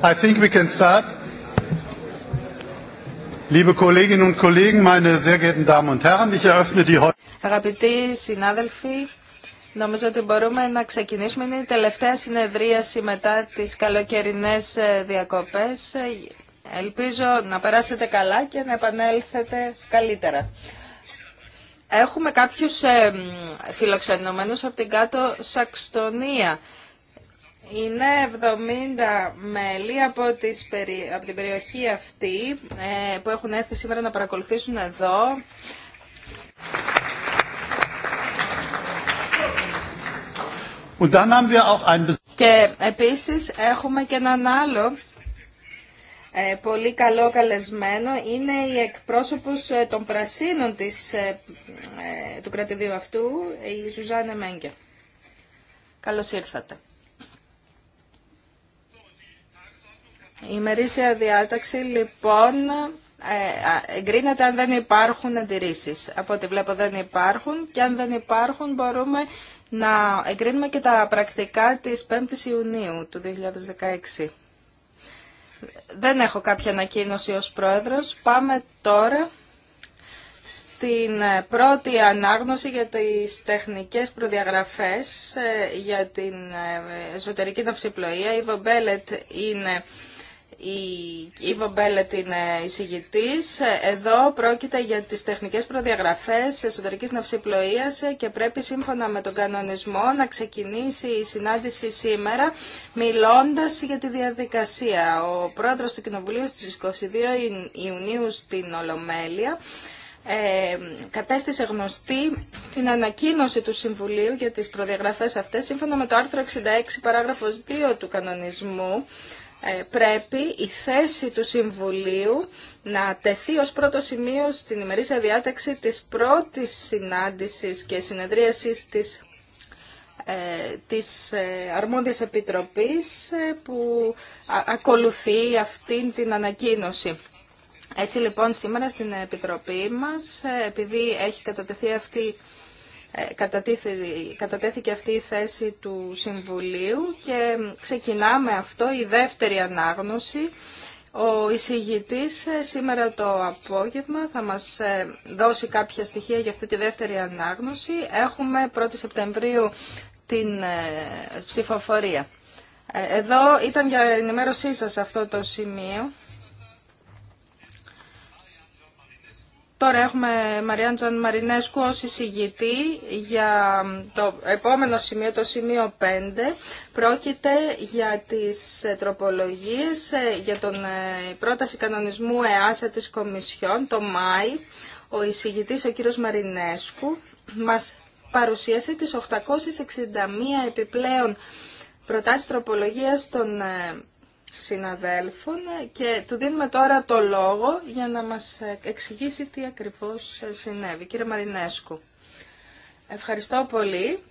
I think we can start. Liebe Kolleginnen und Kollegen, meine sehr geehrten Damen und Herren, ich eröffne die Αγαπητοί συνάδελφοι, νομίζω ότι μπορούμε να ξεκινήσουμε. Είναι η τελευταία συνεδρίαση μετά τις καλοκαιρινές ε, διακοπές. Ελπίζω να περάσετε καλά και να επανέλθετε καλύτερα. Έχουμε κάποιους ε, φιλοξενούμενους από την κάτω Σαξτονία. Είναι 70 μέλη από, από την περιοχή αυτή ε, που έχουν έρθει σήμερα να παρακολουθήσουν εδώ. Και επίσης έχουμε και έναν άλλο ε, πολύ καλό καλεσμένο. Είναι η εκπρόσωπος ε, των πρασίνων της, του κρατηδίου αυτού, η Ζουζάνε Μέγκε. Καλώς ήρθατε. Η ημερήσια διάταξη λοιπόν ε, εγκρίνεται αν δεν υπάρχουν αντιρρήσεις. Από ό,τι βλέπω δεν υπάρχουν και αν δεν υπάρχουν μπορούμε να εγκρίνουμε και τα πρακτικά της 5ης Ιουνίου του 2016. Δεν έχω κάποια ανακοίνωση ως πρόεδρος. Πάμε τώρα στην πρώτη ανάγνωση για τις τεχνικές προδιαγραφές ε, για την ε, εσωτερική ναυσιπλοεία. Η Βομπέλετ είναι η Ιβο Μπέλετ είναι εισηγητής. Εδώ πρόκειται για τις τεχνικές προδιαγραφές εσωτερικής ναυσιπλοείας και πρέπει σύμφωνα με τον κανονισμό να ξεκινήσει η συνάντηση σήμερα μιλώντας για τη διαδικασία. Ο πρόεδρος του Κοινοβουλίου στις 22 Ιουνίου στην Ολομέλεια ε, κατέστησε γνωστή την ανακοίνωση του Συμβουλίου για τις προδιαγραφές αυτές σύμφωνα με το άρθρο 66 παράγραφος 2 του κανονισμού ε, πρέπει η θέση του Συμβουλίου να τεθεί ως πρώτο σημείο στην ημερήσια διάταξη της πρώτης συνάντησης και συνεδρίασης της, ε, της ε, Αρμόδιας Επιτροπής ε, που ακολουθεί αυτήν την ανακοίνωση. Έτσι λοιπόν σήμερα στην Επιτροπή μας, επειδή έχει κατατεθεί αυτή ε, κατατέθηκε αυτή η θέση του Συμβουλίου και ξεκινάμε αυτό, η δεύτερη ανάγνωση. Ο εισηγητής ε, σήμερα το απόγευμα θα μας ε, δώσει κάποια στοιχεία για αυτή τη δεύτερη ανάγνωση. Έχουμε 1η Σεπτεμβρίου την ψηφοφορία. Εδώ ήταν για ενημέρωσή σας αυτό το σημείο. Τώρα έχουμε Μαριάν Μαρινέσκου ως εισηγητή για το επόμενο σημείο, το σημείο 5. Πρόκειται για τις ε, τροπολογίες, ε, για τον ε, πρόταση κανονισμού ΕΑΣΑ της Κομισιόν το Μάη. Ο εισηγητής, ο κύριος Μαρινέσκου, μας παρουσίασε τις 861 επιπλέον προτάσεις τροπολογίας των συναδέλφων και του δίνουμε τώρα το λόγο για να μας εξηγήσει τι ακριβώς συνέβη. Κύριε Μαρινέσκου. Ευχαριστώ πολύ.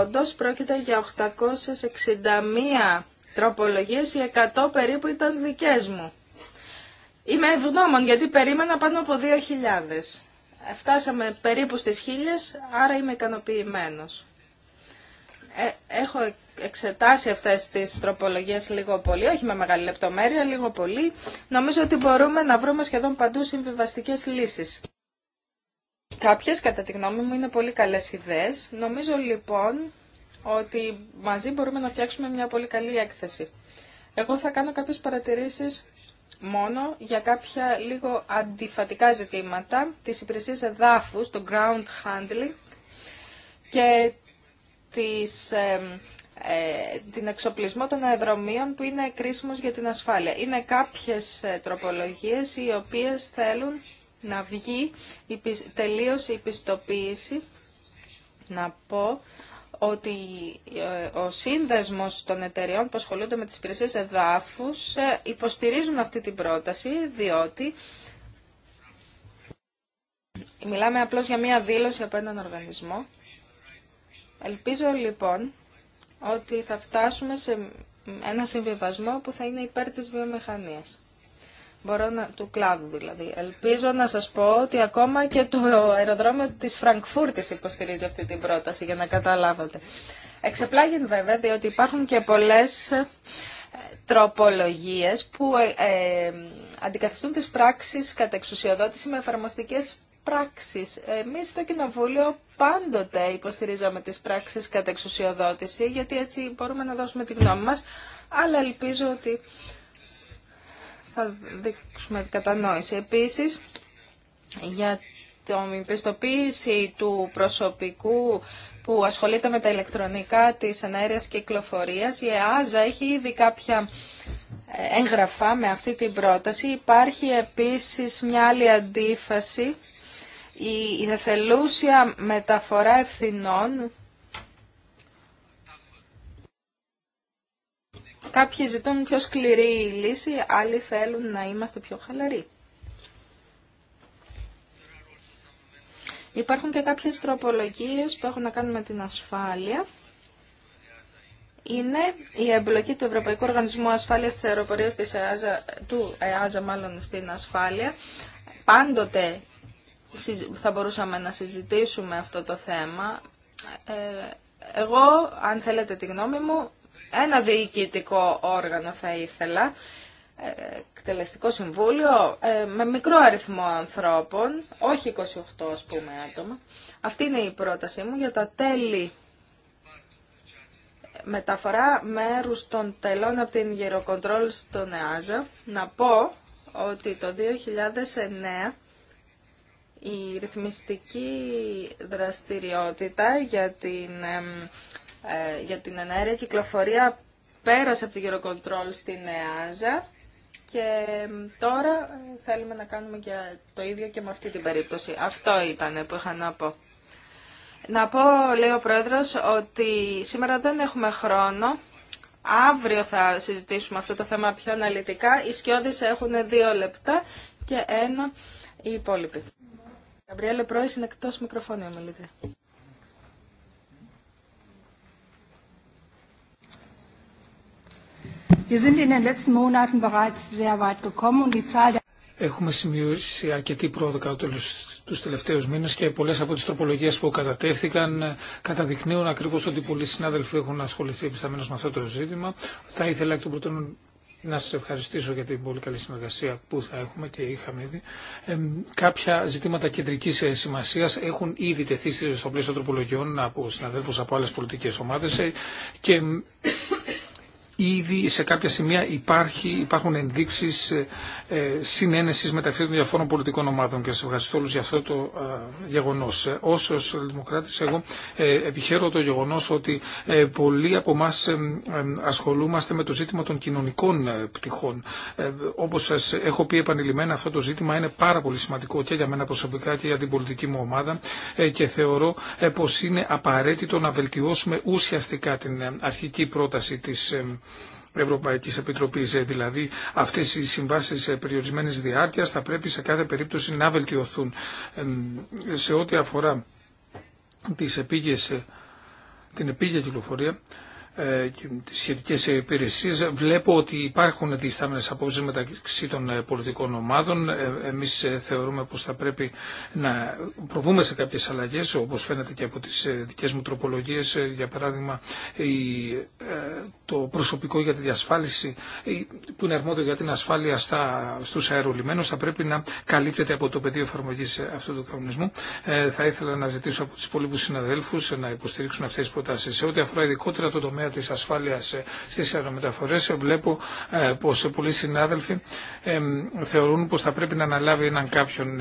Όντως πρόκειται για 861 τροπολογίες, οι 100 περίπου ήταν δικές μου. Είμαι ευγνώμων γιατί περίμενα πάνω από 2.000. Φτάσαμε περίπου στις 1.000, άρα είμαι ικανοποιημένος. Ε, έχω εξετάσει αυτές τις τροπολογίες λίγο πολύ, όχι με μεγάλη λεπτομέρεια, λίγο πολύ, νομίζω ότι μπορούμε να βρούμε σχεδόν παντού συμβιβαστικές λύσεις. Κάποιες, κατά τη γνώμη μου, είναι πολύ καλές ιδέες. Νομίζω λοιπόν ότι μαζί μπορούμε να φτιάξουμε μια πολύ καλή έκθεση. Εγώ θα κάνω κάποιες παρατηρήσεις μόνο για κάποια λίγο αντιφατικά ζητήματα της υπηρεσίας εδάφους, το ground handling και της ε, την εξοπλισμό των αεροδρομίων που είναι κρίσιμο για την ασφάλεια. Είναι κάποιες ε, τροπολογίες οι οποίες θέλουν να βγει τελείως η πιστοποίηση. Να πω ότι ε, ο σύνδεσμος των εταιριών που ασχολούνται με τις υπηρεσίε εδάφους υποστηρίζουν αυτή την πρόταση, διότι μιλάμε απλώς για μία δήλωση από έναν οργανισμό. Ελπίζω λοιπόν ότι θα φτάσουμε σε ένα συμβιβασμό που θα είναι υπέρ της βιομηχανίας. Μπορώ να, του κλάδου δηλαδή. Ελπίζω να σας πω ότι ακόμα και το αεροδρόμιο της Φραγκφούρτης υποστηρίζει αυτή την πρόταση για να καταλάβετε. Εξεπλάγει βέβαια διότι υπάρχουν και πολλές ε, τροπολογίες που ε, ε, αντικαθιστούν τις πράξεις κατά με εφαρμοστικές πράξεις. Εμείς στο Κοινοβούλιο πάντοτε υποστηρίζαμε τις πράξεις κατά εξουσιοδότηση, γιατί έτσι μπορούμε να δώσουμε τη γνώμη μας, αλλά ελπίζω ότι θα δείξουμε κατανόηση. Επίσης, για την πιστοποίηση του προσωπικού που ασχολείται με τα ηλεκτρονικά της αναέρειας κυκλοφορίας, η ΕΑΖΑ έχει ήδη κάποια έγγραφα με αυτή την πρόταση. Υπάρχει επίσης μια άλλη αντίφαση η εθελούσια μεταφορά ευθυνών Κάποιοι ζητούν πιο σκληρή λύση, άλλοι θέλουν να είμαστε πιο χαλαροί. Υπάρχουν και κάποιες τροπολογίες που έχουν να κάνουν με την ασφάλεια. Είναι η εμπλοκή του Ευρωπαϊκού Οργανισμού Ασφάλειας της Αεροπορίας του ΕΑΖΑ μάλλον στην ασφάλεια. Πάντοτε θα μπορούσαμε να συζητήσουμε αυτό το θέμα. Ε, εγώ, αν θέλετε τη γνώμη μου, ένα διοικητικό όργανο θα ήθελα, ε, εκτελεστικό συμβούλιο, ε, με μικρό αριθμό ανθρώπων, όχι 28 ας πούμε άτομα. Αυτή είναι η πρότασή μου για τα τέλη μεταφορά μέρους των τελών από την Γεροκοντρόλ στον ΕΑΖΑ. Να πω ότι το 2009 η ρυθμιστική δραστηριότητα για την, ε, για την ενέργεια κυκλοφορία πέρασε από το Eurocontrol στην ΕΑΖΑ και τώρα ε, θέλουμε να κάνουμε και το ίδιο και με αυτή την περίπτωση. Αυτό ήταν που είχα να πω. Να πω, λέει ο Πρόεδρος, ότι σήμερα δεν έχουμε χρόνο. Αύριο θα συζητήσουμε αυτό το θέμα πιο αναλυτικά. Οι σκιώδεις έχουν δύο λεπτά και ένα οι υπόλοιποι. Καμπριέλε Πρόης είναι εκτός ο μιλήτρια. Έχουμε σημειώσει αρκετή πρόοδο κατά του τελευταίου μήνε και πολλέ από τι τροπολογίε που κατατέθηκαν ε, καταδεικνύουν ακριβώ ότι πολλοί συνάδελφοι έχουν ασχοληθεί επισταμμένω με αυτό το ζήτημα. Θα ήθελα εκ των να σας ευχαριστήσω για την πολύ καλή συνεργασία που θα έχουμε και είχαμε ήδη. κάποια ζητήματα κεντρικής ε, σημασίας έχουν ήδη τεθεί στο πλαίσιο τροπολογιών από συναδέλφους από άλλες πολιτικές ομάδες ε, και ήδη σε κάποια σημεία υπάρχει, υπάρχουν ενδείξεις ε, ε, συνένεσης μεταξύ των διαφόρων πολιτικών ομάδων και σας ευχαριστώ όλους για αυτό το ε, γεγονός. Ε, ως εγώ ε, επιχαίρω το γεγονός ότι ε, πολλοί από εμά ε, ε, ασχολούμαστε με το ζήτημα των κοινωνικών πτυχών. Ε, όπως σας έχω πει επανειλημμένα αυτό το ζήτημα είναι πάρα πολύ σημαντικό και για μένα προσωπικά και για την πολιτική μου ομάδα και θεωρώ ε, πως είναι απαραίτητο να βελτιώσουμε ουσιαστικά την αρχική πρόταση της Ευρωπαϊκή Επιτροπή. Ε, δηλαδή αυτές οι συμβάσεις ε, περιορισμένη διάρκειας θα πρέπει σε κάθε περίπτωση να βελτιωθούν. Ε, σε ό,τι αφορά τις επίγες, την επίγεια κυκλοφορία, ε, και τι σχετικές υπηρεσίες. Βλέπω ότι υπάρχουν διστάμενε απόψει μεταξύ των ε, πολιτικών ομάδων. Ε, Εμεί θεωρούμε πως θα πρέπει να προβούμε σε κάποιε αλλαγέ. Όπω φαίνεται και από τι δικέ μου τροπολογίε, Για παράδειγμα, το προσωπικό για τη διασφάλιση, που είναι αρμόδιο για την ασφάλεια στου αερολιμένου, θα πρέπει να καλύπτεται από το πεδίο εφαρμογή αυτού του κανονισμού. Θα ήθελα να ζητήσω από του υπόλοιπου συναδέλφου να υποστηρίξουν αυτέ τι προτάσει Σε ό,τι αφορά ειδικότερα το τομέα Τη της ασφάλειας ε, στις αερομεταφορές ε, βλέπω ε, πως πολλοί συνάδελφοι θεωρούν πως θα πρέπει να αναλάβει έναν κάποιον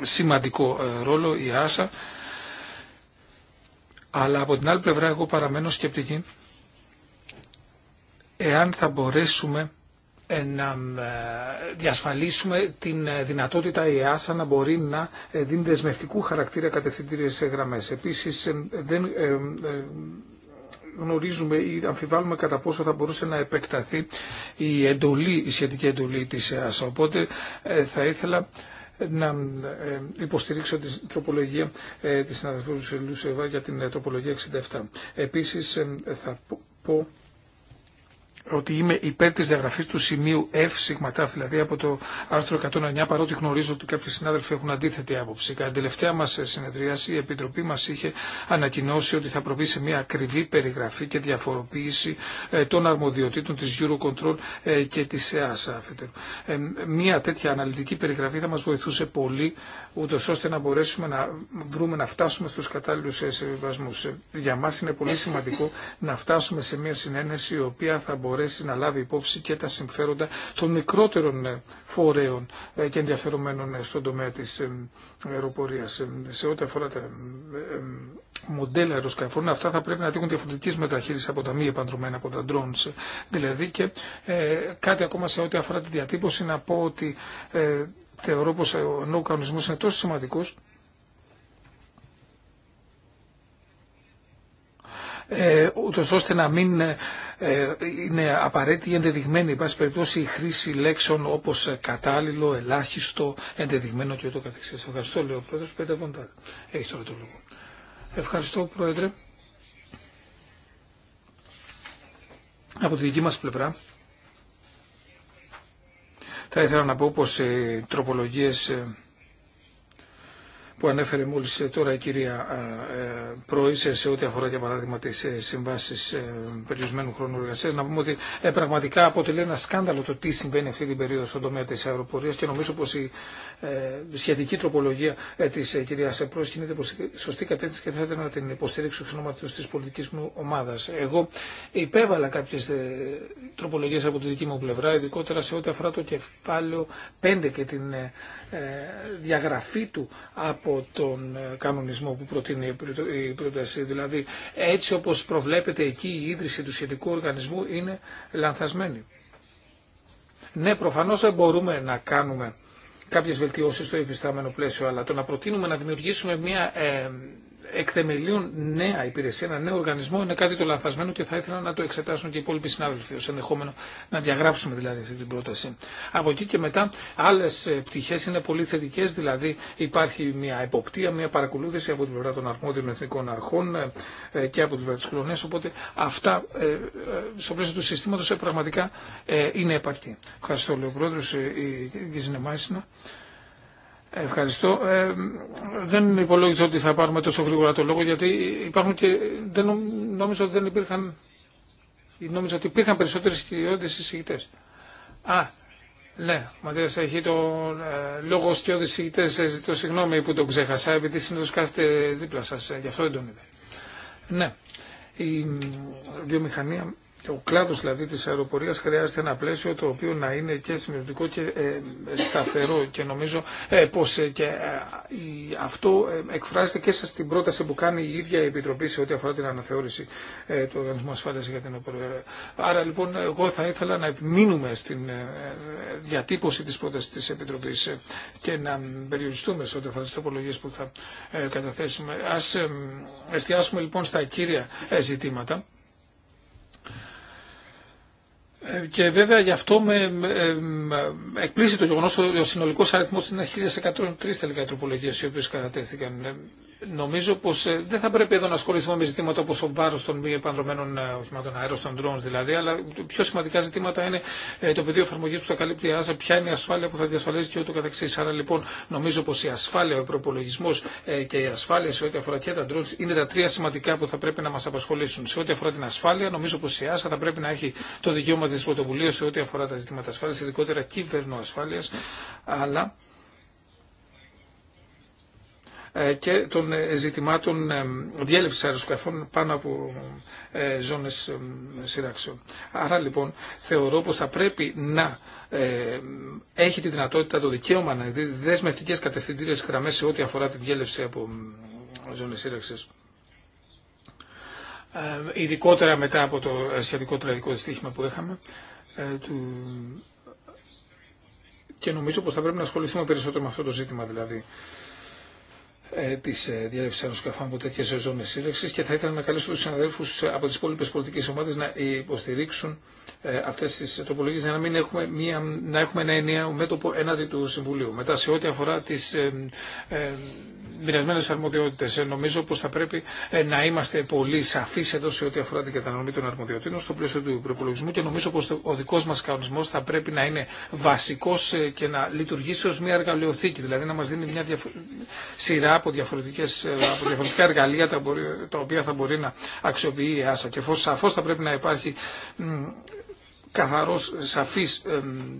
σημαντικό ρόλο η ΆΣΑ αλλά από την άλλη πλευρά εγώ παραμένω σκεπτική εάν θα μπορέσουμε να διασφαλίσουμε την δυνατότητα η ΕΑΣΑ να μπορεί να δίνει δεσμευτικού χαρακτήρα κατευθυντήριες γραμμές. Επίσης δεν γνωρίζουμε ή αμφιβάλλουμε κατά πόσο θα μπορούσε να επεκταθεί η εντολή, η σχετική εντολή της ΕΑΣ. Οπότε ε, θα ήθελα να ε, υποστηρίξω την τροπολογία ε, της συναδελφού Λουσεβά για την τροπολογία 67. Επίσης θα πω ότι είμαι υπέρ τη διαγραφή του σημείου F σιγματάφ, δηλαδή από το άρθρο 109, παρότι γνωρίζω ότι κάποιοι συνάδελφοι έχουν αντίθετη άποψη. Κατά τελευταία μα συνεδρίαση, η Επιτροπή μα είχε ανακοινώσει ότι θα προβεί σε μια ακριβή περιγραφή και διαφοροποίηση ε, των αρμοδιοτήτων τη Eurocontrol ε, και τη ΕΑΣΑ. Ε, μια τέτοια αναλυτική περιγραφή θα μα βοηθούσε πολύ ούτω ώστε να μπορέσουμε να βρούμε να φτάσουμε στου κατάλληλου συμβιβασμού. Για μα είναι πολύ σημαντικό να φτάσουμε σε μια συνένεση η οποία θα μπορέσει να λάβει υπόψη και τα συμφέροντα των μικρότερων ε, φορέων ε, και ενδιαφερομένων ε, στον τομέα τη αεροπορία. Σε ό,τι αφορά τα μοντέλα αεροσκαφών, αυτά θα πρέπει να δείχνουν διαφορετική μεταχείριση από τα μη επανδρομένα, από τα drones. Δηλαδή και κάτι ακόμα σε ό,τι αφορά τη διατύπωση, να πω ότι θεωρώ πως ο νέος κανονισμός είναι τόσο σημαντικός ε, ούτως ώστε να μην ε, είναι απαραίτητη ή ενδεδειγμένη, εν πάση περιπτώσει, η ενδεδειγμενη λέξεων όπως κατάλληλο, ελάχιστο, ενδεδειγμένο και ούτω καθεξής. Ευχαριστώ, λέει ο Πρόεδρος. Πέντε ποντά. Έχει τώρα το λόγο. Ευχαριστώ, Πρόεδρε. Από τη δική μας πλευρά θα ήθελα να πω πως οι τροπολογίες ε, που ανέφερε μόλις ε, τώρα η κυρία ε, Πρόησε σε ό,τι αφορά για παράδειγμα τις συμβάσεις περιορισμένου χρόνου εργασίας να πούμε ότι πραγματικά αποτελεί ένα σκάνδαλο το τι συμβαίνει αυτή την περίοδο στον τομέα της αεροπορίας και νομίζω πως η ε, σχετική τροπολογία ε, ε, τη κυρία Επρό κινείται προ σωστή κατεύθυνση και θα ήθελα να την υποστηρίξω εξ ονόματο τη πολιτική μου ομάδα. Εγώ υπέβαλα κάποιε τροπολογίε από τη δική μου πλευρά, ειδικότερα σε ό,τι αφορά το κεφάλαιο 5 και την διαγραφή του από τον κανονισμό που προτείνει η πρόταση. Δηλαδή, έτσι όπω προβλέπεται εκεί η ίδρυση του σχετικού οργανισμού είναι λανθασμένη. Ναι, προφανώς μπορούμε να κάνουμε κάποιες βελτιώσεις στο υφιστάμενο πλαίσιο, αλλά το να προτείνουμε να δημιουργήσουμε μια ε, εκτεμελίων νέα υπηρεσία, ένα νέο οργανισμό είναι κάτι το λαθασμένο και θα ήθελα να το εξετάσουν και οι υπόλοιποι συνάδελφοι ω ενδεχόμενο να διαγράψουμε δηλαδή αυτή την πρόταση. Από εκεί και μετά άλλε πτυχέ είναι πολύ θετικέ, δηλαδή υπάρχει μια εποπτεία, μια παρακολούθηση από την πλευρά των αρμόδιων εθνικών αρχών ε, ε, και από την πλευρά τη οπότε αυτά ε, στο πλαίσιο του συστήματο πραγματικά είναι επαρκή. Ευχαριστώ, λέει η Ευχαριστώ. Ε, δεν υπολόγιζα ότι θα πάρουμε τόσο γρήγορα το λόγο γιατί υπάρχουν και δεν, νόμιζα ότι δεν υπήρχαν νόμιζα ότι υπήρχαν περισσότερες σκιώδεις εισηγητές. Α, ναι, Ματίας έχει το ε, λόγο σκιώδης εισηγητές, ε, το συγγνώμη που τον ξέχασα επειδή συνήθως κάθεται δίπλα σας, ε, γι' αυτό δεν τον είδα. Ναι, η βιομηχανία ο κλάδος δηλαδή της αεροπορίας χρειάζεται ένα πλαίσιο το οποίο να είναι και συμμετοχικό και ε, σταθερό και νομίζω ε, πως ε, και αυτό εκφράζεται και στην πρόταση που κάνει η ίδια η Επιτροπή σε ό,τι αφορά την αναθεώρηση του Οργανισμού Ασφάλειας για την Αεροπορία. Άρα λοιπόν εγώ θα ήθελα να επιμείνουμε στην διατύπωση της πρότασης της Επιτροπής και να περιοριστούμε σε ό,τι αφορά τις τοπολογίες που θα καταθέσουμε. Ας εστιάσουμε λοιπόν στα κύρια ζητήματα και βέβαια γι' αυτό με ε, ε, εκπλήσει το γεγονός ότι ο συνολικό αριθμό είναι 1103 τελικά τροπολογίε οι οποίε κατατέθηκαν. Ε, νομίζω πω ε, δεν θα πρέπει εδώ να ασχοληθούμε με ζητήματα όπω ο βάρο των μη επανδρομένων ε, οχημάτων αέρα, των drones δηλαδή, αλλά πιο σημαντικά ζητήματα είναι ε, το πεδίο εφαρμογή που θα καλύπτει η ΆΣΑ, ποια είναι η ασφάλεια που θα διασφαλίζει και ούτω καθεξή. Άρα λοιπόν νομίζω πω η ασφάλεια, ο προπολογισμό και η ασφάλεια σε ό,τι αφορά και τα drones είναι τα τρία σημαντικά που θα πρέπει να μα απασχολήσουν. Σε ό,τι αφορά την ασφάλεια, νομίζω πω η ΑΣΑ θα πρέπει να έχει το δικαίωμα τη πρωτοβουλία σε ό,τι αφορά τα ζητήματα ασφάλεια, ειδικότερα κυβερνοασφάλεια, αλλά ε, και των ε, ζητημάτων ε, διέλευσης αεροσκαφών πάνω από ζώνες σειράξεων. Άρα λοιπόν θεωρώ πως θα πρέπει να έχει τη δυνατότητα το δικαίωμα να δει δεσμευτικές κατευθυντήριες γραμμές σε ό,τι αφορά τη διέλευση από ζώνες σύραξης ειδικότερα μετά από το σχετικό τραγικό δυστύχημα που είχαμε και νομίζω πως θα πρέπει να ασχοληθούμε περισσότερο με αυτό το ζήτημα δηλαδή ε, τη ε, διέλευση αεροσκαφών από τέτοιε ζώνε σύρευση και θα ήθελα να καλέσω του συναδέλφου ε, από τι υπόλοιπε πολιτικέ ομάδε να υποστηρίξουν αυτέ τι τροπολογίε για να μην έχουμε, μία, να έχουμε ένα ενιαίο μέτωπο έναντι του Συμβουλίου. Μετά, σε ό,τι αφορά τι μοιρασμένες αρμοδιότητες. Ε, νομίζω πως θα πρέπει ε, να είμαστε πολύ σαφεί εδώ σε ό,τι αφορά την κατανομή των αρμοδιοτήτων στο πλαίσιο του προπολογισμού και νομίζω πως ο δικός μας κανονισμός θα πρέπει να είναι βασικός ε, και να λειτουργήσει ω μια εργαλειοθήκη, δηλαδή να μας δίνει μια σειρά από, από διαφορετικά εργαλεία τα, οποία θα μπορεί να αξιοποιεί η ΕΑΣΑ. Και σαφώ θα πρέπει να υπάρχει καθαρός, σαφής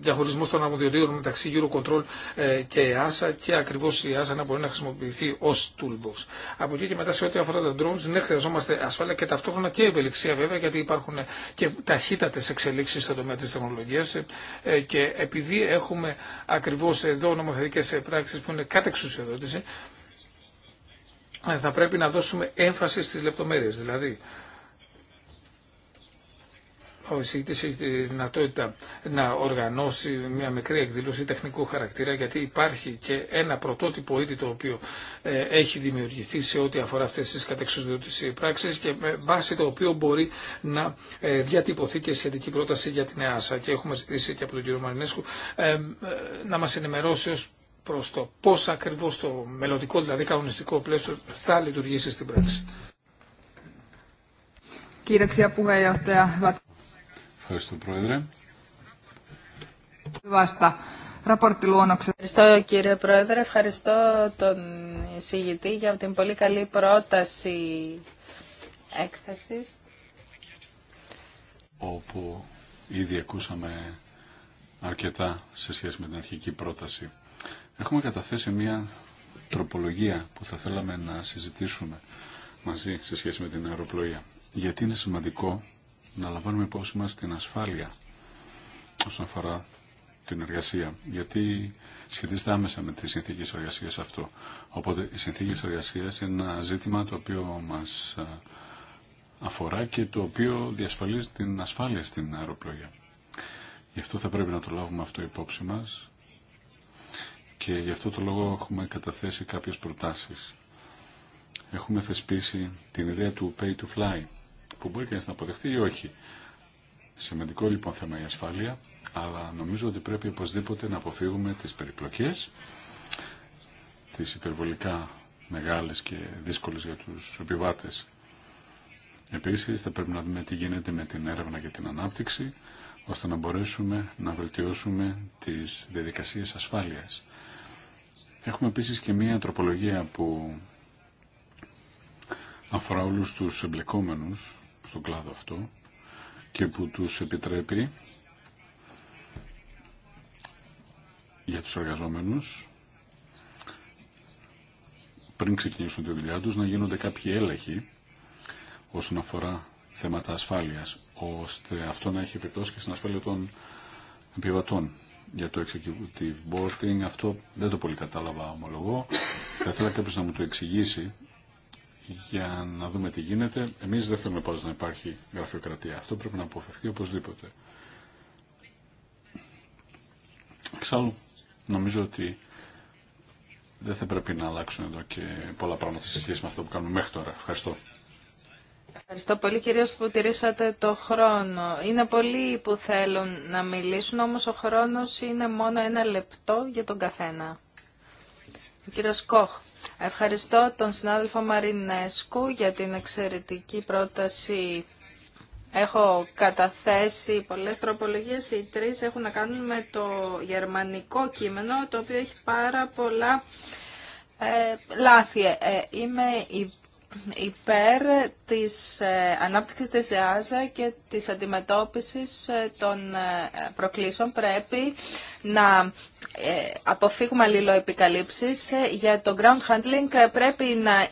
διαχωρισμό των αρμοδιοτήτων μεταξύ Eurocontrol ε, και EASA και ακριβώ η EASA να μπορεί να χρησιμοποιηθεί ω toolbox. Από εκεί και μετά σε ό,τι αφορά τα drones, ναι, χρειαζόμαστε ασφάλεια και ταυτόχρονα και ευελιξία βέβαια, γιατί υπάρχουν ε, και ταχύτατες εξελίξει στον τομέα της τεχνολογίας ε, και επειδή έχουμε ακριβώ εδώ νομοθετικέ πράξει που είναι κάτω εξουσιοδότηση, θα πρέπει να δώσουμε έμφαση στις λεπτομέρειες. Δηλαδή, ο εισηγητής έχει τη δυνατότητα να οργανώσει μια μικρή εκδήλωση τεχνικού χαρακτήρα γιατί υπάρχει και ένα πρωτότυπο ήδη το οποίο ε, έχει δημιουργηθεί σε ό,τι αφορά αυτές τις κατεξουσδιώτες πράξεις και με βάση το οποίο μπορεί να ε, διατυπωθεί και σχετική πρόταση για την ΕΑΣΑ και έχουμε ζητήσει και από τον κύριο Μαρινέσκου ε, να μας ενημερώσει ως προς το πώς ακριβώς το μελλοντικό δηλαδή κανονιστικό πλαίσιο θα λειτουργήσει στην πράξη. puheenjohtaja. Ευχαριστώ, Πρόεδρε. Ευχαριστώ κύριε Πρόεδρε, ευχαριστώ τον εισηγητή για την πολύ καλή πρόταση έκθεσης. Όπου ήδη ακούσαμε αρκετά σε σχέση με την αρχική πρόταση. Έχουμε καταθέσει μια τροπολογία που θα θέλαμε να συζητήσουμε μαζί σε σχέση με την αεροπλοεία. Γιατί είναι σημαντικό να λαμβάνουμε υπόψη μας την ασφάλεια όσον αφορά την εργασία, γιατί σχετίζεται άμεσα με τις συνθήκε εργασίας αυτό. Οπότε οι συνθήκες εργασίας είναι ένα ζήτημα το οποίο μας ε, αφορά και το οποίο διασφαλίζει την ασφάλεια στην αεροπλογία. Γι' αυτό θα πρέπει να το λάβουμε αυτό υπόψη μας και γι' αυτό το λόγο έχουμε καταθέσει κάποιες προτάσεις. Έχουμε θεσπίσει την ιδέα του pay to fly που μπορεί κανείς να αποδεχτεί ή όχι. Σημαντικό λοιπόν θέμα η ασφάλεια, αλλά νομίζω ότι πρέπει οπωσδήποτε να αποφύγουμε τις περιπλοκές, τις υπερβολικά μεγάλες και δύσκολες για τους επιβάτες. Επίσης θα πρέπει να δούμε τι γίνεται με την έρευνα και την ανάπτυξη, ώστε να μπορέσουμε να βελτιώσουμε τις διαδικασίες ασφάλειας. Έχουμε επίσης και μία τροπολογία που αφορά όλους τους εμπλεκόμενους στον κλάδο αυτό και που τους επιτρέπει για τους εργαζόμενους πριν ξεκινήσουν τη δουλειά τους να γίνονται κάποιοι έλεγχοι όσον αφορά θέματα ασφάλειας ώστε αυτό να έχει επιπτώσει και στην ασφάλεια των επιβατών για το executive boarding αυτό δεν το πολύ κατάλαβα ομολογώ θα ήθελα κάποιος να μου το εξηγήσει για να δούμε τι γίνεται. Εμείς δεν θέλουμε πάντως να υπάρχει γραφειοκρατία. Αυτό πρέπει να αποφευθεί οπωσδήποτε. Εξάλλου, νομίζω ότι δεν θα πρέπει να αλλάξουν εδώ και πολλά πράγματα σε σχέση με αυτό που κάνουμε μέχρι τώρα. Ευχαριστώ. Ευχαριστώ πολύ κυρίως που τηρήσατε το χρόνο. Είναι πολλοί που θέλουν να μιλήσουν, όμως ο χρόνος είναι μόνο ένα λεπτό για τον καθένα. Ο κύριος Κόχ. Ευχαριστώ τον συνάδελφο Μαρινέσκου για την εξαιρετική πρόταση. Έχω καταθέσει πολλές τροπολογίες, οι τρεις έχουν να κάνουν με το γερμανικό κείμενο, το οποίο έχει πάρα πολλά ε, λάθη. Ε, ε υπέρ της ε, ανάπτυξης της ΕΑΖΑ και της αντιμετώπισης ε, των ε, προκλήσεων πρέπει να αποφύγουμε αλληλοεπικαλύψεις. Για το ground handling πρέπει να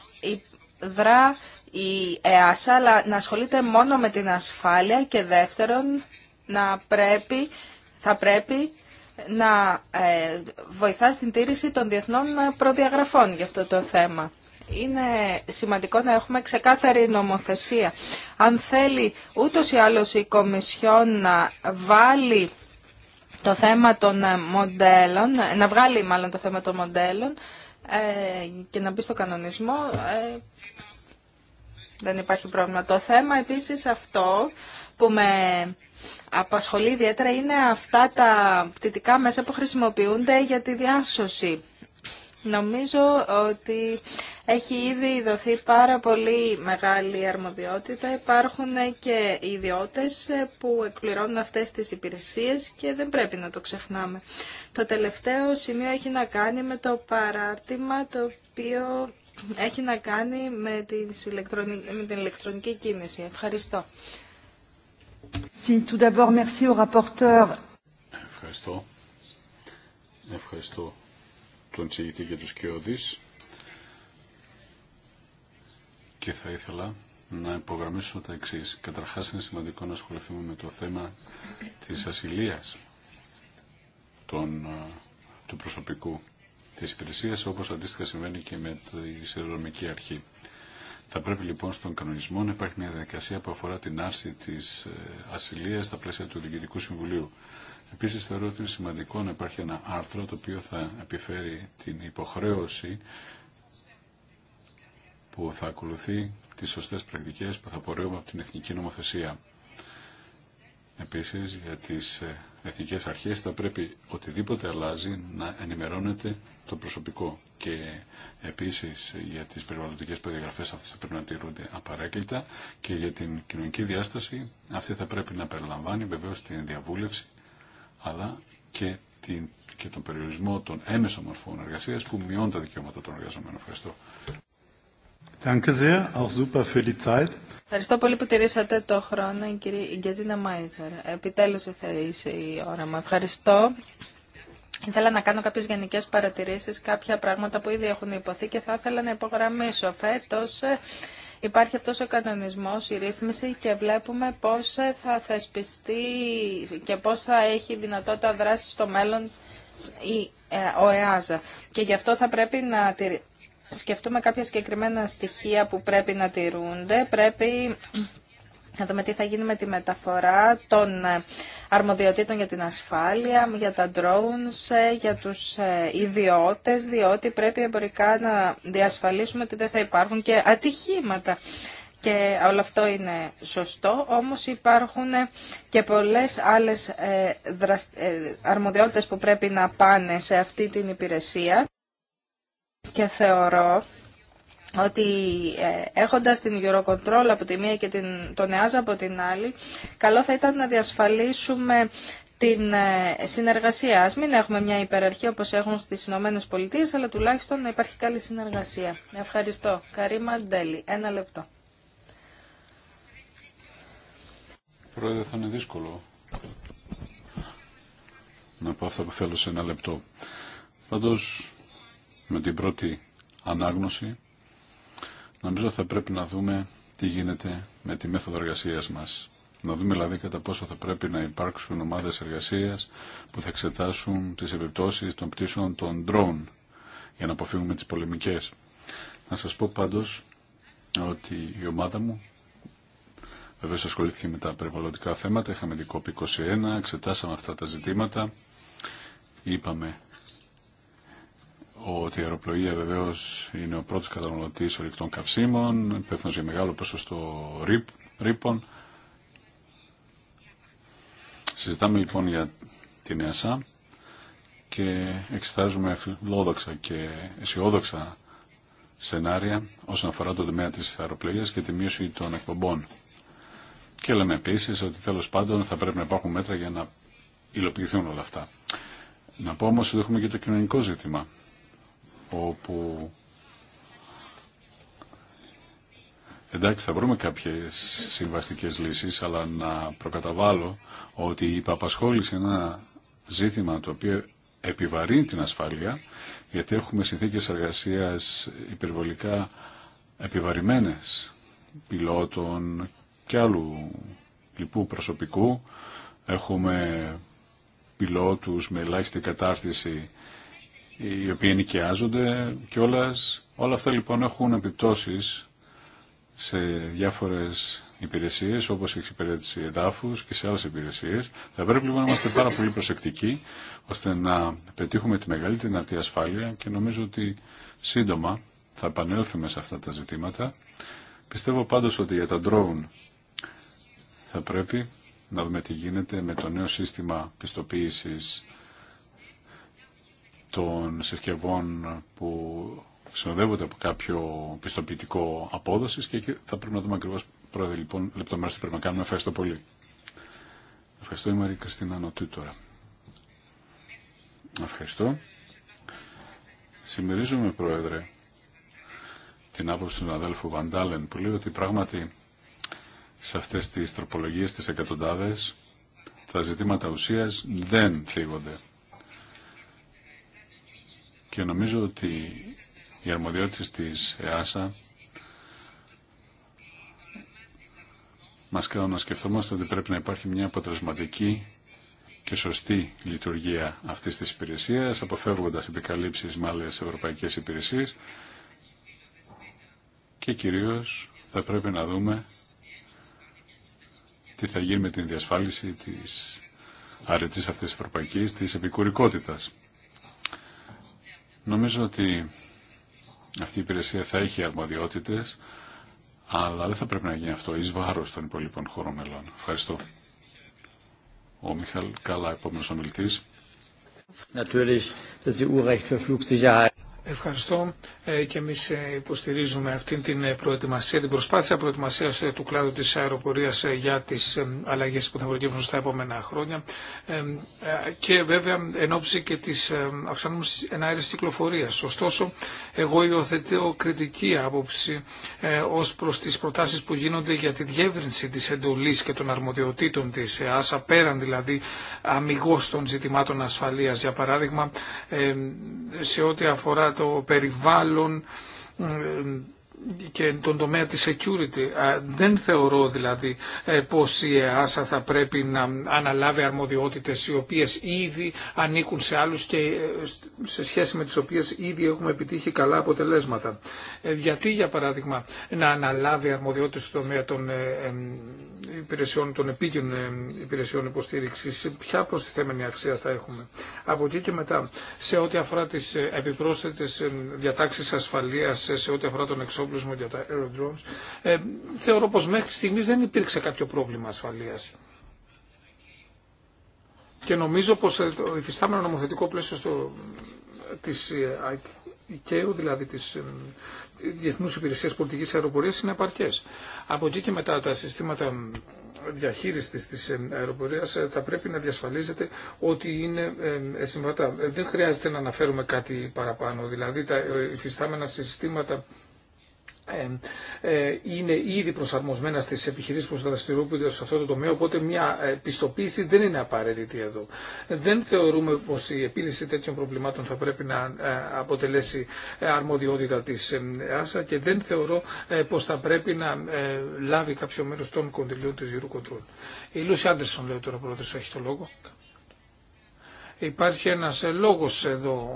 δρά η ΕΑΣΑ, αλλά να ασχολείται μόνο με την ασφάλεια και δεύτερον να πρέπει, θα πρέπει να βοηθά στην τήρηση των διεθνών προδιαγραφών για αυτό το θέμα είναι σημαντικό να έχουμε ξεκάθαρη νομοθεσία. Αν θέλει ούτως ή άλλως η Κομισιόν να βάλει το θέμα των ε, μοντέλων, ε, να βγάλει μάλλον το θέμα των μοντέλων ε, και να μπει στο κανονισμό, δεν υπάρχει πρόβλημα. Το θέμα επίσης αυτό που με απασχολεί ιδιαίτερα είναι αυτά τα πτυτικά μέσα που χρησιμοποιούνται για τη διάσωση. Νομίζω ότι έχει ήδη δοθεί πάρα πολύ μεγάλη αρμοδιότητα. Υπάρχουν και ιδιώτες που εκπληρώνουν αυτές τις υπηρεσίες και δεν πρέπει να το ξεχνάμε. Το τελευταίο σημείο έχει να κάνει με το παράρτημα το οποίο έχει να κάνει με την ηλεκτρονική κίνηση. Ευχαριστώ. Ευχαριστώ. Ευχαριστώ τον Τσιγητή και τους Κιώδης και θα ήθελα να υπογραμμίσω τα εξή. Καταρχάς είναι σημαντικό να ασχοληθούμε με το θέμα της ασυλίας των, του προσωπικού της Υπηρεσία, όπως αντίστοιχα συμβαίνει και με τη συνδρομική αρχή. Θα πρέπει λοιπόν στον κανονισμό να υπάρχει μια διαδικασία που αφορά την άρση της ε, ασυλίας στα πλαίσια του Διοικητικού Συμβουλίου. Επίσης θεωρώ ότι είναι σημαντικό να υπάρχει ένα άρθρο το οποίο θα επιφέρει την υποχρέωση που θα ακολουθεί τις σωστές πρακτικές που θα απορρέουμε από την εθνική νομοθεσία. Επίσης για τις ε, εθνικές αρχές θα πρέπει οτιδήποτε αλλάζει να ενημερώνεται το προσωπικό και επίσης για τις περιβαλλοντικές περιγραφές αυτές θα πρέπει να τηρούνται απαρέκλητα και για την κοινωνική διάσταση αυτή θα πρέπει να περιλαμβάνει βεβαίως την διαβούλευση αλλά και, την, και τον περιορισμό των έμεσων μορφών εργασίας που μειώνουν τα δικαιώματα των εργαζομένων. Ευχαριστώ. Ευχαριστώ πολύ που τηρήσατε το χρόνο, κύριε κυρία Γκεζίνα Μάιζερ. Επιτέλους θα η ώρα μου. Ευχαριστώ. Ήθελα να κάνω κάποιες γενικές παρατηρήσεις, κάποια πράγματα που ήδη έχουν υποθεί και θα ήθελα να υπογραμμίσω. Φέτος ε, Υπάρχει αυτός ο κανονισμός, η ρύθμιση και βλέπουμε πώς θα θεσπιστεί και πώς θα έχει δυνατότητα δράση στο μέλλον η, ε, ο ΕΑΖΑ. Και γι' αυτό θα πρέπει να σκεφτούμε κάποια συγκεκριμένα στοιχεία που πρέπει να τηρούνται. Πρέπει να δούμε τι θα γίνει με τη μεταφορά των ε, αρμοδιοτήτων για την ασφάλεια, για τα drones, ε, για τους ε, ιδιώτες, διότι πρέπει εμπορικά να διασφαλίσουμε ότι δεν θα υπάρχουν και ατυχήματα. Και όλο αυτό είναι σωστό, όμως υπάρχουν και πολλές άλλες αρμοδιότητες που πρέπει να πάνε σε αυτή την υπηρεσία. Και θεωρώ ότι ε, έχοντας την Eurocontrol από τη μία και την, τον ΕΑΖΑ από την άλλη, καλό θα ήταν να διασφαλίσουμε την ε, συνεργασία. Ας μην έχουμε μια υπεραρχία όπως έχουν στις Ηνωμένες Πολιτείες, αλλά τουλάχιστον να υπάρχει καλή συνεργασία. Ευχαριστώ. Καρίμα Ντέλη. Ένα λεπτό. Πρόεδρε, θα είναι δύσκολο να πω αυτά που θέλω σε ένα λεπτό. Πάντως, με την πρώτη ανάγνωση Νομίζω θα πρέπει να δούμε τι γίνεται με τη μέθοδο εργασία μας. Να δούμε δηλαδή κατά πόσο θα πρέπει να υπάρξουν ομάδες εργασίας που θα εξετάσουν τις επιπτώσει των πτήσεων των drone για να αποφύγουμε τις πολεμικέ. Να σας πω πάντως ότι η ομάδα μου βεβαίω ασχολήθηκε με τα περιβαλλοντικά θέματα, είχαμε την COP21, εξετάσαμε αυτά τα ζητήματα, είπαμε ότι η αεροπλοεία βεβαίω είναι ο πρώτο καταναλωτή ορυκτών καυσίμων, υπεύθυνο για μεγάλο ποσοστό ρήπων. Συζητάμε λοιπόν για την έσα και εξετάζουμε φιλόδοξα και αισιόδοξα σενάρια όσον αφορά το τομέα της αεροπλοείας και τη μείωση των εκπομπών. Και λέμε επίση ότι τέλος πάντων θα πρέπει να υπάρχουν μέτρα για να υλοποιηθούν όλα αυτά. Να πω όμω ότι έχουμε και το κοινωνικό ζήτημα όπου εντάξει θα βρούμε κάποιες συμβαστικές λύσεις αλλά να προκαταβάλω ότι η υπαπασχόληση είναι ένα ζήτημα το οποίο επιβαρύνει την ασφάλεια γιατί έχουμε συνθήκες εργασίας υπερβολικά επιβαρημένες πιλότων και άλλου λοιπού προσωπικού. Έχουμε πιλότους με ελάχιστη κατάρτιση οι οποίοι νοικιάζονται όλες, Όλα αυτά λοιπόν έχουν επιπτώσεις σε διάφορες υπηρεσίες όπως η εξυπηρέτηση εδάφους και σε άλλες υπηρεσίες. Θα πρέπει λοιπόν να είμαστε πάρα πολύ προσεκτικοί ώστε να πετύχουμε τη μεγαλύτερη δυνατή ασφάλεια και νομίζω ότι σύντομα θα επανέλθουμε σε αυτά τα ζητήματα. Πιστεύω πάντως ότι για τα drone θα πρέπει να δούμε τι γίνεται με το νέο σύστημα πιστοποίησης των συσκευών που συνοδεύονται από κάποιο πιστοποιητικό απόδοση και εκεί θα πρέπει να δούμε ακριβώ πρόεδρε λοιπόν λεπτομέρειε τι πρέπει να κάνουμε. Ευχαριστώ πολύ. Ευχαριστώ η Μαρία Κριστίνα Νοτού τώρα. Ευχαριστώ. Συμμερίζομαι πρόεδρε την άποψη του αδέλφου Βαντάλεν που λέει ότι πράγματι σε αυτές τις τροπολογίες τις εκατοντάδες τα ζητήματα ουσίας δεν θίγονται και νομίζω ότι οι αρμοδιότητες της ΕΑΣΑ μας κάνουν να σκεφτόμαστε ότι πρέπει να υπάρχει μια αποτελεσματική και σωστή λειτουργία αυτής της υπηρεσίας, αποφεύγοντας επικαλύψεις με άλλες ευρωπαϊκές υπηρεσίες και κυρίως θα πρέπει να δούμε τι θα γίνει με την διασφάλιση της αρετής αυτής της ευρωπαϊκής, της επικουρικότητας. Νομίζω ότι αυτή η υπηρεσία θα έχει αρμοδιότητες, αλλά δεν θα πρέπει να γίνει αυτό ει βάρος των υπολείπων χώρων μελών. Ευχαριστώ. Ο Μιχαλ Καλά, für Flugsicherheit. Ευχαριστώ ε, και εμείς ε, υποστηρίζουμε αυτή την ε, προετοιμασία, την προσπάθεια προετοιμασία του κλάδου τη Αεροπορία για τι αλλαγέ που θα προκύψουν στα επόμενα χρόνια και βέβαια εν ώψη και τη αυξανόμενη εναέρη κυκλοφορία. Ωστόσο, εγώ υιοθετώ κριτική άποψη ω προ τι προτάσει που γίνονται για τη διεύρυνση τη εντολή και των αρμοδιοτήτων τη ΕΑΣΑ, πέραν δηλαδή αμυγός των ζητημάτων ασφαλεία. για παράδειγμα, σε ό,τι αφορά το περιβάλλον ε, και τον τομέα της security. Ε, δεν θεωρώ δηλαδή ε, πως η ΕΑΣΑ θα πρέπει να αναλάβει αρμοδιότητες οι οποίες ήδη ανήκουν σε άλλους και σε σχέση με τις οποίες ήδη έχουμε επιτύχει καλά αποτελέσματα. Γιατί για παράδειγμα να αναλάβει αρμοδιότητες στον τομέα των υπηρεσιών, των επίκαιων ε, υπηρεσιών υποστήριξη, ποια προστιθέμενη αξία θα έχουμε. Από εκεί και μετά, σε ό,τι αφορά τι ε, επιπρόσθετε ε, διατάξει ασφαλεία, σε ό,τι αφορά τον εξόπλισμο για τα aerodromes, θεωρώ πω μέχρι στιγμή δεν υπήρξε κάποιο πρόβλημα ασφαλεία. Και νομίζω πως το υφιστάμενο νομοθετικό πλαίσιο στο, της δηλαδή της, Διεθνούς υπηρεσίες πολιτική Αεροπορίας είναι επαρκές. Από εκεί και μετά τα συστήματα διαχείρισης της ε, αεροπορίας ε, θα πρέπει να διασφαλίζεται ότι είναι ε, συμβατά. Δεν χρειάζεται να αναφέρουμε κάτι παραπάνω. Δηλαδή τα υφιστάμενα συστήματα ε, ε, είναι ήδη προσαρμοσμένα στις επιχειρήσεις που δραστηριοποιούνται σε αυτό το τομέα, οπότε μια ε, πιστοποίηση δεν είναι απαραίτητη εδώ. Δεν θεωρούμε πως η επίλυση τέτοιων προβλημάτων θα πρέπει να αποτελέσει αρμοδιότητα της ΕΑΣΑ και δεν θεωρώ πως θα πρέπει να λάβει κάποιο μέρος των κοντιλίων του Ιερου Η Λούση Άντερσον, λέει τώρα πρόεδρος, έχει το λόγο υπάρχει ένας ε, λόγος εδώ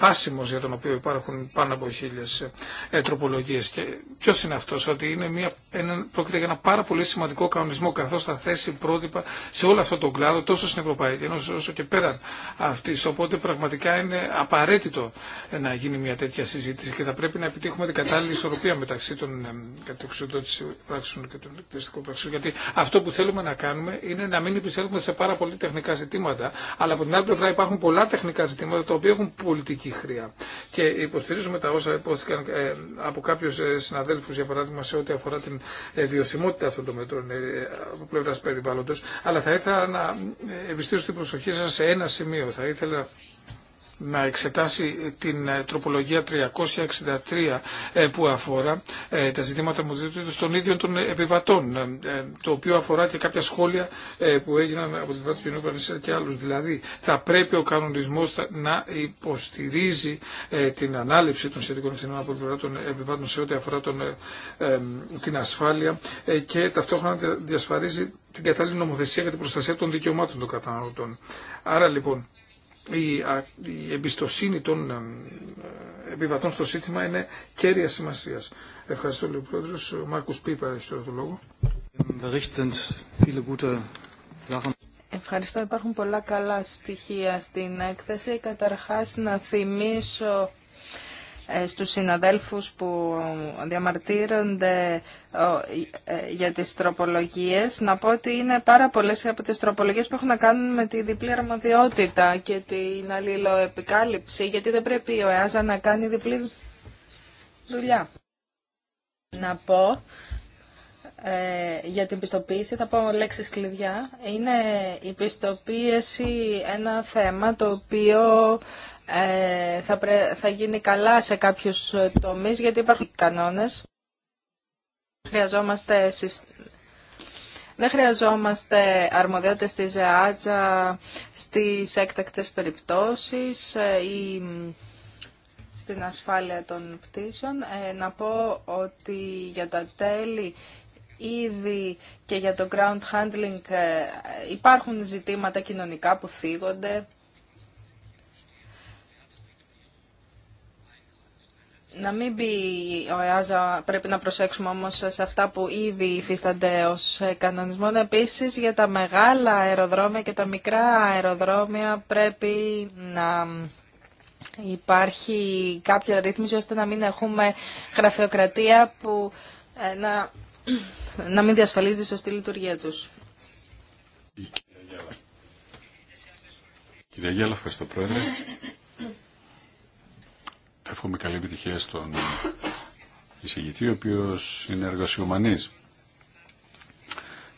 βάσιμος για τον οποίο υπάρχουν πάνω από χίλιες ε, ε, τροπολογίες. Και ποιος είναι αυτός, ότι είναι μια, ένα, πρόκειται για ένα πάρα πολύ σημαντικό κανονισμό καθώς θα θέσει πρότυπα σε όλο αυτό τον κλάδο τόσο στην Ευρωπαϊκή Ένωση όσο και πέραν αυτής. Οπότε πραγματικά είναι απαραίτητο να γίνει μια τέτοια συζήτηση και θα πρέπει να επιτύχουμε την κατάλληλη ισορροπία μεταξύ των κατεξοδότηση πράξεων και των εκτελεστικών πράξεων. Γιατί αυτό που θέλουμε να κάνουμε είναι να μην επισέλθουμε σε πάρα πολύ τεχνικά ζητήματα, αλλά από την άλλη πλευρά υπάρχουν πολλά τεχνικά ζητήματα τα οποία έχουν πολιτική χρειά. Και υποστηρίζουμε τα όσα υπόθηκαν ε, από κάποιου ε, συναδέλφου, για παράδειγμα, σε ό,τι αφορά την ε, βιωσιμότητα αυτών των μέτρων από πλευρά περιβάλλοντο. Αλλά θα ήθελα να ευστήσω την προσοχή σα σε ένα σημείο. Θα ήθελα να εξετάσει την ε, τροπολογία 363 ε, που αφορά ε, τα ζητήματα μοδιότητας των ίδιων των επιβατών, το οποίο αφορά και κάποια σχόλια που έγιναν από την Πάτη Κοινού και άλλους. Δηλαδή, θα πρέπει ο κανονισμός να υποστηρίζει την ανάληψη των σχετικών ευθυνών από πλευρά των επιβάτων σε ό,τι αφορά τον, την ασφάλεια και ταυτόχρονα διασφαλίζει την κατάλληλη νομοθεσία για την προστασία των δικαιωμάτων των καταναλωτών. Άρα λοιπόν, η εμπιστοσύνη των επιβατών στο σύστημα είναι κέρια σημασία. Ευχαριστώ λίγο Ο Μάρκο Πίπα έχει τώρα το λόγο. Ευχαριστώ. Υπάρχουν πολλά καλά στοιχεία στην έκθεση. Καταρχάς να θυμίσω ε, στους συναδέλφους που διαμαρτύρονται ε, για τις τροπολογίες να πω ότι είναι πάρα πολλές από τις τροπολογίες που έχουν να κάνουν με τη διπλή αρμοδιότητα και την αλληλοεπικάλυψη γιατί δεν πρέπει ο ΕΑΖΑ να κάνει διπλή δουλειά. Να πω ε, για την πιστοποίηση, θα πω λέξεις κλειδιά. Είναι η πιστοποίηση ένα θέμα το οποίο ε, θα, πρε... θα γίνει καλά σε κάποιους ε, τομείς γιατί υπάρχουν κανόνες. Χρειαζόμαστε δεν χρειαζόμαστε αρμοδιότητες στη ΖΕΑΤΖΑ στις έκτακτες περιπτώσεις ε, ή στην ασφάλεια των πτήσεων. να πω ότι για τα τέλη ήδη και για το ground handling υπάρχουν ζητήματα κοινωνικά που φύγονται. να μην μπει ο ΕΑΖΑ, πρέπει να προσέξουμε όμως σε αυτά που ήδη υφίστανται ως κανονισμό. Επίσης για τα μεγάλα αεροδρόμια και τα μικρά αεροδρόμια πρέπει να υπάρχει κάποια ρύθμιση ώστε να μην έχουμε γραφειοκρατία που ε, να, να μην διασφαλίζει τη σωστή λειτουργία τους. Κυρία Γιάλα, ευχαριστώ πρόεδρε. Εύχομαι καλή επιτυχία στον εισηγητή, ο οποίο είναι εργασιομανή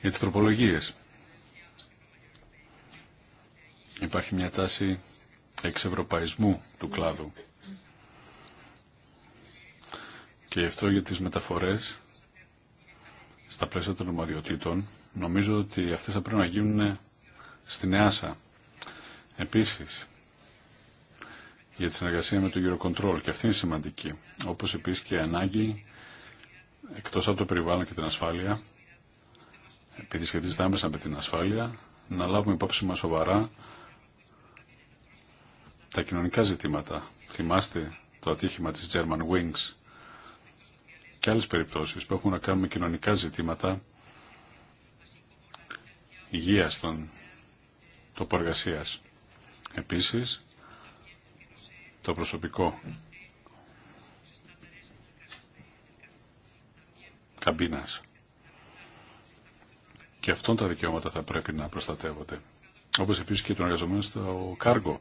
για τι τροπολογίε. Υπάρχει μια τάση εξευρωπαϊσμού του κλάδου. Και αυτό για τις μεταφορές στα πλαίσια των ομαδιοτήτων νομίζω ότι αυτές θα πρέπει να γίνουν στην ΕΑΣΑ. Επίσης, για τη συνεργασία με το Eurocontrol και αυτή είναι σημαντική. Όπως επίσης και η ανάγκη, εκτός από το περιβάλλον και την ασφάλεια, επειδή σχετίζεται άμεσα με την ασφάλεια, να λάβουμε υπόψη μας σοβαρά τα κοινωνικά ζητήματα. Θυμάστε το ατύχημα της German Wings και άλλες περιπτώσεις που έχουν να κάνουν με κοινωνικά ζητήματα υγεία των τοποργασία. Επίσης, το προσωπικό. Καμπίνας. Και αυτόν τα δικαιώματα θα πρέπει να προστατεύονται. Όπως επίσης και τον εργαζομένων στο κάργο.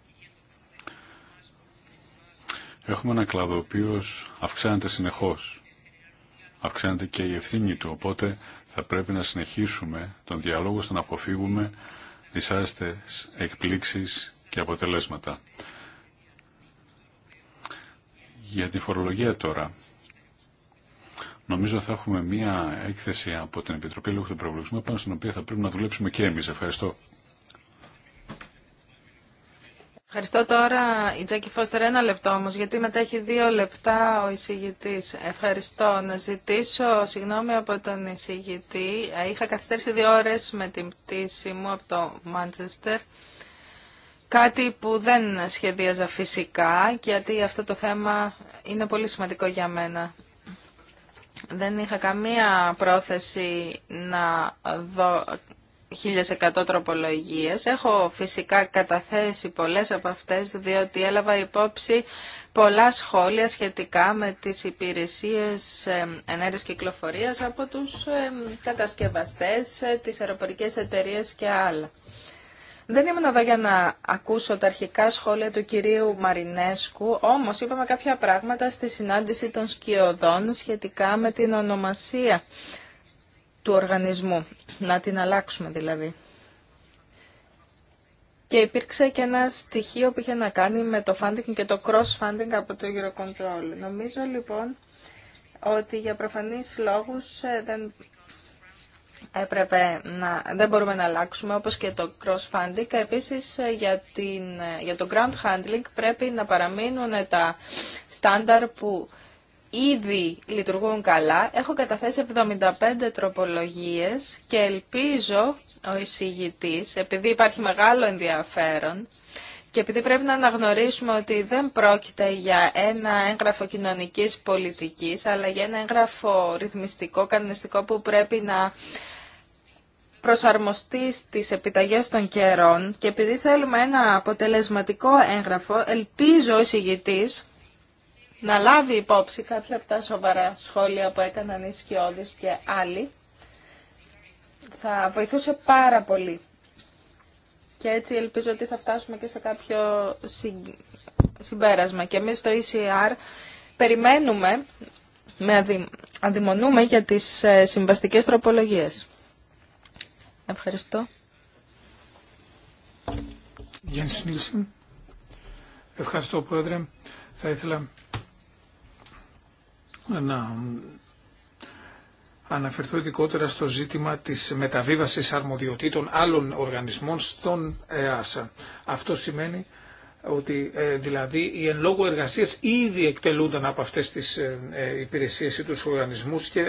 Έχουμε ένα κλάδο ο οποίο αυξάνεται συνεχώς. Αυξάνεται και η ευθύνη του, οπότε θα πρέπει να συνεχίσουμε τον διάλογο στο να αποφύγουμε δυσάρεστες εκπλήξεις και αποτελέσματα. Για τη φορολογία τώρα. Νομίζω θα έχουμε μία έκθεση από την Επιτροπή Λόγου του Προβλησμού, πάνω στην οποία θα πρέπει να δουλέψουμε και εμείς. Ευχαριστώ. Ευχαριστώ τώρα η Τζάκη Φώστερ ένα λεπτό όμως, γιατί μετά έχει δύο λεπτά ο εισηγητής. Ευχαριστώ. Να ζητήσω συγγνώμη από τον εισηγητή. Είχα καθυστέρηση δύο ώρες με την πτήση μου από το Μάντσεστερ. Κάτι που δεν σχεδίαζα φυσικά, γιατί αυτό το θέμα είναι πολύ σημαντικό για μένα. Δεν είχα καμία πρόθεση να δω 1100 τροπολογίες. Έχω φυσικά καταθέσει πολλές από αυτές, διότι έλαβα υπόψη πολλά σχόλια σχετικά με τις υπηρεσίες ενέργειας κυκλοφορίας από τους κατασκευαστές, ε, τις αεροπορικές εταιρείες και άλλα. Δεν ήμουν εδώ για να ακούσω τα αρχικά σχόλια του κυρίου Μαρινέσκου, όμως είπαμε κάποια πράγματα στη συνάντηση των σκιωδών σχετικά με την ονομασία του οργανισμού. Να την αλλάξουμε δηλαδή. Και υπήρξε και ένα στοιχείο που είχε να κάνει με το funding και το cross-funding από το Eurocontrol. Νομίζω λοιπόν ότι για προφανείς λόγους ε, δεν έπρεπε να, δεν μπορούμε να αλλάξουμε, όπως και το cross-funding. Επίσης, για, την, για το ground handling πρέπει να παραμείνουν τα στάνταρ που ήδη λειτουργούν καλά. Έχω καταθέσει 75 τροπολογίες και ελπίζω ο εισηγητής, επειδή υπάρχει μεγάλο ενδιαφέρον, και επειδή πρέπει να αναγνωρίσουμε ότι δεν πρόκειται για ένα έγγραφο κοινωνικής πολιτικής, αλλά για ένα έγγραφο ρυθμιστικό, κανονιστικό που πρέπει να προσαρμοστεί στις επιταγές των καιρών και επειδή θέλουμε ένα αποτελεσματικό έγγραφο, ελπίζω ο εισηγητής να λάβει υπόψη κάποια από τα σοβαρά σχόλια που έκαναν οι και άλλοι. Θα βοηθούσε πάρα πολύ και έτσι ελπίζω ότι θα φτάσουμε και σε κάποιο συμπέρασμα. Και εμείς στο ECR περιμένουμε, με αδει... αδειμονούμε για τις ε, συμβαστικές τροπολογίες. Ευχαριστώ. Γιάννης Νίλσον, Ευχαριστώ, Πρόεδρε. Θα ήθελα να αναφερθώ ειδικότερα στο ζήτημα της μεταβίβασης αρμοδιοτήτων άλλων οργανισμών στον ΕΑΣΑ. Αυτό σημαίνει ότι ε, δηλαδή οι εν λόγω εργασίες ήδη εκτελούνταν από αυτές τις ε, ε, υπηρεσίες ή τους οργανισμούς και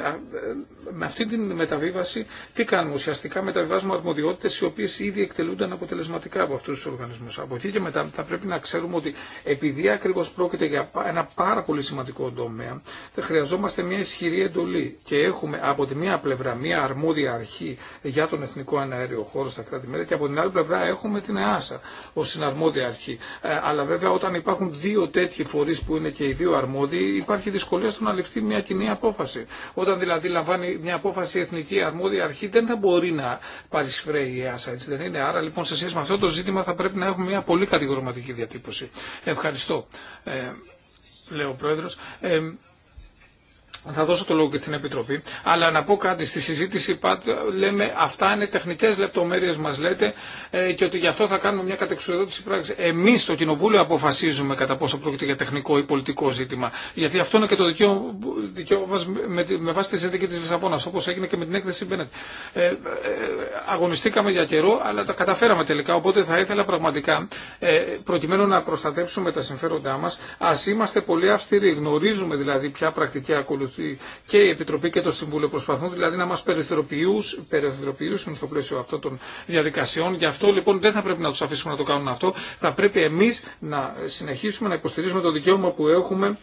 με αυτή την μεταβίβαση τι κάνουμε ουσιαστικά μεταβιβάζουμε αρμοδιότητες οι οποίες ήδη εκτελούνταν αποτελεσματικά από αυτούς τους οργανισμούς. Από εκεί και μετά θα πρέπει να ξέρουμε ότι επειδή ακριβώς πρόκειται για ένα πάρα πολύ σημαντικό τομέα θα χρειαζόμαστε μια ισχυρή εντολή και έχουμε από τη μία πλευρά μια αρμόδια αρχή για τον εθνικό αναέριο χώρο στα κράτη-μέλη και από την άλλη πλευρά έχουμε την ΕΑΣΑ ως συναρμόδια αρχή. Ε, αλλά βέβαια όταν υπάρχουν δύο τέτοιοι φορεί που είναι και οι δύο αρμόδιοι, υπάρχει δυσκολία στο να ληφθεί μια κοινή απόφαση. Όταν δηλαδή λαμβάνει μια απόφαση η εθνική αρμόδια αρχή, δεν θα μπορεί να παρισφρέει η ΕΑΣΑ, έτσι δεν είναι. Άρα λοιπόν σε σχέση με αυτό το ζήτημα θα πρέπει να έχουμε μια πολύ κατηγορηματική διατύπωση. Ευχαριστώ, ε, λέω ο Πρόεδρος. Ε, θα δώσω το λόγο και στην Επιτροπή. Αλλά να πω κάτι στη συζήτηση πάτε, λέμε αυτά είναι τεχνικέ λεπτομέρειε μα λέτε ε, και ότι γι' αυτό θα κάνουμε μια κατεξουδότηση πράξη. Εμεί στο Κοινοβούλιο αποφασίζουμε κατά πόσο πρόκειται για τεχνικό ή πολιτικό ζήτημα. Γιατί αυτό είναι και το δικαίωμα μα με, με βάση τη συνθήκη τη Λισαβόνα όπω έγινε και με την έκθεση Μπένετ. Ε, ε, αγωνιστήκαμε για καιρό αλλά τα καταφέραμε τελικά. Οπότε θα ήθελα πραγματικά ε, προκειμένου να προστατεύσουμε τα συμφέροντά μα α είμαστε πολύ αυστηροί. Γνωρίζουμε δηλαδή ποια πρακτική ακολουθούμε και η Επιτροπή και το Συμβούλιο προσπαθούν δηλαδή να μας περιθωριοποιήσουν στο πλαίσιο αυτών των διαδικασιών. Γι' αυτό λοιπόν δεν θα πρέπει να τους αφήσουμε να το κάνουν αυτό. Θα πρέπει εμείς να συνεχίσουμε να υποστηρίζουμε το δικαίωμα που έχουμε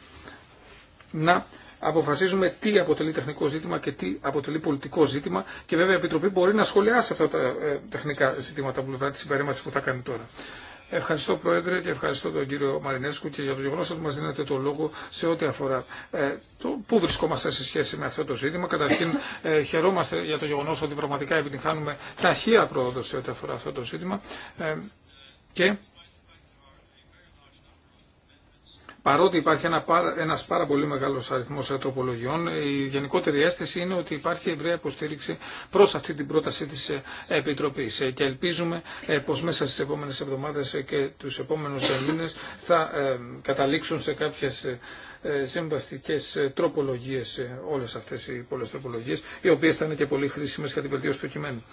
να αποφασίζουμε τι αποτελεί τεχνικό ζήτημα και τι αποτελεί πολιτικό ζήτημα και βέβαια η Επιτροπή μπορεί να σχολιάσει αυτά τα ε, τεχνικά ζητήματα που πλευρά τη συμπαρέμβαση που θα κάνει τώρα. Ευχαριστώ Πρόεδρε και ευχαριστώ τον κύριο Μαρινέσκου και για το γεγονό ότι μα δίνετε το λόγο σε ό,τι αφορά ε, το πού βρισκόμαστε σε σχέση με αυτό το ζήτημα. Καταρχήν ε, χαιρόμαστε για το γεγονό ότι πραγματικά επιτυγχάνουμε ταχεία πρόοδο σε ό,τι αφορά αυτό το ζήτημα ε, και παρότι υπάρχει ένα, ένας πάρα πολύ μεγάλος αριθμός τροπολογιών, η γενικότερη αίσθηση είναι ότι υπάρχει ευρεία υποστήριξη προς αυτή την πρόταση της Επιτροπής και ελπίζουμε ε, πως μέσα στις επόμενες εβδομάδες και τους επόμενους μήνες θα ε, καταλήξουν σε κάποιες ε, συμβαστικέ τροπολογίε, όλε αυτέ οι πολλέ τροπολογίε, οι οποίε θα είναι και πολύ χρήσιμε για την βελτίωση του κειμένου.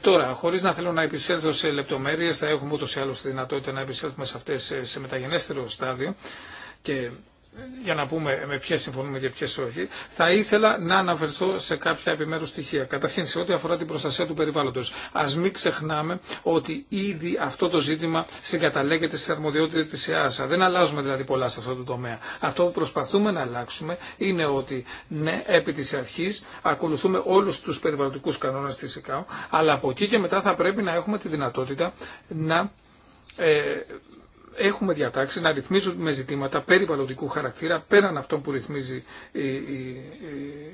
τώρα, χωρί να θέλω να επισέλθω σε λεπτομέρειε, θα έχουμε ούτω ή άλλω τη δυνατότητα να επισέλθουμε σε αυτέ σε μεταγενέστερο στάδιο και για να πούμε με ποιε συμφωνούμε και ποιε όχι, θα ήθελα να αναφερθώ σε κάποια επιμέρου στοιχεία. Καταρχήν, σε ό,τι αφορά την προστασία του περιβάλλοντο, α μην ξεχνάμε ότι ήδη αυτό το ζήτημα συγκαταλέγεται στι αρμοδιότητε τη ΕΑΣΑ. Δεν αλλάζουμε δηλαδή πολλά σε αυτό το τομέα. Αυτό που προσπαθούμε να αλλάξουμε είναι ότι, ναι, επί τη αρχή ακολουθούμε όλου του περιβαλλοντικού κανόνε τη ΕΚΑΟ, αλλά από εκεί και μετά θα πρέπει να έχουμε τη δυνατότητα να ε, έχουμε διατάξει να ρυθμίζουμε ζητήματα περιβαλλοντικού χαρακτήρα πέραν αυτών που ρυθμίζει η,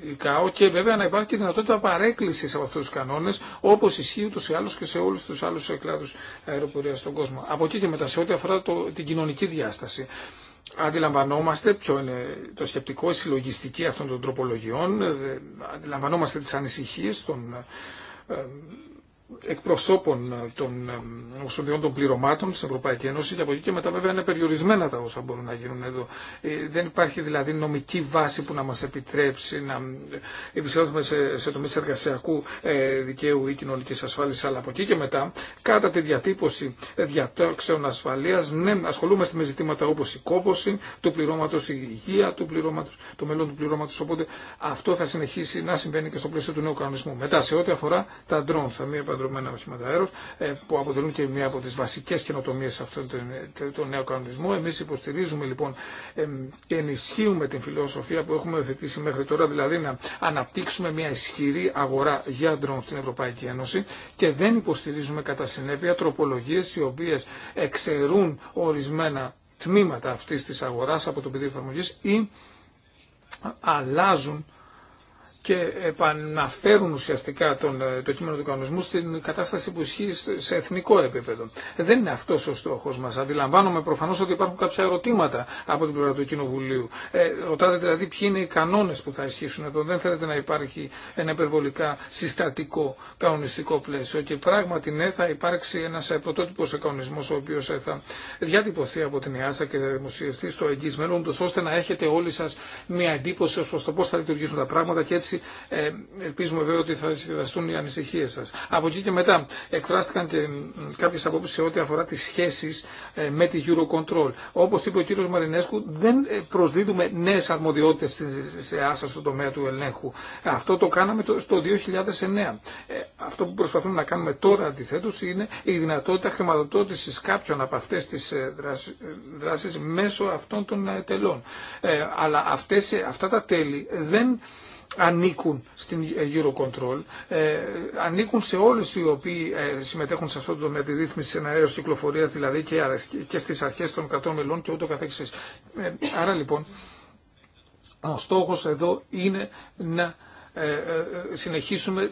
η, ΚΑΟ και βέβαια να υπάρχει και δυνατότητα παρέκκληση από αυτού του κανόνε όπω ισχύει ούτω ή άλλω και σε όλου του άλλου κλάδου αεροπορία στον κόσμο. Από εκεί και μετά σε ό,τι αφορά το, την κοινωνική διάσταση. Αντιλαμβανόμαστε ποιο είναι το σκεπτικό, η συλλογιστική αυτών των τροπολογιών, ε, αντιλαμβανόμαστε τι ανησυχίε των ε, εκπροσώπων των ε, οσοδιών των πληρωμάτων στην Ευρωπαϊκή Ένωση και από εκεί και μετά βέβαια είναι περιορισμένα τα όσα μπορούν να γίνουν εδώ. Ε, δεν υπάρχει δηλαδή νομική βάση που να μας επιτρέψει να ε, επιστρέψουμε σε, σε τομείς εργασιακού δικαίου ή κοινωνική ασφάλισης αλλά από εκεί και μετά κατά τη διατύπωση διατάξεων ασφαλείας ναι, ασχολούμαστε με ζητήματα όπως η κοινωνικη ασφαλεια αλλα απο εκει και του πληρώματος, η υγεία του πληρώματος, το μέλλον του πληρώματος οπότε αυτό θα συνεχίσει να συμβαίνει και στο πλαίσιο του νέου κανονισμού. Μετά σε ό,τι αφορά τα ντρόν, θα μία οχήματα ε, που αποτελούν και μία από τις βασικές καινοτομίες αυτών ε, τον νέο κανονισμό. Εμείς υποστηρίζουμε λοιπόν και ενισχύουμε την φιλοσοφία που έχουμε θετήσει μέχρι τώρα, δηλαδή να αναπτύξουμε μία ισχυρή αγορά για ντρόν στην Ευρωπαϊκή Ένωση και δεν υποστηρίζουμε κατά συνέπεια τροπολογίε οι οποίε εξαιρούν ορισμένα τμήματα αυτή τη αγορά από το πεδίο εφαρμογή ή αλλάζουν και επαναφέρουν ουσιαστικά τον, ε, το κείμενο του κανονισμού στην κατάσταση που ισχύει σε εθνικό επίπεδο. Δεν είναι αυτό ο στόχο μα. Αντιλαμβάνομαι προφανώ ότι υπάρχουν κάποια ερωτήματα από την πλευρά του Κοινοβουλίου. Ε, ρωτάτε δηλαδή ποιοι είναι οι κανόνε που θα ισχύσουν εδώ. Δεν θέλετε να υπάρχει ένα υπερβολικά συστατικό κανονιστικό πλαίσιο. Και πράγματι, ναι, θα υπάρξει ένα ε, πρωτότυπο κανονισμό ο οποίο ε, θα διατυπωθεί από την ΕΑΣΑ και θα δημοσιευθεί στο εγγύ μέλλον, ώστε να έχετε όλοι σα μια εντύπωση ω προ το πώ θα λειτουργήσουν τα πράγματα και έτσι ε, ελπίζουμε βέβαια ότι θα συμβαστούν οι ανησυχίε σα. Από εκεί και μετά εκφράστηκαν και κάποιε απόψει σε ό,τι αφορά τι σχέσει ε, με τη Eurocontrol. Όπω είπε ο κύριο Μαρινέσκου, δεν ε, προσδίδουμε νέε αρμοδιότητε σε άσα στον τομέα του ελέγχου. Αυτό το κάναμε στο 2009. Αυτό που προσπαθούμε να κάνουμε τώρα αντιθέτω είναι η δυνατότητα χρηματοδότηση κάποιων από αυτέ τι δράσει μέσω αυτών των τελών. Αλλά αυτές, αυτά τα τέλη δεν ανήκουν στην Eurocontrol, ε, ανήκουν σε όλους οι οποίοι ε, συμμετέχουν σε αυτό το τομέα τη ρύθμιση κυκλοφορίας, δηλαδή και, και στις αρχές των κρατών μελών και ούτω καθεξής. Ε, άρα λοιπόν, ο στόχος εδώ είναι να συνεχίσουμε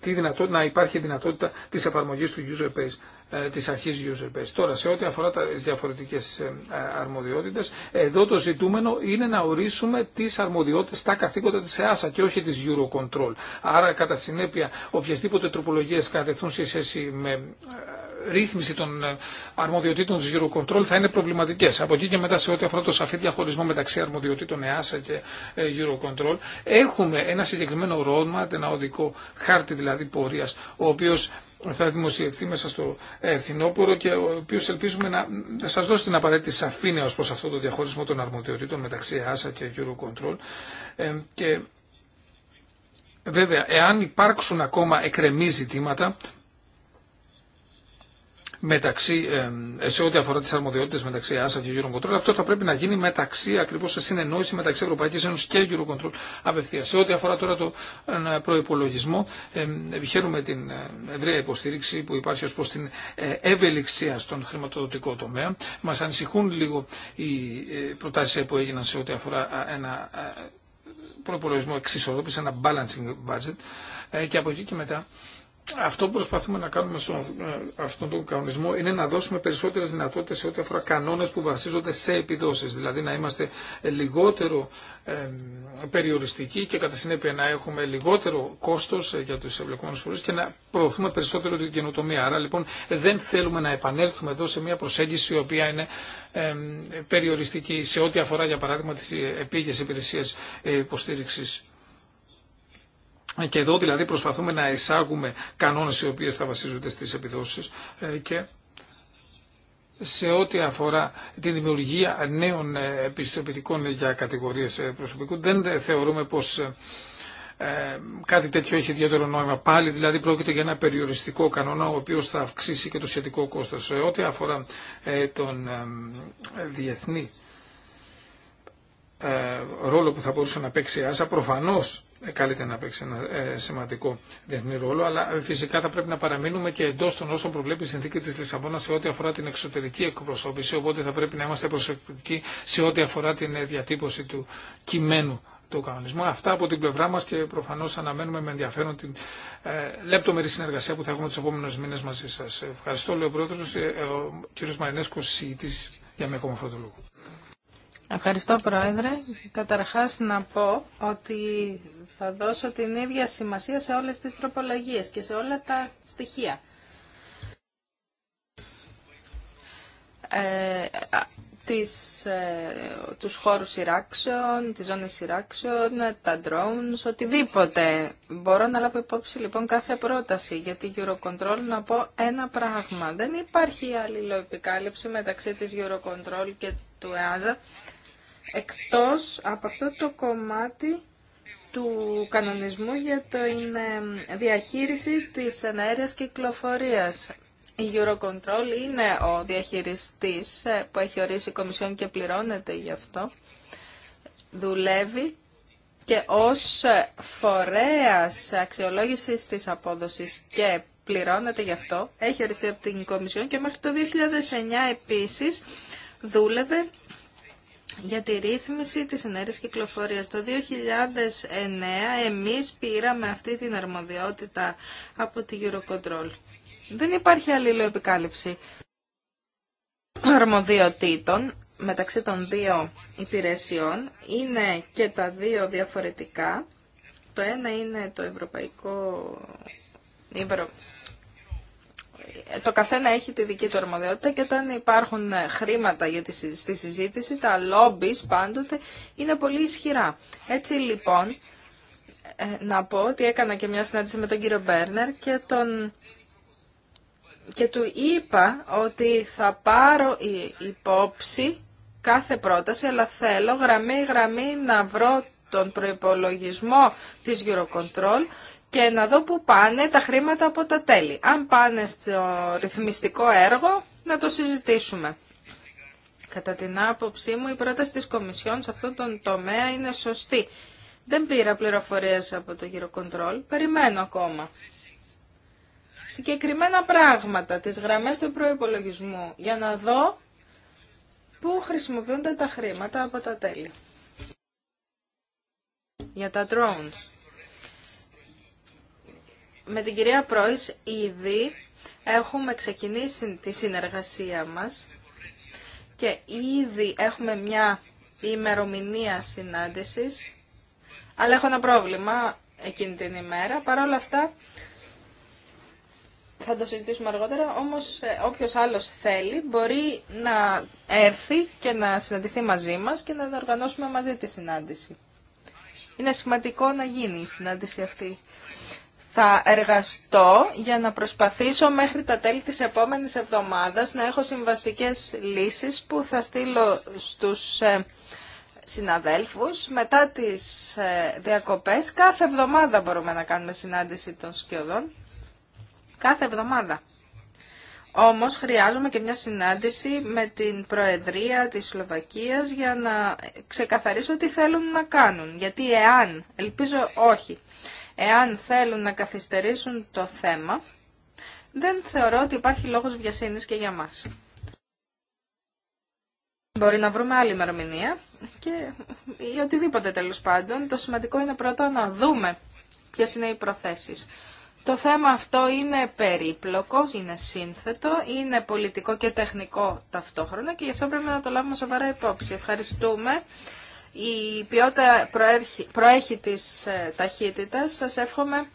τη να υπάρχει δυνατότητα της εφαρμογής του user base. Ε, της αρχής user base. Τώρα, σε ό,τι αφορά τις διαφορετικές ε, ε, αρμοδιότητες, εδώ το ζητούμενο είναι να ορίσουμε τις αρμοδιότητες, τα καθήκοντα της ΕΑΣΑ και όχι της Eurocontrol. Άρα, κατά συνέπεια, οποιασδήποτε τροπολογίες κατευθούν σε σχέση με ρύθμιση των αρμοδιοτήτων της Eurocontrol θα είναι προβληματικές. Από εκεί και μετά σε ό,τι αφορά το σαφή διαχωρισμό μεταξύ αρμοδιοτήτων ΕΑΣΑ και Eurocontrol έχουμε ένα συγκεκριμένο roadmap, ένα οδικό χάρτη δηλαδή πορείας, ο οποίος θα δημοσιευτεί μέσα στο φθινόπωρο και ο οποίο ελπίζουμε να, να σα δώσει την απαραίτητη σαφήνεια ω προ αυτό το διαχωρισμό των αρμοδιοτήτων μεταξύ ΕΑΣΑ και Eurocontrol. Ε, και βέβαια, εάν υπάρξουν ακόμα εκρεμή ζητήματα, μεταξύ, σε ό,τι αφορά τι αρμοδιότητε μεταξύ ASA και Eurocontrol, αυτό θα πρέπει να γίνει μεταξύ ακριβώ σε συνεννόηση μεταξύ Ευρωπαϊκή Ένωση και Eurocontrol απευθεία. Σε ό,τι αφορά τώρα το προπολογισμό, επιχαίρουμε την ε, ευρεία υποστήριξη που υπάρχει ω προ την ε, ευελιξία στον χρηματοδοτικό τομέα. Μα ανησυχούν λίγο οι ε, προτάσει που έγιναν σε ό,τι αφορά ένα προπολογισμό εξισορρόπηση, ένα balancing budget και από εκεί και μετά αυτό που προσπαθούμε να κάνουμε σε ε, αυτόν τον κανονισμό είναι να δώσουμε περισσότερε δυνατότητε σε ό,τι αφορά κανόνε που βασίζονται σε επιδόσει. Δηλαδή να είμαστε λιγότερο περιοριστικοί και κατά συνέπεια να έχουμε λιγότερο κόστο για του εμπλεκόμενου φορεί και να προωθούμε περισσότερο την καινοτομία. Άρα λοιπόν δεν θέλουμε να επανέλθουμε εδώ σε μια προσέγγιση η οποία είναι περιοριστική σε ό,τι αφορά για παράδειγμα τι επίγειε υπηρεσίε υποστήριξη και εδώ δηλαδή προσπαθούμε να εισάγουμε κανόνες οι οποίες θα βασίζονται στις επιδόσεις ε, και σε ό,τι αφορά τη δημιουργία νέων ε, επιστοποιητικών για κατηγορίες ε, προσωπικού δεν θεωρούμε πως κάτι τέτοιο έχει ιδιαίτερο νόημα. Πάλι δηλαδή πρόκειται για ένα περιοριστικό κανόνα ο οποίος θα αυξήσει και το σχετικό κόστος. Σε ό,τι αφορά τον διεθνή ρόλο που θα μπορούσε να παίξει η ΆΣΑ προφανώς ε, καλείται να παίξει ένα ε, σημαντικό διεθνή ρόλο, αλλά φυσικά θα πρέπει να παραμείνουμε και εντό των όσων προβλέπει η συνθήκη τη Λισαβόνα σε ό,τι αφορά την εξωτερική εκπροσώπηση. Οπότε θα πρέπει να είμαστε προσεκτικοί σε ό,τι αφορά την ε, διατύπωση του κειμένου του κανονισμού. Αυτά από την πλευρά μα και προφανώ αναμένουμε με ενδιαφέρον την λεπτομερή συνεργασία που θα έχουμε του επόμενου μήνε μαζί σα. Ευχαριστώ, λέει ο πρόεδρο, ο κ. Μαρινέσκο, συζητή για μία ακόμα φορά Ευχαριστώ, Πρόεδρε. Καταρχάς να πω ότι θα δώσω την ίδια σημασία σε όλες τις τροπολογίες και σε όλα τα στοιχεία. Ε, τις, ε, τους χώρους σειράξεων, τις ζώνες σειράξεων, τα drones, οτιδήποτε. Μπορώ να λάβω υπόψη λοιπόν κάθε πρόταση για τη Eurocontrol να πω ένα πράγμα. Δεν υπάρχει αλληλοεπικάλυψη μεταξύ της Eurocontrol και του EASA εκτός από αυτό το κομμάτι του κανονισμού για την ε, διαχείριση της και κυκλοφορίας. Η Eurocontrol είναι ο διαχειριστής ε, που έχει ορίσει η Κομισιόν και πληρώνεται γι' αυτό. Δουλεύει και ως φορέας αξιολόγησης της απόδοσης και πληρώνεται γι' αυτό. Έχει οριστεί από την Κομισιόν και μέχρι το 2009 επίσης δούλευε για τη ρύθμιση της ενέργειας κυκλοφορίας. Το 2009 εμείς πήραμε αυτή την αρμοδιότητα από τη Eurocontrol. Δεν υπάρχει αλληλοεπικάλυψη αρμοδιοτήτων μεταξύ των δύο υπηρεσιών. Είναι και τα δύο διαφορετικά. Το ένα είναι το ευρωπαϊκό το καθένα έχει τη δική του αρμοδιότητα και όταν υπάρχουν ε, χρήματα για τη, στη συζήτηση, τα λόμπις πάντοτε είναι πολύ ισχυρά. Έτσι λοιπόν, ε, να πω ότι έκανα και μια συνάντηση με τον κύριο Μπέρνερ και τον και του είπα ότι θα πάρω υπόψη κάθε πρόταση, αλλά θέλω γραμμή-γραμμή να βρω τον προϋπολογισμό της Eurocontrol και να δω πού πάνε τα χρήματα από τα τέλη. Αν πάνε στο ρυθμιστικό έργο, να το συζητήσουμε. Κατά την άποψή μου, η πρόταση της Κομισιόν σε αυτόν τον τομέα είναι σωστή. Δεν πήρα πληροφορίες από το Eurocontrol, περιμένω ακόμα. Συγκεκριμένα πράγματα, τις γραμμές του προϋπολογισμού, για να δω πού χρησιμοποιούνται τα χρήματα από τα τέλη. Για τα drones με την κυρία Πρόης ήδη έχουμε ξεκινήσει τη συνεργασία μας και ήδη έχουμε μια ημερομηνία συνάντησης, αλλά έχω ένα πρόβλημα εκείνη την ημέρα. Παρ' όλα αυτά θα το συζητήσουμε αργότερα, όμως ε, όποιος άλλος θέλει μπορεί να έρθει και να συναντηθεί μαζί μας και να οργανώσουμε μαζί τη συνάντηση. Είναι σημαντικό να γίνει η συνάντηση αυτή θα εργαστώ για να προσπαθήσω μέχρι τα τέλη της επόμενης εβδομάδας να έχω συμβαστικές λύσεις που θα στείλω στους ε, συναδέλφους. Μετά τις ε, διακοπές, κάθε εβδομάδα μπορούμε να κάνουμε συνάντηση των σκιωδών. Κάθε εβδομάδα. Όμως χρειάζομαι και μια συνάντηση με την Προεδρία της Σλοβακίας για να ξεκαθαρίσω τι θέλουν να κάνουν. Γιατί εάν, ελπίζω όχι, εάν θέλουν να καθυστερήσουν το θέμα, δεν θεωρώ ότι υπάρχει λόγος βιασύνης και για μας. Μπορεί να βρούμε άλλη ημερομηνία και ή οτιδήποτε τέλος πάντων. Το σημαντικό είναι πρώτα να δούμε ποιες είναι οι προθέσεις. Το θέμα αυτό είναι περίπλοκο, είναι σύνθετο, είναι πολιτικό και τεχνικό ταυτόχρονα και γι' αυτό πρέπει να το λάβουμε σοβαρά υπόψη. Ευχαριστούμε η ποιότητα προέχει της ε, ταχύτητας. Σας εύχομαι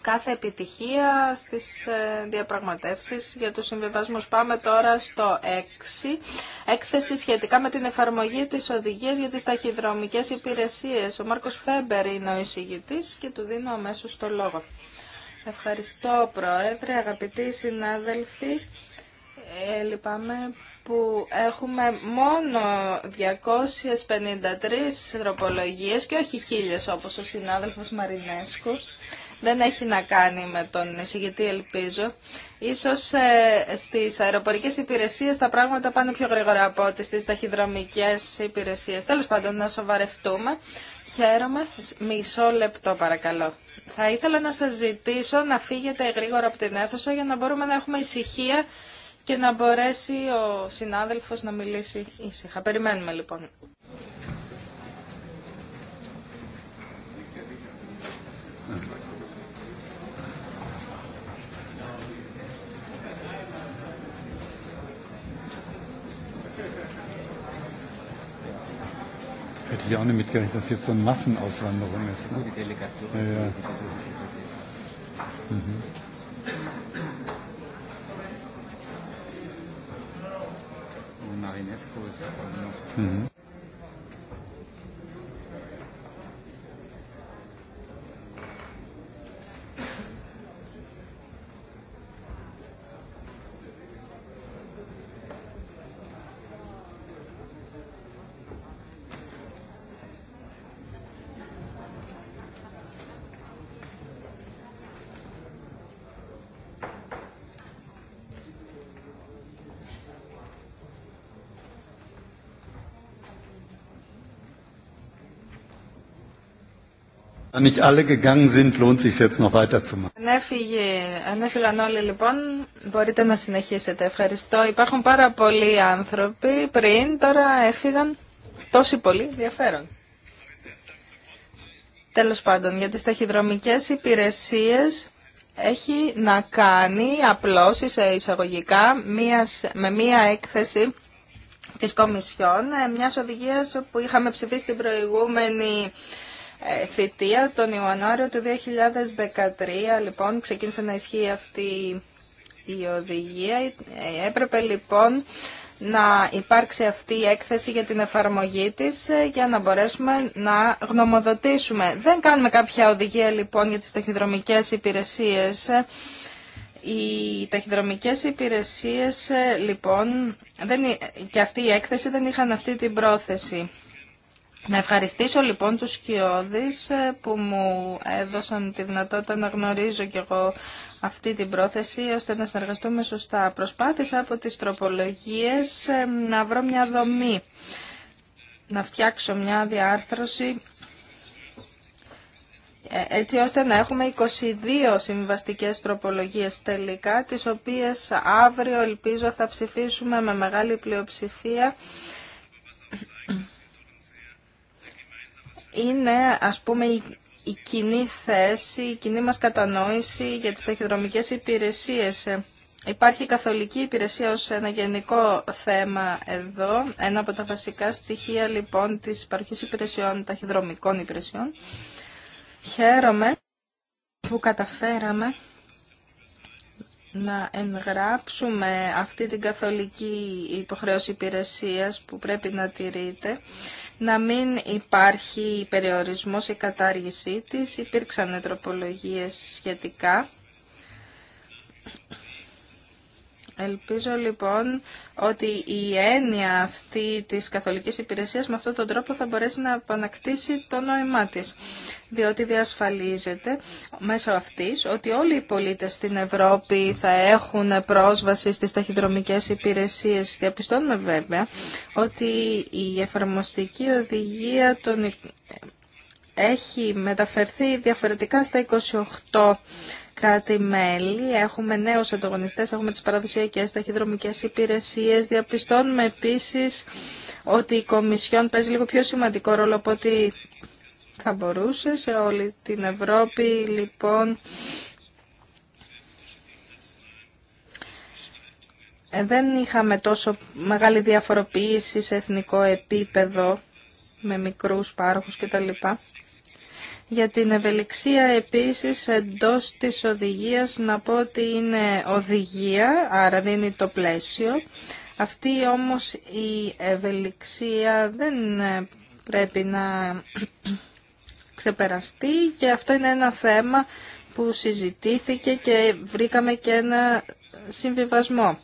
κάθε επιτυχία στις ε, διαπραγματεύσεις για τους συμβιβασμούς. Πάμε τώρα στο 6. Έκθεση σχετικά με την εφαρμογή της οδηγίας για τις ταχυδρομικές υπηρεσίες. Ο Μάρκος Φέμπερ είναι ο εισηγητής και του δίνω αμέσως το λόγο. Ευχαριστώ Πρόεδρε, αγαπητοί συνάδελφοι. Ε, λυπάμαι που έχουμε μόνο 253 τροπολογίες και όχι χίλιες όπως ο συνάδελφος Μαρινέσκου. Δεν έχει να κάνει με τον εισηγητή, ελπίζω. Ίσως ε, στις αεροπορικές υπηρεσίες τα πράγματα πάνε πιο γρήγορα από ό,τι στις ταχυδρομικές υπηρεσίες. Τέλος πάντων, να σοβαρευτούμε. Χαίρομαι. Μισό λεπτό, παρακαλώ. Θα ήθελα να σας ζητήσω να φύγετε γρήγορα από την αίθουσα για να μπορούμε να έχουμε ησυχία και να μπορέσει ο συνάδελφος να μιλήσει ήσυχα. Περιμένουμε λοιπόν. Hätte ich auch nicht mitgerechnet, dass jetzt so eine Massenauswanderung ist. Ne? Die Delegation. Ja, ja. Mhm. Marinescu ist noch Mhm Αν έφυγαν όλοι λοιπόν, μπορείτε να συνεχίσετε. Ευχαριστώ. Υπάρχουν πάρα πολλοί άνθρωποι πριν, τώρα έφυγαν τόσοι πολλοί ενδιαφέρον. Τέλο πάντων, για τι ταχυδρομικέ υπηρεσίε έχει να κάνει απλώς εισαγωγικά με μία έκθεση της Κομισιόν, ε, μια οδηγίας που είχαμε ψηφίσει την προηγούμενη ε, θητεία τον Ιανουάριο του 2013. Λοιπόν, ξεκίνησε να ισχύει αυτή η οδηγία. Ε, έπρεπε λοιπόν να υπάρξει αυτή η έκθεση για την εφαρμογή της ε, για να μπορέσουμε να γνωμοδοτήσουμε. Δεν κάνουμε κάποια οδηγία λοιπόν για τις ταχυδρομικές υπηρεσίες. Οι ταχυδρομικές υπηρεσίες λοιπόν δεν, και αυτή η έκθεση δεν είχαν αυτή την πρόθεση. Να ευχαριστήσω λοιπόν τους Κιώδης ε, που μου έδωσαν τη δυνατότητα να γνωρίζω κι εγώ αυτή την πρόθεση ώστε να συνεργαστούμε σωστά. Προσπάθησα από τις τροπολογίες ε, να βρω μια δομή, να φτιάξω μια διάρθρωση ε, έτσι ώστε να έχουμε 22 συμβαστικές τροπολογίες τελικά, τις οποίες αύριο ελπίζω θα ψηφίσουμε με μεγάλη πλειοψηφία είναι ας πούμε η κοινή θέση, η κοινή μας κατανόηση για τις ταχυδρομικές υπηρεσίες. Ε, υπάρχει η καθολική υπηρεσία ως ένα γενικό θέμα εδώ, ένα από τα βασικά στοιχεία λοιπόν της υπαρχής υπηρεσιών, ταχυδρομικών υπηρεσιών. Χαίρομαι που καταφέραμε να εγγράψουμε αυτή την καθολική υποχρέωση υπηρεσίας που πρέπει να τηρείται να μην υπάρχει περιορισμός ή κατάργησή της. Υπήρξαν τροπολογίες σχετικά Ελπίζω λοιπόν ότι η έννοια αυτή της καθολικής υπηρεσίας με αυτόν τον τρόπο θα μπορέσει να επανακτήσει το νόημά της, διότι διασφαλίζεται μέσω αυτής ότι όλοι οι πολίτες στην Ευρώπη θα έχουν πρόσβαση στις ταχυδρομικές υπηρεσίες. Διαπιστώνουμε βέβαια ότι η εφαρμοστική οδηγία των... έχει μεταφερθεί διαφορετικά στα 28 κράτη-μέλη. Έχουμε νέους ανταγωνιστές, έχουμε τις παραδοσιακές ταχυδρομικές υπηρεσίες. Διαπιστώνουμε επίσης ότι η Κομισιόν παίζει λίγο πιο σημαντικό ρόλο από ότι θα μπορούσε σε όλη την Ευρώπη. Λοιπόν, δεν είχαμε τόσο μεγάλη διαφοροποίηση σε εθνικό επίπεδο με μικρούς πάροχους κτλ. Για την ευελιξία επίσης εντός της οδηγίας να πω ότι είναι οδηγία, άρα δίνει το πλαίσιο. Αυτή όμως η ευελιξία δεν πρέπει να ξεπεραστεί και αυτό είναι ένα θέμα που συζητήθηκε και βρήκαμε και ένα συμβιβασμό.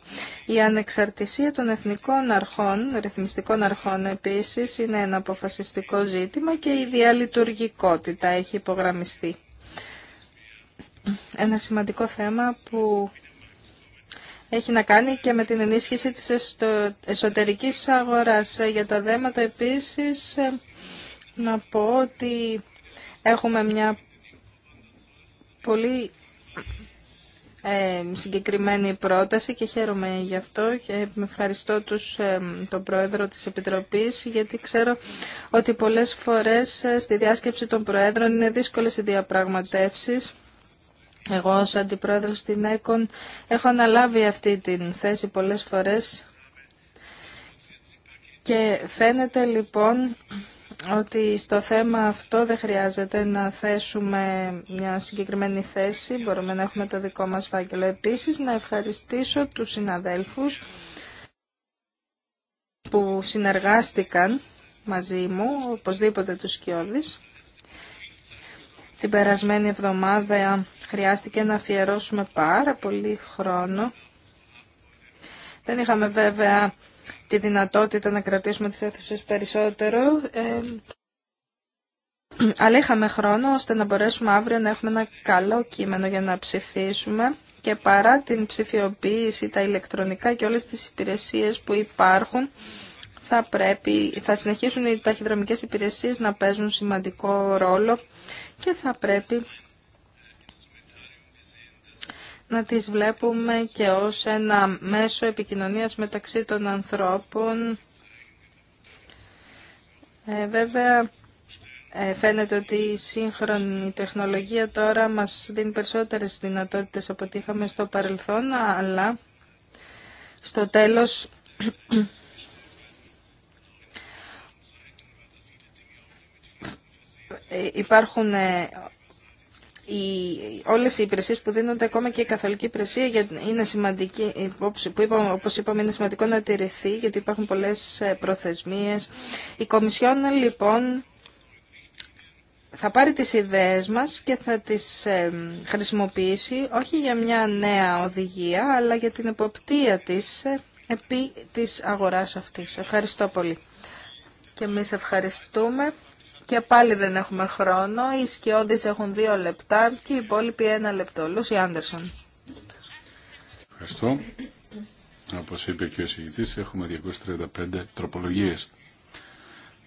Η ανεξαρτησία των εθνικών αρχών, ρυθμιστικών αρχών επίσης, είναι ένα αποφασιστικό ζήτημα και η διαλειτουργικότητα έχει υπογραμμιστεί. Ένα σημαντικό θέμα που έχει να κάνει και με την ενίσχυση της εσωτερικής αγοράς. Για τα δέματα επίσης να πω ότι έχουμε μια πολύ ε, συγκεκριμένη πρόταση και χαίρομαι γι' αυτό και με ευχαριστώ τους, ε, τον Πρόεδρο της Επιτροπής γιατί ξέρω ότι πολλές φορές ε, στη διάσκεψη των Προέδρων είναι δύσκολες οι διαπραγματεύσεις. Εγώ ως Αντιπρόεδρος στην ΕΚΟΝ έχω αναλάβει αυτή την θέση πολλές φορές και φαίνεται λοιπόν ότι στο θέμα αυτό δεν χρειάζεται να θέσουμε μια συγκεκριμένη θέση, μπορούμε να έχουμε το δικό μας φάκελο. Επίσης, να ευχαριστήσω τους συναδέλφους που συνεργάστηκαν μαζί μου, οπωσδήποτε τους Σκιώδης. Την περασμένη εβδομάδα χρειάστηκε να αφιερώσουμε πάρα πολύ χρόνο. Δεν είχαμε βέβαια τη δυνατότητα να κρατήσουμε τις αίθουσες περισσότερο. Ε, αλλά είχαμε χρόνο ώστε να μπορέσουμε αύριο να έχουμε ένα καλό κείμενο για να ψηφίσουμε και παρά την ψηφιοποίηση, τα ηλεκτρονικά και όλες τις υπηρεσίες που υπάρχουν, θα, πρέπει, θα συνεχίσουν οι ταχυδρομικές υπηρεσίες να παίζουν σημαντικό ρόλο και θα πρέπει να τις βλέπουμε και ως ένα μέσο επικοινωνίας μεταξύ των ανθρώπων. Ε, βέβαια, ε, φαίνεται ότι η σύγχρονη τεχνολογία τώρα μας δίνει περισσότερες δυνατότητες από ό,τι είχαμε στο παρελθόν, αλλά στο τέλος ε, υπάρχουν ε, οι, όλες οι υπηρεσίες που δίνονται, ακόμα και η καθολική υπηρεσία, είναι σημαντική, υπόψη, που είπα, όπως είπαμε είναι σημαντικό να τηρηθεί, γιατί υπάρχουν πολλές ε, προθεσμίες. Η Κομισιόν λοιπόν θα πάρει τις ιδέες μας και θα τις ε, χρησιμοποιήσει όχι για μια νέα οδηγία, αλλά για την εποπτεία της ε, επί της αγοράς αυτής. Ευχαριστώ πολύ. Και εμείς ευχαριστούμε. Και πάλι δεν έχουμε χρόνο. Οι σκιώδει έχουν δύο λεπτά και οι υπόλοιποι ένα λεπτό. Λούση Άντερσον. Ευχαριστώ. Όπω είπε και ο συγητή, έχουμε 235 τροπολογίες.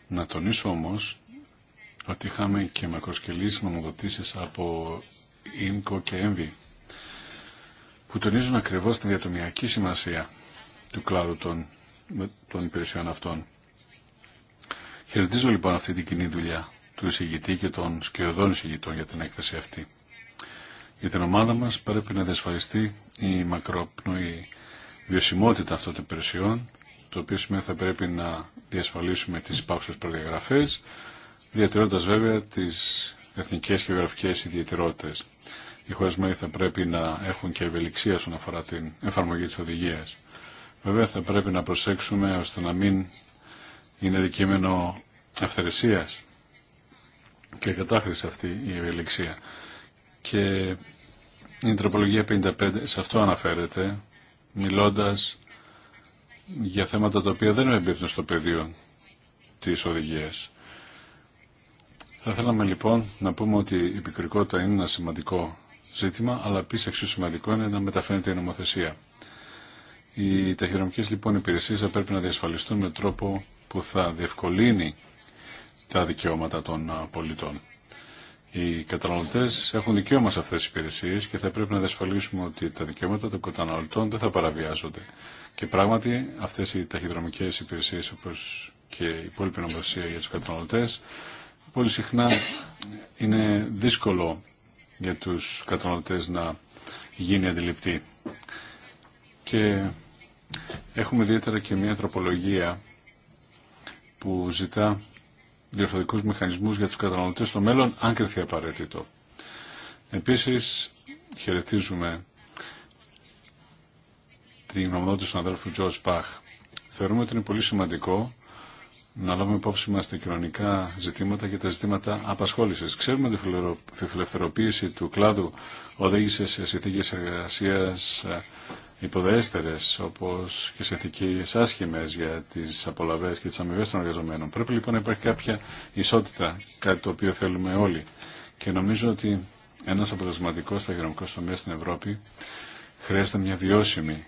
Να τονίσω όμω ότι είχαμε και μακροσκελείς νομοδοτήσει από ΙΜΚΟ και ΕΜΒΙ που τονίζουν ακριβώς τη διατομιακή σημασία του κλάδου των, των υπηρεσιών αυτών. Χαιρετίζω λοιπόν αυτή την κοινή δουλειά του εισηγητή και των σκιωδών εισηγητών για την έκθεση αυτή. Για την ομάδα μας πρέπει να διασφαλιστεί η μακρόπνοη βιωσιμότητα αυτών των υπηρεσιών, το οποίο σημαίνει θα πρέπει να διασφαλίσουμε τις υπάρχουσες προδιαγραφές, διατηρώντας βέβαια τις εθνικές και γεωγραφικές ιδιαιτερότητες. Οι χώρε μέλη θα πρέπει να έχουν και ευελιξία όσον αφορά την εφαρμογή της οδηγία. Βέβαια θα πρέπει να προσέξουμε ώστε να μην είναι αντικείμενο αυθαιρεσίας και κατάχρηση αυτή η ευελιξία. Και η τροπολογία 55 σε αυτό αναφέρεται, μιλώντας για θέματα τα οποία δεν εμπίπτουν στο πεδίο της οδηγίας. Θα θέλαμε λοιπόν να πούμε ότι η πικρικότητα είναι ένα σημαντικό ζήτημα, αλλά επίση εξίσου σημαντικό είναι να μεταφέρεται η νομοθεσία. Οι ταχυδρομικές λοιπόν υπηρεσίε θα πρέπει να διασφαλιστούν με τρόπο που θα διευκολύνει τα δικαιώματα των πολιτών. Οι καταναλωτέ έχουν δικαίωμα σε αυτέ τι υπηρεσίε και θα πρέπει να διασφαλίσουμε ότι τα δικαιώματα των καταναλωτών δεν θα παραβιάζονται. Και πράγματι αυτέ οι ταχυδρομικέ υπηρεσίε όπω και η υπόλοιπη νομοθεσία για του καταναλωτέ πολύ συχνά είναι δύσκολο για του καταναλωτέ να γίνει αντιληπτή. Και έχουμε ιδιαίτερα και μια τροπολογία που ζητά διορθωτικούς μηχανισμούς για τους καταναλωτές στο μέλλον, αν κρυθεί απαραίτητο. Επίσης, χαιρετίζουμε την γνωμοδότηση του αδέρφου George Bach. Θεωρούμε ότι είναι πολύ σημαντικό να λάβουμε υπόψη μας τα κοινωνικά ζητήματα και τα ζητήματα απασχόληση. Ξέρουμε ότι η φιλελευθερωποίηση του κλάδου οδήγησε σε συνθήκε εργασία υποδέστερες όπως και σε συνθήκες άσχημες για τις απολαβές και τις αμοιβέ των εργαζομένων. Πρέπει λοιπόν να υπάρχει κάποια ισότητα, κάτι το οποίο θέλουμε όλοι. Και νομίζω ότι ένας αποτελεσματικός ταχυδρομικός τομέα στην Ευρώπη χρειάζεται μια βιώσιμη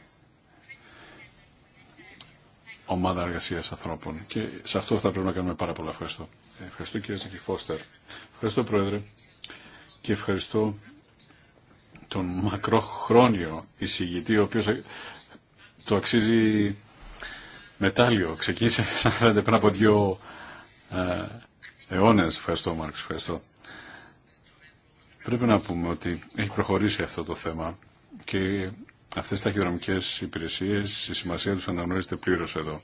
ομάδα εργασία ανθρώπων. Και σε αυτό θα πρέπει να κάνουμε πάρα πολλά. Ευχαριστώ. Ευχαριστώ κύριε Ζεκή Φώστερ. Ευχαριστώ Πρόεδρε και ευχαριστώ τον μακρόχρόνιο εισηγητή, ο οποίος το αξίζει μετάλλιο. Ξεκίνησε, σαν φαίνεται, πριν από δύο ε, αιώνες. Ευχαριστώ, Μάρξ, Πρέπει να πούμε ότι έχει προχωρήσει αυτό το θέμα και αυτές τα χειρονομικές υπηρεσίες, η σημασία τους αναγνωρίζεται πλήρως εδώ.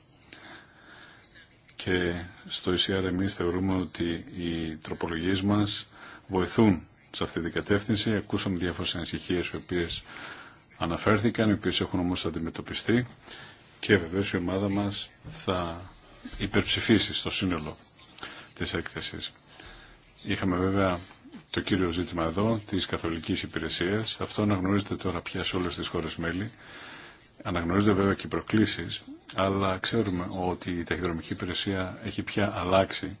Και στο ECR εμείς θεωρούμε ότι οι τροπολογίες μας βοηθούν σε αυτή την κατεύθυνση. Ακούσαμε διάφορε ανησυχίε οι οποίε αναφέρθηκαν, οι οποίε έχουν όμως αντιμετωπιστεί και βεβαίω η ομάδα μας θα υπερψηφίσει στο σύνολο της έκθεσης. Είχαμε βέβαια το κύριο ζήτημα εδώ της καθολικής υπηρεσία. Αυτό αναγνωρίζεται τώρα πια σε όλε τι χώρε μέλη. Αναγνωρίζονται βέβαια και οι προκλήσεις, αλλά ξέρουμε ότι η ταχυδρομική υπηρεσία έχει πια αλλάξει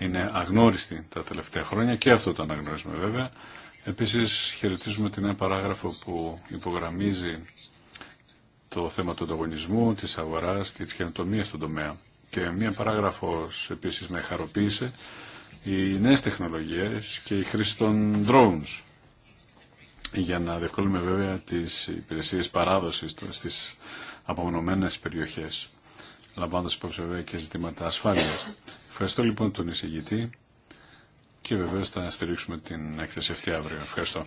είναι αγνώριστη τα τελευταία χρόνια και αυτό το αναγνωρίζουμε βέβαια. Επίσης χαιρετίζουμε την νέα παράγραφο που υπογραμμίζει το θέμα του ανταγωνισμού, της αγοράς και της καινοτομίας στον τομέα. Και μία παράγραφος επίσης με χαροποίησε οι νέες τεχνολογίες και η χρήση των drones για να διευκολύνουμε βέβαια τις υπηρεσίες παράδοσης στις απομονωμένες περιοχές λαμβάνοντας υπόψη βέβαια και ζητήματα ασφάλειας. Ευχαριστώ λοιπόν τον εισηγητή και βεβαίως θα στηρίξουμε την έκθεση αυτή αύριο. Ευχαριστώ.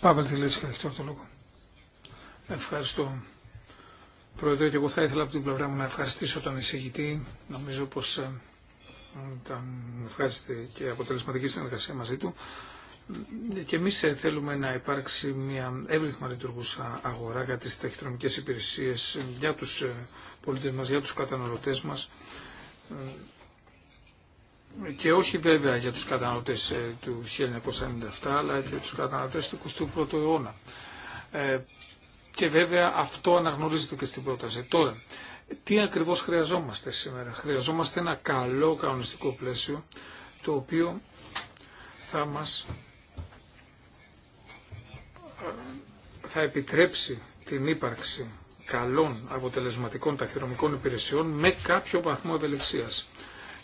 Παύλ ευχαριστώ το λόγο. Ευχαριστώ. Πρόεδρε, και εγώ θα ήθελα από την πλευρά μου να ευχαριστήσω τον εισηγητή. Νομίζω πως ε, ήταν ευχάριστη και αποτελεσματική συνεργασία μαζί του. Και εμεί ε, θέλουμε να υπάρξει μια εύρυθμα λειτουργούσα αγορά για τι τεχνικέ υπηρεσίε ε, για του πολίτες μας, για τους καταναλωτές μας ε, και όχι βέβαια για τους καταναλωτές ε, του 1997 αλλά και τους καταναλωτές του 21ου αιώνα. Ε, και βέβαια αυτό αναγνωρίζεται και στην πρόταση. Τώρα, τι ακριβώς χρειαζόμαστε σήμερα. Χρειαζόμαστε ένα καλό κανονιστικό πλαίσιο το οποίο θα μας θα επιτρέψει την ύπαρξη καλών αποτελεσματικών ταχυδρομικών υπηρεσιών με κάποιο βαθμό ευελιξίας.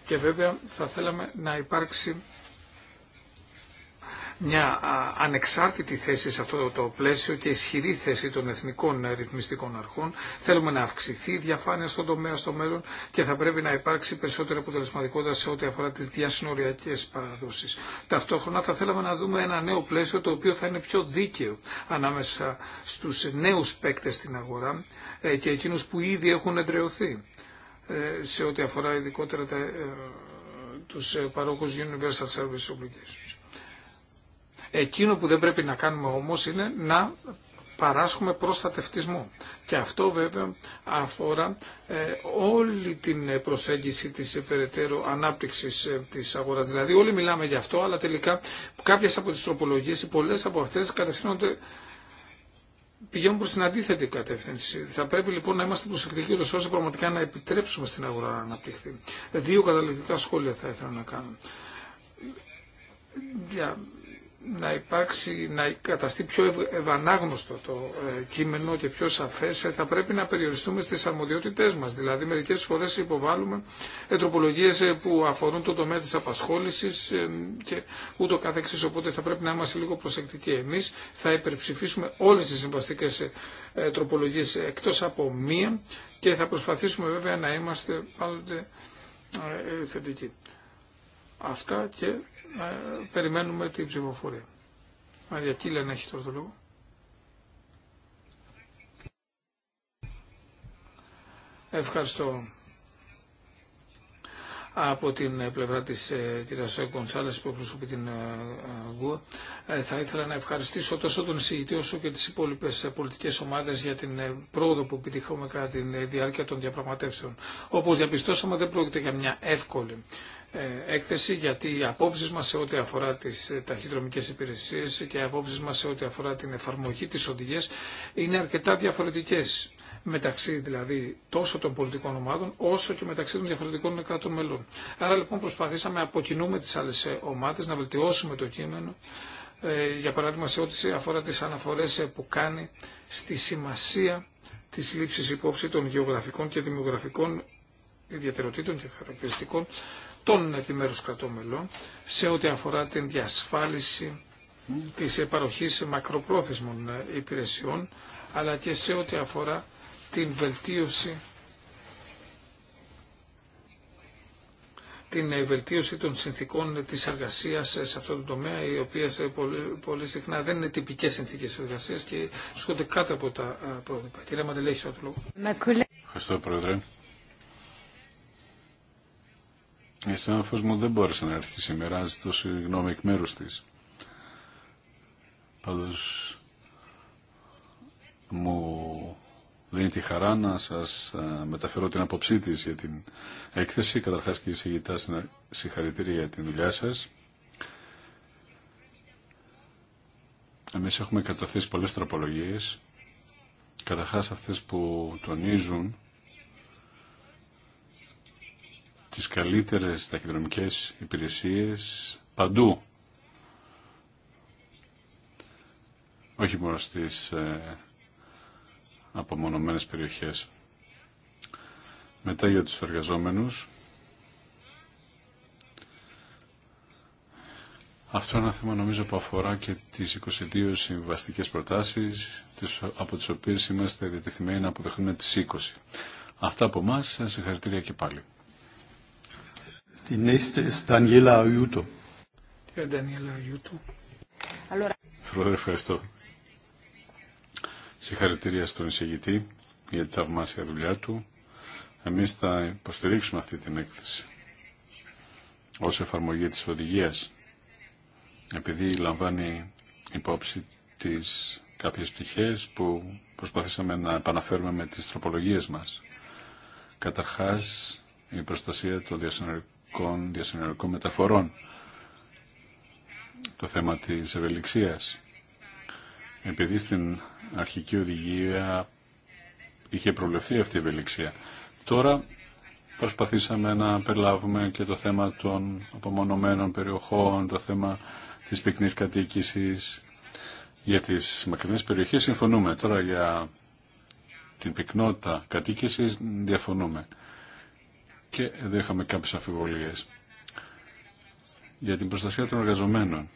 Και βέβαια θα θέλαμε να υπάρξει μια ανεξάρτητη θέση σε αυτό το πλαίσιο και ισχυρή θέση των εθνικών ε, ρυθμιστικών αρχών. Θέλουμε να αυξηθεί η διαφάνεια στον τομέα στο μέλλον και θα πρέπει να υπάρξει περισσότερη αποτελεσματικότητα σε ό,τι αφορά τι διασυνοριακέ παραδόσει. Ταυτόχρονα θα θέλαμε να δούμε ένα νέο πλαίσιο το οποίο θα είναι πιο δίκαιο ανάμεσα στου νέου παίκτε στην αγορά ε, και εκείνου που ήδη έχουν εντρεωθεί ε, σε ό,τι αφορά ειδικότερα τα, τους παρόχους Universal Service Obligation. Εκείνο που δεν πρέπει να κάνουμε όμως είναι να παράσχουμε προστατευτισμό. Και αυτό βέβαια αφορά ε, όλη την προσέγγιση της ε, περαιτέρω ανάπτυξης ε, της αγοράς. Δηλαδή όλοι μιλάμε για αυτό, αλλά τελικά κάποιες από τις τροπολογίες ή πολλές από αυτές κατευθύνονται πηγαίνουν προ την αντίθετη κατεύθυνση. Θα πρέπει λοιπόν να είμαστε προσεκτικοί ούτω ώστε πραγματικά να επιτρέψουμε στην αγορά να αναπτυχθεί. Δύο καταληκτικά σχόλια θα ήθελα να κάνω να υπάρξει, να καταστεί πιο ευανάγνωστο το ε, κείμενο και πιο σαφές, ε, θα πρέπει να περιοριστούμε στις αρμοδιότητές μας. Δηλαδή μερικές φορές υποβάλλουμε ε, τροπολογίες που αφορούν το τομέα της απασχόλησης και ούτω καθεξής, οπότε θα πρέπει να είμαστε λίγο προσεκτικοί. Εμείς θα υπερψηφίσουμε όλες τις συμβαστικές τροπολογίες εκτός από μία και θα προσπαθήσουμε βέβαια να είμαστε πάντοτε θετικοί. Αυτά και περιμένουμε την ψηφοφορία. Μαρία Κίλεν έχει τώρα το λόγο. Ευχαριστώ από την πλευρά της ε, κυρίας Κονσάλες που εκπροσωπεί την ε, ΓΟΥΑ. Ε, θα ήθελα να ευχαριστήσω τόσο τον εισηγητή όσο και τις υπόλοιπες πολιτικές ομάδες για την πρόοδο που επιτυχουμε κατά τη διάρκεια των διαπραγματεύσεων. Όπως διαπιστώσαμε δεν πρόκειται για μια εύκολη ε, έκθεση γιατί οι απόψεις μας σε ό,τι αφορά τις ε, ταχυδρομικές υπηρεσίες και οι απόψεις μας σε ό,τι αφορά την εφαρμογή της οδηγίας είναι αρκετά διαφορετικές μεταξύ δηλαδή τόσο των πολιτικών ομάδων όσο και μεταξύ των διαφορετικών κρατών μελών. Άρα λοιπόν προσπαθήσαμε από κοινού με τις άλλες ε, ομάδες να βελτιώσουμε το κείμενο για παράδειγμα σε ό,τι αφορά τις αναφορές που κάνει στη σημασία της λήψης υπόψη των γεωγραφικών και δημογραφικών ιδιαιτεροτήτων και χαρακτηριστικών των επιμέρους κρατομέλων, σε ό,τι αφορά την διασφάλιση της παροχής μακροπρόθεσμων ε, υπηρεσιών αλλά και σε ό,τι αφορά την βελτίωση την ε, βελτίωση των συνθήκων της εργασίας ε, σε αυτό το τομέα, οι οποίες πολύ, συχνά δεν είναι τυπικές συνθήκες εργασίας και σχόνται κάτω από τα πρόβλημα. Κύριε Μαντελέχη, το λόγο. Ευχαριστώ, Πρόεδρε. Η συνάδελφος μου δεν μπόρεσε να έρθει σήμερα, ζητώ συγγνώμη εκ μέρους της. Πάντως μου δίνει τη χαρά να σας ε, μεταφέρω την απόψή της για την έκθεση. Καταρχάς και εισηγητά συγχαρητήρια για την δουλειά σας. Εμείς έχουμε καταθέσει πολλές τροπολογίες. Καταρχάς αυτές που τονίζουν τις καλύτερες ταχυδρομικές υπηρεσίες παντού. Όχι μόνο στις ε, απομονωμένες περιοχές. Μετά για τους εργαζόμενους. Αυτό είναι ένα θέμα νομίζω που αφορά και τις 22 συμβαστικές προτάσεις από τις οποίες είμαστε διατεθειμένοι να αποδεχθούμε τις 20. Αυτά από εμά, συγχαρητήρια και πάλι. Die nächste ist Daniela Ayuto. Πρόεδρε, ευχαριστώ. Συγχαρητήρια στον εισηγητή για τη θαυμάσια δουλειά του. Εμείς θα υποστηρίξουμε αυτή την έκθεση ως εφαρμογή της οδηγίας επειδή λαμβάνει υπόψη τις κάποιες πτυχές που προσπαθήσαμε να επαναφέρουμε με τις τροπολογίες μας. Καταρχάς, η προστασία των διασυνορικών εσωτερικών διασυνολικών μεταφορών, το θέμα της ευελιξίας. Επειδή στην αρχική οδηγία είχε προβλεφθεί αυτή η ευελιξία, τώρα προσπαθήσαμε να περιλάβουμε και το θέμα των απομονωμένων περιοχών, το θέμα της πυκνής κατοίκησης. Για τις μακρινές περιοχές συμφωνούμε. Τώρα για την πυκνότητα κατοίκησης διαφωνούμε και εδώ είχαμε κάποιες αφιβολίες. Για την προστασία των εργαζομένων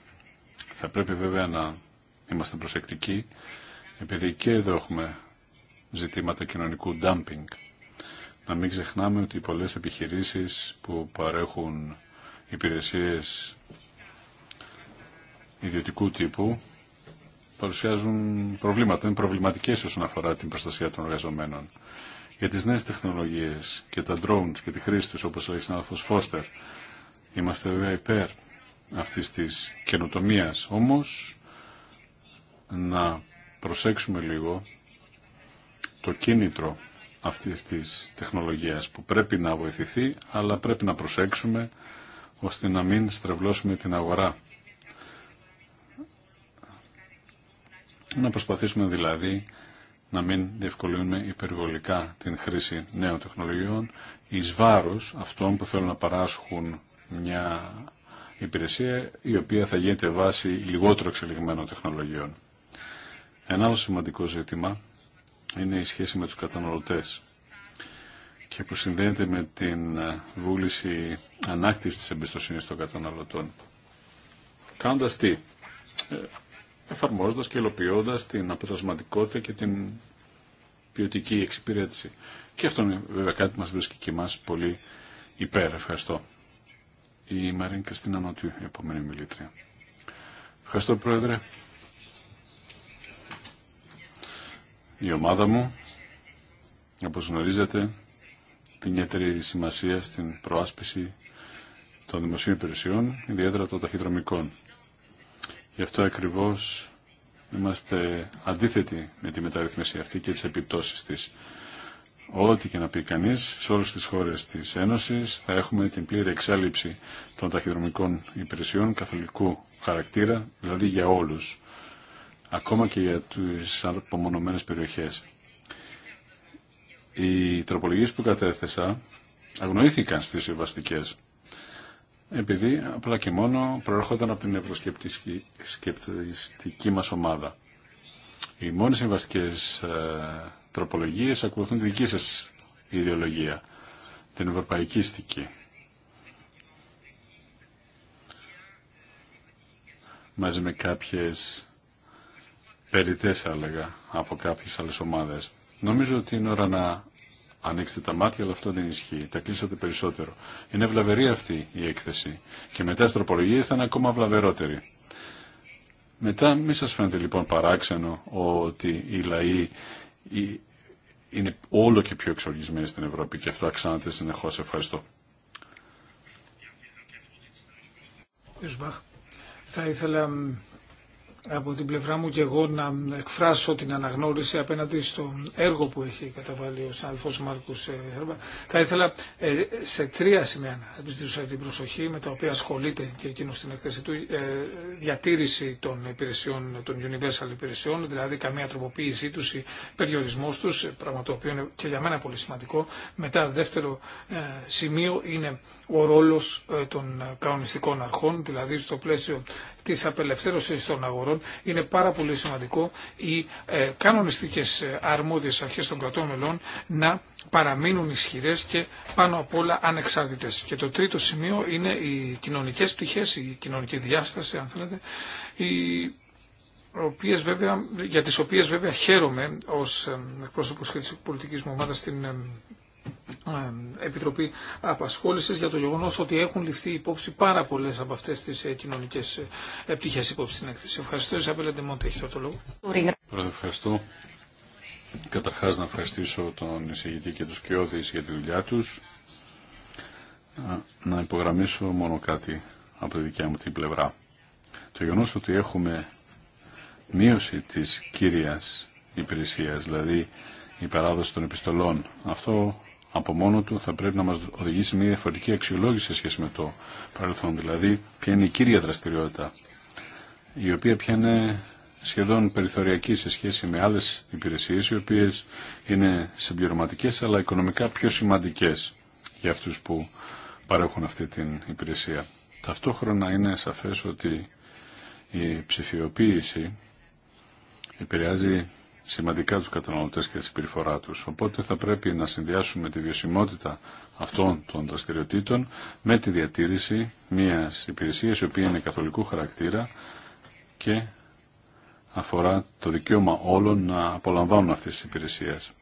θα πρέπει βέβαια να είμαστε προσεκτικοί επειδή και εδώ έχουμε ζητήματα κοινωνικού dumping. Να μην ξεχνάμε ότι πολλές επιχειρήσεις που παρέχουν υπηρεσίες ιδιωτικού τύπου παρουσιάζουν προβλήματα, είναι προβληματικές όσον αφορά την προστασία των εργαζομένων για τις νέες τεχνολογίες και τα drones και τη χρήση τους, όπως λέει συνάδελφος Φώστερ. Είμαστε βέβαια υπέρ αυτής της καινοτομίας, όμως να προσέξουμε λίγο το κίνητρο αυτής της τεχνολογίας που πρέπει να βοηθηθεί, αλλά πρέπει να προσέξουμε ώστε να μην στρεβλώσουμε την αγορά. Να προσπαθήσουμε δηλαδή να μην διευκολύνουμε υπερβολικά την χρήση νέων τεχνολογιών εις βάρος αυτών που θέλουν να παράσχουν μια υπηρεσία η οποία θα γίνεται βάση λιγότερο εξελιγμένων τεχνολογιών. Ένα άλλο σημαντικό ζήτημα είναι η σχέση με τους καταναλωτές και που συνδέεται με την βούληση ανάκτησης της εμπιστοσύνης των καταναλωτών. Κάνοντας τι, ε, εφαρμόζοντας και υλοποιώντα την αποτελεσματικότητα και την ποιοτική εξυπηρέτηση. Και αυτό είναι βέβαια κάτι που μας βρίσκει και εμά πολύ υπέρ. Ευχαριστώ. Η Μαρίν Καστίνα Νοτιού, η επόμενη μιλήτρια. Ευχαριστώ Πρόεδρε. Η ομάδα μου, όπως γνωρίζετε, την ιδιαίτερη σημασία στην προάσπιση των δημοσίων υπηρεσιών, ιδιαίτερα των ταχυδρομικών. Γι' αυτό ακριβώς είμαστε αντίθετοι με τη μεταρρύθμιση αυτή και τις επιπτώσεις της. Ό,τι και να πει κανεί, σε όλε τι χώρες τη Ένωσης θα έχουμε την πλήρη εξάλληψη των ταχυδρομικών υπηρεσιών καθολικού χαρακτήρα, δηλαδή για όλους, ακόμα και για τι απομονωμένες περιοχές. Οι τροπολογίε που κατέθεσα αγνοήθηκαν στι συμβαστικέ επειδή απλά και μόνο προέρχονταν από την ευρωσκεπτιστική μας ομάδα. Οι μόνες συμβαστικές ε, τροπολογίες ακολουθούν τη δική σας ιδεολογία, την ευρωπαϊκή στική. Μαζί με κάποιες περιτές, θα έλεγα, από κάποιες άλλες ομάδες. Νομίζω ότι είναι ώρα να ανοίξτε τα μάτια, αλλά αυτό δεν ισχύει. Τα κλείσατε περισσότερο. Είναι βλαβερή αυτή η έκθεση. Και μετά η τροπολογία ήταν ακόμα βλαβερότερη. Μετά μη σας φαίνεται λοιπόν παράξενο ότι οι λαοί είναι όλο και πιο εξοργισμένοι στην Ευρώπη και αυτό αξάνεται συνεχώς. Ευχαριστώ. Θα ήθελα από την πλευρά μου και εγώ να εκφράσω την αναγνώριση απέναντι στο έργο που έχει καταβάλει ο Σαλφός Μάρκους ε, Θα ήθελα ε, σε τρία σημεία να επιστήσω την προσοχή με τα οποία ασχολείται και εκείνο στην εκθέση του ε, διατήρηση των υπηρεσιών, των universal υπηρεσιών, δηλαδή καμία τροποποίησή τους ή περιορισμός τους, πράγμα το οποίο είναι και για μένα πολύ σημαντικό. Μετά δεύτερο σημείο είναι ο ρόλος ε, των ε, κανονιστικών αρχών, δηλαδή στο πλαίσιο της απελευθέρωσης των αγορών, είναι πάρα πολύ σημαντικό οι ε, κανονιστικές αρμόδιες αρχές των κρατών μελών να παραμείνουν ισχυρές και πάνω απ' όλα ανεξάρτητες. Και το τρίτο σημείο είναι οι κοινωνικές πτυχές, η κοινωνική διάσταση, αν θέλετε, για τις οποίες βέβαια χαίρομαι ως εκπρόσωπος της πολιτικής μου ομάδας στην ε, Επιτροπή Απασχόλησης για το γεγονός ότι έχουν ληφθεί υπόψη πάρα πολλές από αυτές τις ε, κοινωνικέ ε, πτυχές υπόψη στην έκθεση. Ευχαριστώ. Ισαπέλα Ντεμόντ, έχετε το λόγο. Πρώτα ευχαριστώ. Καταρχάς να ευχαριστήσω τον εισηγητή και του κοιόδης για τη δουλειά τους. Να υπογραμμίσω μόνο κάτι από τη δικιά μου την πλευρά. Το γεγονό ότι έχουμε μείωση της κύριας υπηρεσίας, δηλαδή η παράδοση των επιστολών, αυτό από μόνο του θα πρέπει να μας οδηγήσει μια διαφορετική αξιολόγηση σε σχέση με το παρελθόν. Δηλαδή, ποια είναι η κύρια δραστηριότητα, η οποία πια είναι σχεδόν περιθωριακή σε σχέση με άλλες υπηρεσίες, οι οποίες είναι συμπληρωματικές αλλά οικονομικά πιο σημαντικές για αυτούς που παρέχουν αυτή την υπηρεσία. Ταυτόχρονα είναι σαφές ότι η ψηφιοποίηση επηρεάζει σημαντικά τους καταναλωτές και τη συμπεριφορά τους. Οπότε θα πρέπει να συνδυάσουμε τη βιωσιμότητα αυτών των δραστηριοτήτων με τη διατήρηση μιας υπηρεσίας η οποία είναι καθολικού χαρακτήρα και αφορά το δικαίωμα όλων να απολαμβάνουν αυτές τις υπηρεσίες.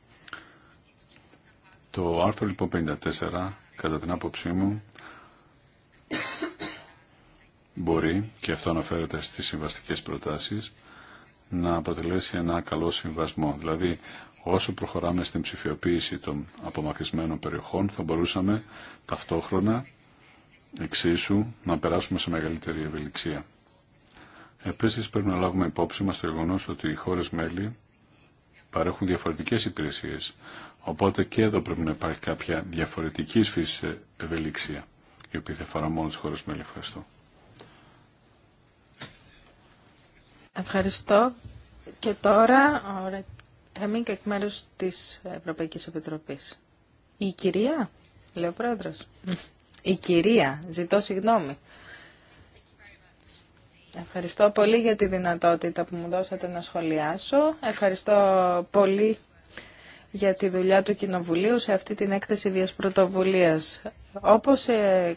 Το άρθρο λοιπόν 54, κατά την άποψή μου, μπορεί, και αυτό αναφέρεται στις συμβαστικές προτάσεις, να αποτελέσει ένα καλό συμβασμό. Δηλαδή, όσο προχωράμε στην ψηφιοποίηση των απομακρυσμένων περιοχών, θα μπορούσαμε ταυτόχρονα εξίσου να περάσουμε σε μεγαλύτερη ευελιξία. Επίσης, πρέπει να λάβουμε υπόψη μας το γεγονό ότι οι χώρες μέλη παρέχουν διαφορετικές υπηρεσίε, οπότε και εδώ πρέπει να υπάρχει κάποια διαφορετική φύση ευελιξία, η οποία θα αφορά μόνο τι χώρες μέλη. Ευχαριστώ. Ευχαριστώ. Και τώρα ο και εκ μέρου τη Ευρωπαϊκή Επιτροπή. Η κυρία, λέει ο πρόεδρο. Η κυρία, ζητώ συγγνώμη. Ευχαριστώ πολύ για τη δυνατότητα που μου δώσατε να σχολιάσω. Ευχαριστώ πολύ για τη δουλειά του Κοινοβουλίου σε αυτή την έκθεση βίας πρωτοβουλίας. Όπως ε,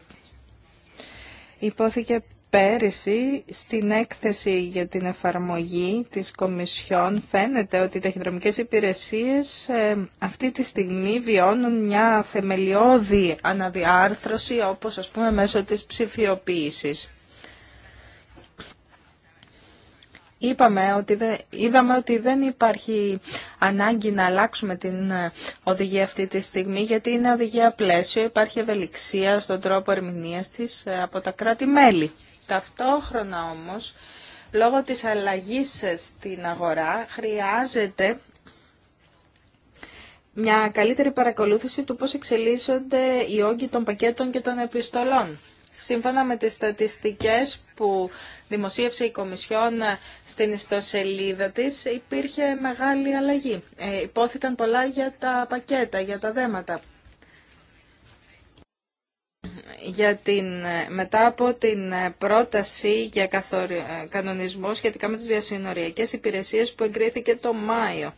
υπόθηκε Πέρυσι, στην έκθεση για την εφαρμογή της Κομισιόν φαίνεται ότι οι ταχυδρομικές υπηρεσίες ε, αυτή τη στιγμή βιώνουν μια θεμελιώδη αναδιάρθρωση, όπως ας πούμε μέσω της ψηφιοποίησης. Είπαμε ότι δεν, είδαμε ότι δεν υπάρχει ανάγκη να αλλάξουμε την ε, οδηγία αυτή τη στιγμή, γιατί είναι οδηγία πλαίσιο, υπάρχει ευελιξία στον τρόπο ερμηνείας της ε, από τα κράτη-μέλη. Ταυτόχρονα όμως, λόγω της αλλαγής στην αγορά, χρειάζεται μια καλύτερη παρακολούθηση του πώς εξελίσσονται οι όγκοι των πακέτων και των επιστολών. Σύμφωνα με τις στατιστικές που δημοσίευσε η Κομισιόν στην ιστοσελίδα της, υπήρχε μεγάλη αλλαγή. Ε, υπόθηκαν πολλά για τα πακέτα, για τα δέματα για την, μετά από την πρόταση για καθορι, ε, κανονισμό σχετικά με τις διασυνοριακές υπηρεσίες που εγκρίθηκε το Μάιο.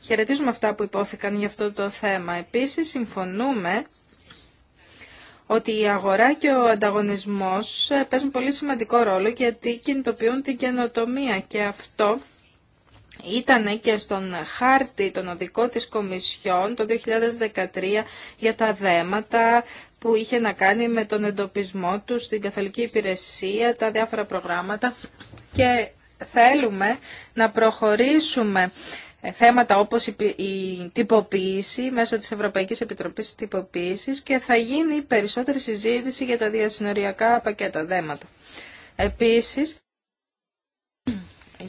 Χαιρετίζουμε αυτά που υπόθηκαν για αυτό το θέμα. Επίσης, συμφωνούμε ότι η αγορά και ο ανταγωνισμός ε, παίζουν πολύ σημαντικό ρόλο γιατί κινητοποιούν την καινοτομία και αυτό ήταν και στον χάρτη των οδικό της Κομισιόν το 2013 για τα δέματα που είχε να κάνει με τον εντοπισμό του στην καθολική υπηρεσία, τα διάφορα προγράμματα και θέλουμε να προχωρήσουμε θέματα όπως η τυποποίηση μέσω της Ευρωπαϊκής Επιτροπής Τυποποίησης και θα γίνει περισσότερη συζήτηση για τα διασυνοριακά πακέτα δέματα. Επίσης,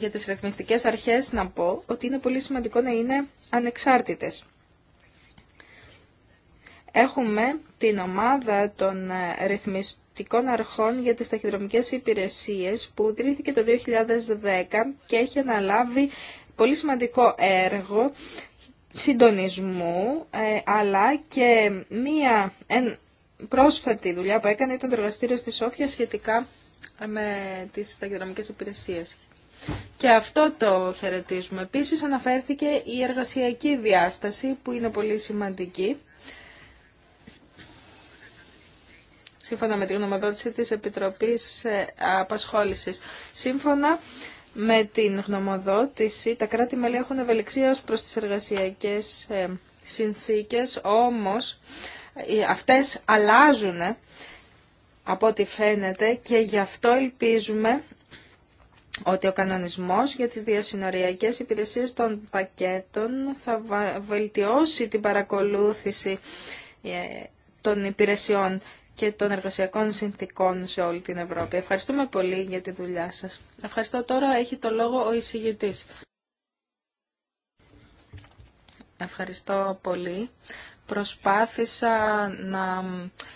για τις ρυθμιστικές αρχές να πω ότι είναι πολύ σημαντικό να είναι ανεξάρτητες. Έχουμε την ομάδα των ε, ρυθμιστικών αρχών για τις ταχυδρομικές υπηρεσίες που ιδρύθηκε το 2010 και έχει αναλάβει πολύ σημαντικό έργο συντονισμού ε, αλλά και μία πρόσφατη δουλειά που έκανε ήταν το εργαστήριο στη Σόφια σχετικά με τις ταχυδρομικές υπηρεσίες. Και αυτό το χαιρετίζουμε. Επίσης αναφέρθηκε η εργασιακή διάσταση που είναι πολύ σημαντική. Σύμφωνα με τη γνωμοδότηση της Επιτροπής ε, Απασχόλησης. Σύμφωνα με την γνωμοδότηση, τα κράτη-μέλη έχουν ευελιξία ως προς τις εργασιακές ε, συνθήκες, όμως ε, αυτές αλλάζουν από ό,τι φαίνεται και γι' αυτό ελπίζουμε ότι ο κανονισμός για τις διασυνοριακές υπηρεσίες των πακέτων θα βελτιώσει την παρακολούθηση ε, των υπηρεσιών και των εργασιακών συνθήκων σε όλη την Ευρώπη. Ευχαριστούμε πολύ για τη δουλειά σας. Ευχαριστώ τώρα. Έχει το λόγο ο εισηγητής. Ευχαριστώ πολύ. Προσπάθησα να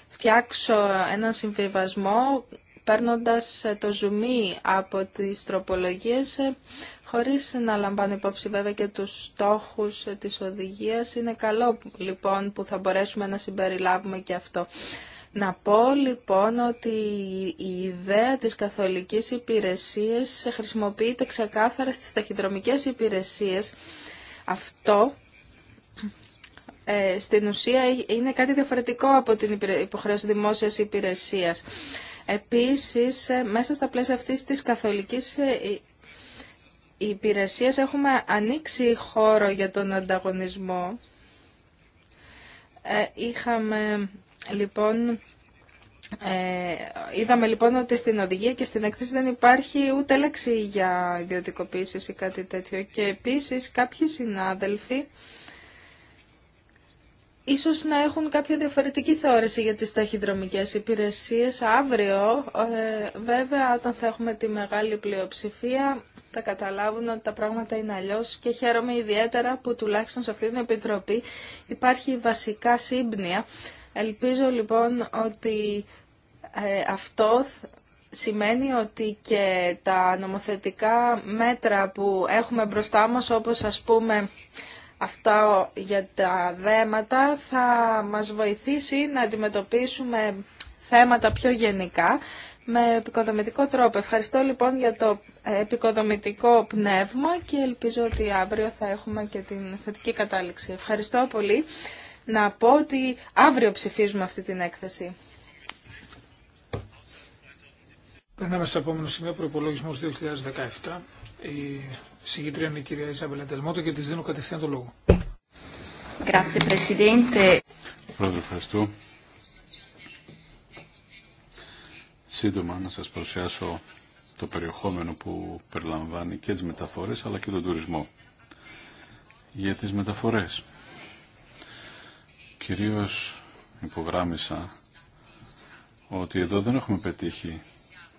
φτιάξω έναν συμβιβασμό παίρνοντας ε, το ζουμί από τις τροπολογίες ε, χωρίς να λαμβάνω υπόψη βέβαια και τους στόχους ε, της οδηγίας. Είναι καλό λοιπόν που θα μπορέσουμε να συμπεριλάβουμε και αυτό. Να πω λοιπόν ότι η ιδέα της καθολικής υπηρεσίας χρησιμοποιείται ξεκάθαρα στις ταχυδρομικές υπηρεσίες. Αυτό στην ουσία είναι κάτι διαφορετικό από την υποχρέωση δημόσιας υπηρεσίας. Επίσης, ε, μέσα στα πλαίσια αυτής της καθολικής ε, ε, υπηρεσίας έχουμε ανοίξει χώρο για τον ανταγωνισμό. Είχαμε, λοιπόν... είδαμε λοιπόν ότι στην οδηγία και στην έκθεση δεν υπάρχει ούτε λέξη για ιδιωτικοποίηση ή κάτι τέτοιο και επίσης κάποιοι συνάδελφοι ίσως να έχουν κάποια διαφορετική θεώρηση για τις ταχυδρομικές υπηρεσίες. Αύριο, ε, βέβαια, όταν θα έχουμε τη μεγάλη πλειοψηφία, θα καταλάβουν ότι τα πράγματα είναι αλλιώς και χαίρομαι ιδιαίτερα που τουλάχιστον σε αυτή την Επιτροπή υπάρχει βασικά σύμπνοια. Ελπίζω λοιπόν ότι ε, αυτό σημαίνει ότι και τα νομοθετικά μέτρα που έχουμε μπροστά μας, όπως ας πούμε αυτά για τα δέματα θα μας βοηθήσει να αντιμετωπίσουμε θέματα πιο γενικά με επικοδομητικό τρόπο. Ευχαριστώ λοιπόν για το επικοδομητικό πνεύμα και ελπίζω ότι αύριο θα έχουμε και την θετική κατάληξη. Ευχαριστώ πολύ. Να πω ότι αύριο ψηφίζουμε αυτή την έκθεση. Περνάμε στο επόμενο σημείο προπολογισμό 2017. Συγγήτρια είναι η κυρία Ισάβελα Τελμότο και τη δίνω κατευθείαν το λόγο. Πρόεδρε, ευχαριστώ. Σύντομα να σας παρουσιάσω το περιεχόμενο που περιλαμβάνει και τις μεταφορές αλλά και τον τουρισμό. Για τις μεταφορές. Κυρίως υπογράμμισα ότι εδώ δεν έχουμε πετύχει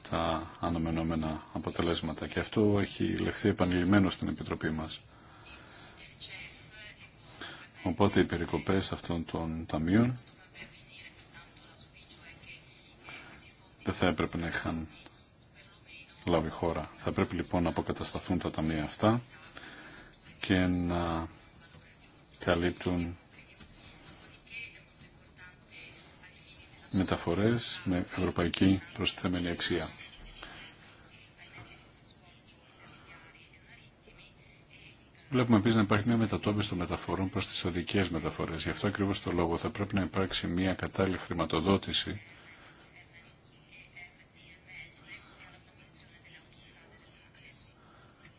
τα αναμενόμενα αποτελέσματα και αυτό έχει λεχθεί επανειλημμένο στην Επιτροπή μας. Οπότε οι περικοπές αυτών των ταμείων δεν θα έπρεπε να είχαν λάβει χώρα. Θα πρέπει λοιπόν να αποκατασταθούν τα ταμεία αυτά και να καλύπτουν μεταφορές με ευρωπαϊκή προσθέμενη αξία. Βλέπουμε επίση να υπάρχει μια μετατόπιση των μεταφορών προ τι οδικέ μεταφορέ. Γι' αυτό ακριβώ το λόγο θα πρέπει να υπάρξει μια κατάλληλη χρηματοδότηση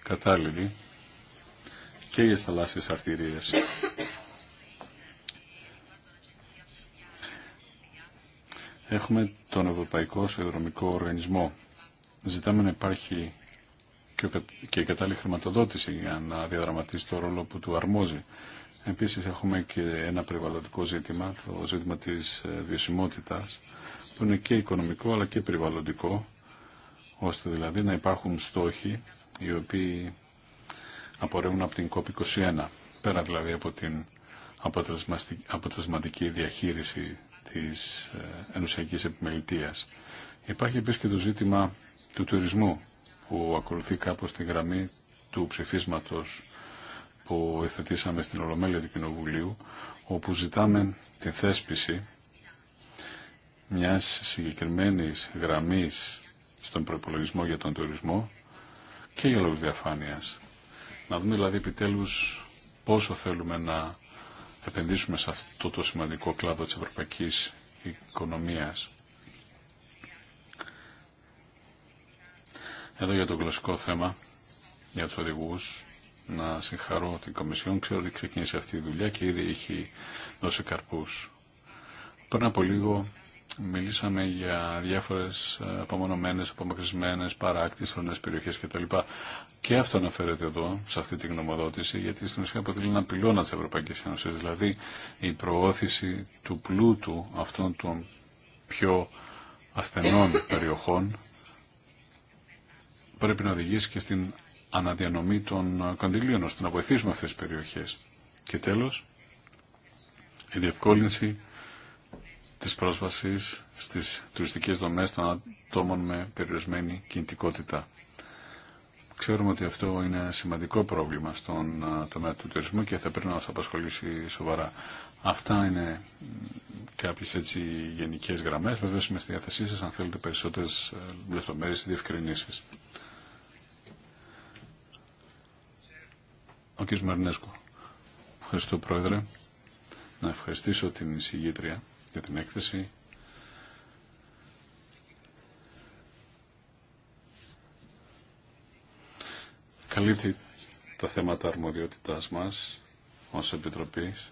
κατάλληλη και για θαλάσσιες αρτηρίες έχουμε τον Ευρωπαϊκό Συνδρομικό Οργανισμό. Ζητάμε να υπάρχει και η κατάλληλη χρηματοδότηση για να διαδραματίσει το ρόλο που του αρμόζει. Επίσης έχουμε και ένα περιβαλλοντικό ζήτημα, το ζήτημα της ε, βιωσιμότητας, που είναι και οικονομικό αλλά και περιβαλλοντικό, ώστε δηλαδή να υπάρχουν στόχοι οι οποίοι απορρέουν από την COP21, πέρα δηλαδή από την αποτελεσματική διαχείριση της ε, ενουσιακής επιμελητίας. Υπάρχει επίσης και το ζήτημα του τουρισμού που ακολουθεί κάπως τη γραμμή του ψηφίσματος που εθετήσαμε στην Ολομέλεια του Κοινοβουλίου όπου ζητάμε την θέσπιση μιας συγκεκριμένης γραμμής στον προπολογισμό για τον τουρισμό και για λόγους διαφάνειας. Να δούμε δηλαδή επιτέλους πόσο θέλουμε να επενδύσουμε σε αυτό το σημαντικό κλάδο της ευρωπαϊκής οικονομίας. Εδώ για το γλωσσικό θέμα, για τους οδηγούς, να συγχαρώ την Κομισιόν. Ξέρω ότι ξεκίνησε αυτή η δουλειά και ήδη έχει δώσει καρπούς. Πριν από λίγο Μιλήσαμε για διάφορες ε, απομονωμένες, απομακρυσμένες, παράκτης, φρονές περιοχές κτλ. Και αυτό αναφέρεται εδώ, σε αυτή τη γνωμοδότηση, γιατί στην ουσία αποτελεί ένα πυλώνα της Ευρωπαϊκής Ένωσης, δηλαδή η προώθηση του πλούτου αυτών των πιο ασθενών περιοχών πρέπει να οδηγήσει και στην αναδιανομή των κονδυλίων, ώστε να βοηθήσουμε αυτές τις περιοχές. Και τέλος, η διευκόλυνση της πρόσβασης στις τουριστικές δομές των ατόμων με περιορισμένη κινητικότητα. Ξέρουμε ότι αυτό είναι σημαντικό πρόβλημα στον τομέα του τουρισμού και θα πρέπει να μας απασχολήσει σοβαρά. Αυτά είναι κάποιες έτσι γενικές γραμμές. Βέβαια είμαι στη διάθεσή σας αν θέλετε περισσότερες ε, λεπτομέρειες ή διευκρινήσεις. Ο κ. Ευχαριστώ Πρόεδρε. Να ευχαριστήσω την εισηγήτρια για την έκθεση. Καλύπτει τα θέματα αρμοδιότητάς μας ως Επιτροπής.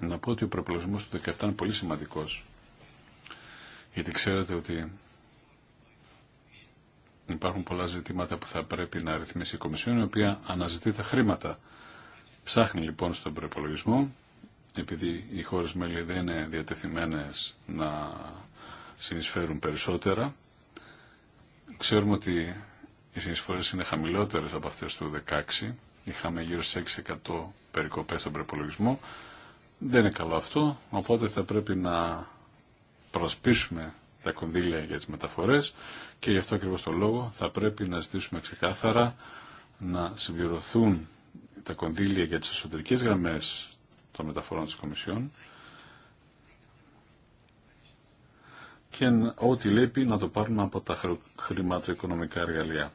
Να πω ότι ο προπολογισμός του 17 είναι πολύ σημαντικός. Γιατί ξέρετε ότι υπάρχουν πολλά ζητήματα που θα πρέπει να ρυθμίσει η Κομισιόν, η οποία αναζητεί τα χρήματα. Ψάχνει λοιπόν στον προπολογισμό επειδή οι χώρες μέλη δεν είναι διατεθειμένες να συνεισφέρουν περισσότερα. Ξέρουμε ότι οι συνεισφορές είναι χαμηλότερες από αυτές του 16. Είχαμε γύρω σε 6% περικοπές στον προπολογισμό. Δεν είναι καλό αυτό, οπότε θα πρέπει να προσπίσουμε τα κονδύλια για τις μεταφορές και γι' αυτό ακριβώς το λόγο θα πρέπει να ζητήσουμε ξεκάθαρα να συμπληρωθούν τα κονδύλια για τις εσωτερικές γραμμές των μεταφορών της Κομισιόν και ό,τι λείπει να το πάρουν από τα χρηματοοικονομικά εργαλεία.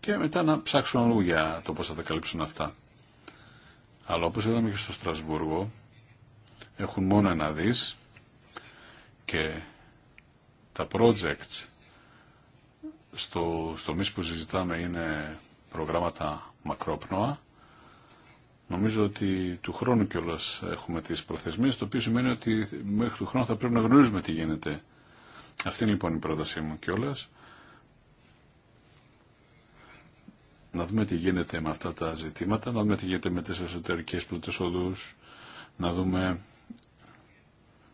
Και μετά να ψάξουν αλλού για το πώς θα τα καλύψουν αυτά. Αλλά όπως είδαμε και στο Στρασβούργο, έχουν μόνο ένα δις και τα projects στο, στο που συζητάμε είναι προγράμματα μακρόπνοα Νομίζω ότι του χρόνου κιόλα έχουμε τι προθεσμίε, το οποίο σημαίνει ότι μέχρι του χρόνου θα πρέπει να γνωρίζουμε τι γίνεται. Αυτή είναι λοιπόν η πρότασή μου κιόλα. Να δούμε τι γίνεται με αυτά τα ζητήματα, να δούμε τι γίνεται με τι εσωτερικέ πλούτε οδού, να δούμε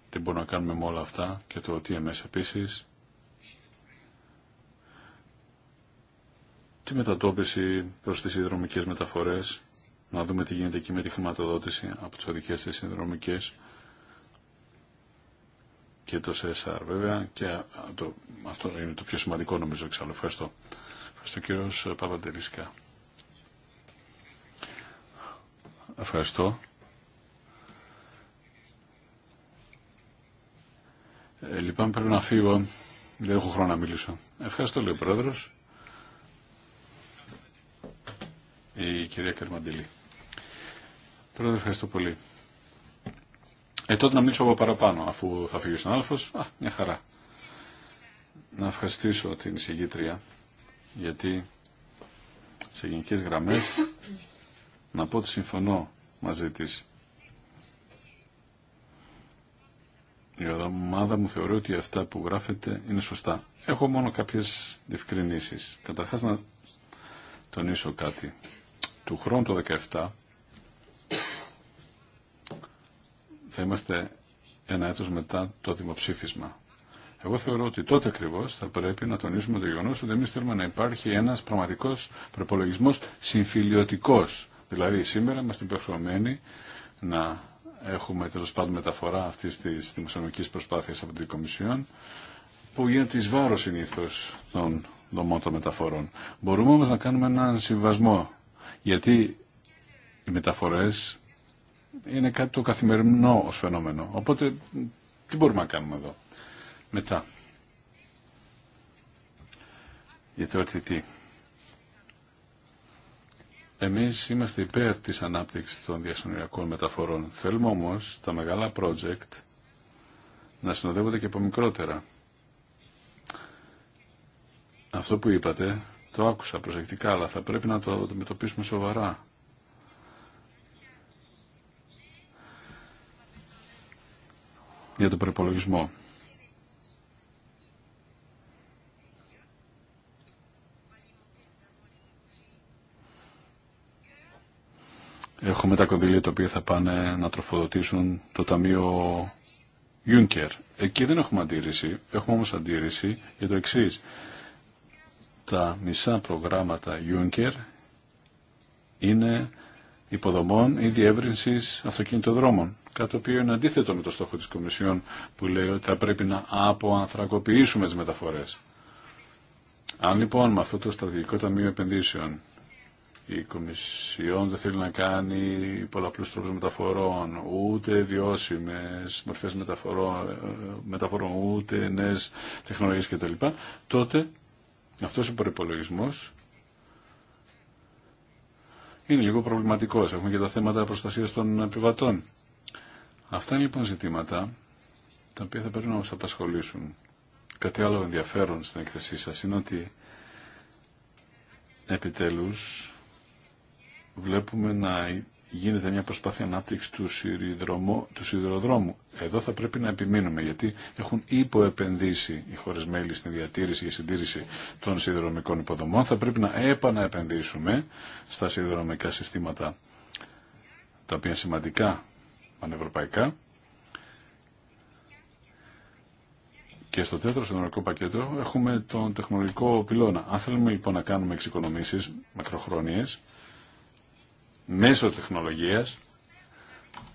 τι μπορούμε να κάνουμε με όλα αυτά και το TMS επίσης. Τη μετατόπιση προς τις συνδρομικές μεταφορές να δούμε τι γίνεται εκεί με τη χρηματοδότηση από τις οδικές της συνδρομικές και το CSR βέβαια και αυτό είναι το πιο σημαντικό νομίζω εξάλλου. Ευχαριστώ. Ευχαριστώ κύριος Παπαντελίσκα. Ευχαριστώ. Ε, λυπάμαι πρέπει να φύγω. Δεν έχω χρόνο να μιλήσω. Ευχαριστώ λέει ο Πρόεδρος. η κυρία Κερμαντιλή. Πρόεδρε, ευχαριστώ πολύ. Ε, τότε να μιλήσω παραπάνω, αφού θα φύγει ο συνάδελφο. Α, μια χαρά. Να ευχαριστήσω την εισηγήτρια, γιατί σε γενικέ γραμμές να πω ότι συμφωνώ μαζί της. Η ομάδα μου θεωρεί ότι αυτά που γράφεται είναι σωστά. Έχω μόνο κάποιες διευκρινήσεις. Καταρχάς να τονίσω κάτι του χρόνου το 2017 θα είμαστε ένα έτος μετά το δημοψήφισμα. Εγώ θεωρώ ότι τότε ακριβώ θα πρέπει να τονίσουμε το γεγονό ότι εμεί θέλουμε να υπάρχει ένα πραγματικό προπολογισμό συμφιλιωτικό. Δηλαδή σήμερα είμαστε υπερχρεωμένοι να έχουμε τέλο πάντων μεταφορά αυτή τη δημοσιονομική προσπάθεια από την Κομισιόν που γίνεται ει βάρο συνήθω των δομών των μεταφορών. Μπορούμε όμω να κάνουμε έναν συμβασμό γιατί οι μεταφορές είναι κάτι το καθημερινό ως φαινόμενο. Οπότε τι μπορούμε να κάνουμε εδώ. Μετά. Για το τι. Εμείς είμαστε υπέρ της ανάπτυξης των διασυνοριακών μεταφορών. Θέλουμε όμως τα μεγάλα project να συνοδεύονται και από μικρότερα. Αυτό που είπατε το άκουσα προσεκτικά, αλλά θα πρέπει να το αντιμετωπίσουμε σοβαρά. Για τον προπολογισμό. Έχουμε τα κονδύλια τα οποία θα πάνε να τροφοδοτήσουν το Ταμείο Juncker. Εκεί δεν έχουμε αντίρρηση. Έχουμε όμως αντίρρηση για το εξής τα μισά προγράμματα Juncker είναι υποδομών ή διεύρυνση αυτοκινητοδρόμων. Κάτι το οποίο είναι αντίθετο με το στόχο της Κομισιόν που λέει ότι θα πρέπει να αποανθρακοποιήσουμε τι μεταφορές. Αν λοιπόν με αυτό το στρατηγικό ταμείο επενδύσεων η Κομισιόν δεν θέλει να κάνει πολλαπλούς τρόπους μεταφορών, ούτε βιώσιμες μορφές μεταφορών, ε, μεταφορών ούτε νέες τεχνολογίες κτλ. Τότε αυτός ο προπολογισμό είναι λίγο προβληματικός. Έχουμε και τα θέματα προστασίας των επιβατών. Αυτά είναι λοιπόν ζητήματα τα οποία θα πρέπει να μας απασχολήσουν. Κάτι άλλο ενδιαφέρον στην εκθεσή σας είναι ότι επιτέλους βλέπουμε να γίνεται μια προσπάθεια ανάπτυξη του, του σιδηροδρόμου. Εδώ θα πρέπει να επιμείνουμε γιατί έχουν υποεπενδύσει οι χώρε μέλη στην διατήρηση και συντήρηση των σιδηροδρομικών υποδομών. Θα πρέπει να επαναεπενδύσουμε στα σιδηροδρομικά συστήματα τα οποία σημαντικά πανευρωπαϊκά. Και στο τέταρτο συνολικό πακέτο έχουμε τον τεχνολογικό πυλώνα. Αν θέλουμε λοιπόν να κάνουμε εξοικονομήσεις μακροχρόνιες, μέσω τεχνολογίας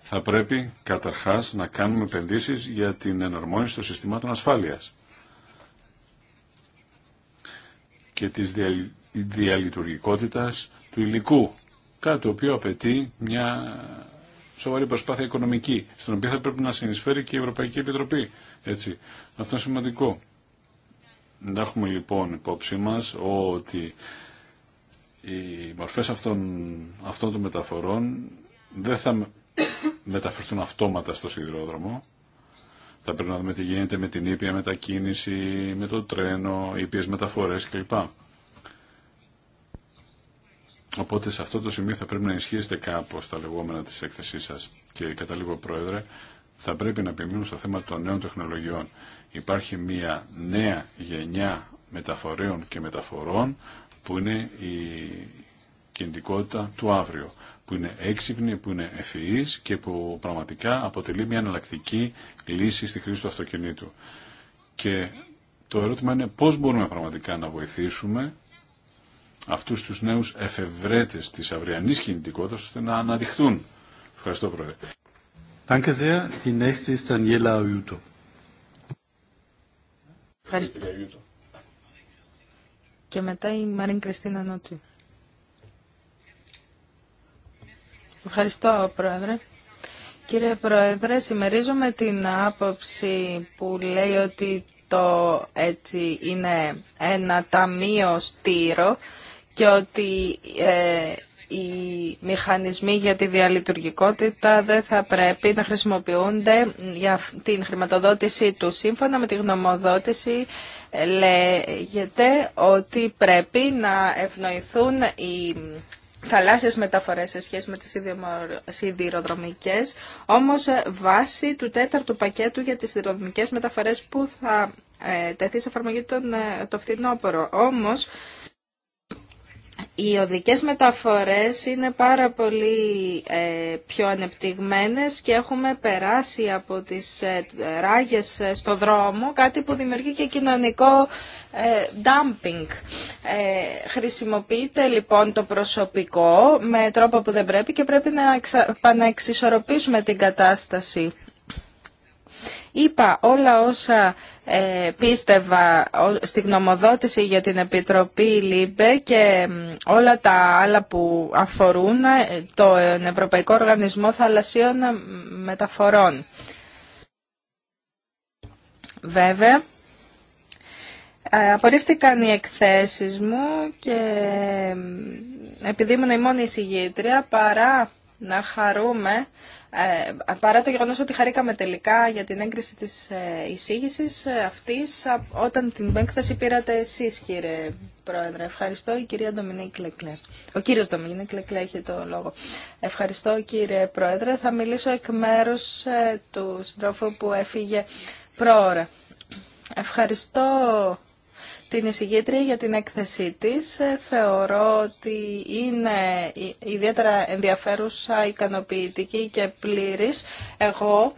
θα πρέπει καταρχάς να κάνουμε επενδύσει για την ενορμόνιση των συστημάτων ασφάλειας και της διαλειτουργικότητας του υλικού, κάτι το οποίο απαιτεί μια σοβαρή προσπάθεια οικονομική, στην οποία θα πρέπει να συνεισφέρει και η Ευρωπαϊκή Επιτροπή. Έτσι. Αυτό είναι σημαντικό. Να έχουμε λοιπόν υπόψη μας ότι οι μορφές αυτών, των μεταφορών δεν θα μεταφερθούν αυτόματα στο σιδηρόδρομο. Θα πρέπει να δούμε τι γίνεται με την ήπια μετακίνηση, με το τρένο, ήπιες μεταφορές κλπ. Οπότε σε αυτό το σημείο θα πρέπει να ενισχύσετε κάπως τα λεγόμενα της έκθεσής σας. Και κατά λίγο πρόεδρε, θα πρέπει να επιμείνουμε στο θέμα των νέων τεχνολογιών. Υπάρχει μια νέα γενιά μεταφορέων και μεταφορών που είναι η κινητικότητα του αύριο, που είναι έξυπνη, που είναι ευφυής και που πραγματικά αποτελεί μια εναλλακτική λύση στη χρήση του αυτοκινήτου. Και το ερώτημα είναι πώς μπορούμε πραγματικά να βοηθήσουμε αυτούς τους νέους εφευρέτες της αυριανής κινητικότητας ώστε να αναδειχθούν. Ευχαριστώ Πρόεδρε. Danke sehr. Die nächste ist Daniela Ευχαριστώ. Και μετά η Μαρίν Κριστίνα Νότου. Ευχαριστώ, Πρόεδρε. Κύριε Πρόεδρε, συμμερίζομαι την άποψη που λέει ότι το έτσι είναι ένα ταμείο στήρο και ότι ε, οι μηχανισμοί για τη διαλειτουργικότητα δεν θα πρέπει να χρησιμοποιούνται για την χρηματοδότησή του. Σύμφωνα με τη γνωμοδότηση ε, λέγεται ότι πρέπει να ευνοηθούν οι θαλάσσιες μεταφορές σε σχέση με τις σιδηροδρομικές, όμως ε, βάσει του τέταρτου πακέτου για τις σιδηροδρομικές μεταφορές που θα ε, τεθεί σε εφαρμογή τον, το φθινόπωρο. Όμως, οι οδικές μεταφορές είναι πάρα πολύ ε, πιο ανεπτυγμένες και έχουμε περάσει από τις ε, ράγες ε, στο δρόμο, κάτι που δημιουργεί και κοινωνικό dumping. Χρησιμοποιείται λοιπόν το προσωπικό με τρόπο που δεν πρέπει και πρέπει να επαναεξισορροπήσουμε την κατάσταση. Είπα όλα όσα ε, πίστευα στη γνωμοδότηση για την Επιτροπή ΛΥΜΠΕ και όλα τα άλλα που αφορούν ε, το ε, Ευρωπαϊκό Οργανισμό Θαλασσίων Μεταφορών. Βέβαια, απορρίφθηκαν οι εκθέσεις μου και επειδή ήμουν η μόνη εισηγήτρια, παρά να χαρούμε ε, παρά το γεγονός ότι χαρήκαμε τελικά για την έγκριση της ε, εισήγησης ε, αυτής, όταν την έκθεση πήρατε εσείς κύριε Πρόεδρε. Ευχαριστώ η κυρία Ντομινίκ Λεκλέ. Ο κύριος Ντομινίκ Λεκλέ έχει το λόγο. Ευχαριστώ κύριε Πρόεδρε. Θα μιλήσω εκ μέρους του συντρόφου που έφυγε πρόωρα. Ευχαριστώ την εισηγήτρια για την έκθεσή της. Ε, θεωρώ ότι είναι ιδιαίτερα ενδιαφέρουσα, ικανοποιητική και πλήρης. Εγώ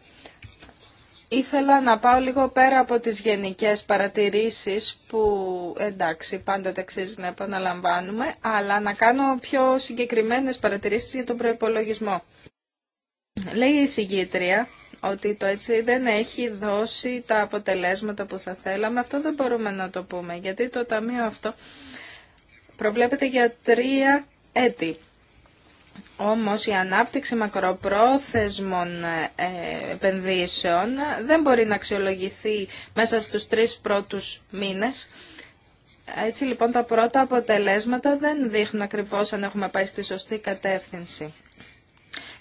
ήθελα να πάω λίγο πέρα από τις γενικές παρατηρήσεις που εντάξει πάντοτε αξίζει να επαναλαμβάνουμε, αλλά να κάνω πιο συγκεκριμένες παρατηρήσεις για τον προϋπολογισμό. Λέει η εισηγήτρια ότι το έτσι δεν έχει δώσει τα αποτελέσματα που θα θέλαμε. Αυτό δεν μπορούμε να το πούμε, γιατί το ταμείο αυτό προβλέπεται για τρία έτη. Όμως η ανάπτυξη μακροπρόθεσμων ε, επενδύσεων δεν μπορεί να αξιολογηθεί μέσα στους τρεις πρώτους μήνες. Έτσι λοιπόν τα πρώτα αποτελέσματα δεν δείχνουν ακριβώς αν έχουμε πάει στη σωστή κατεύθυνση.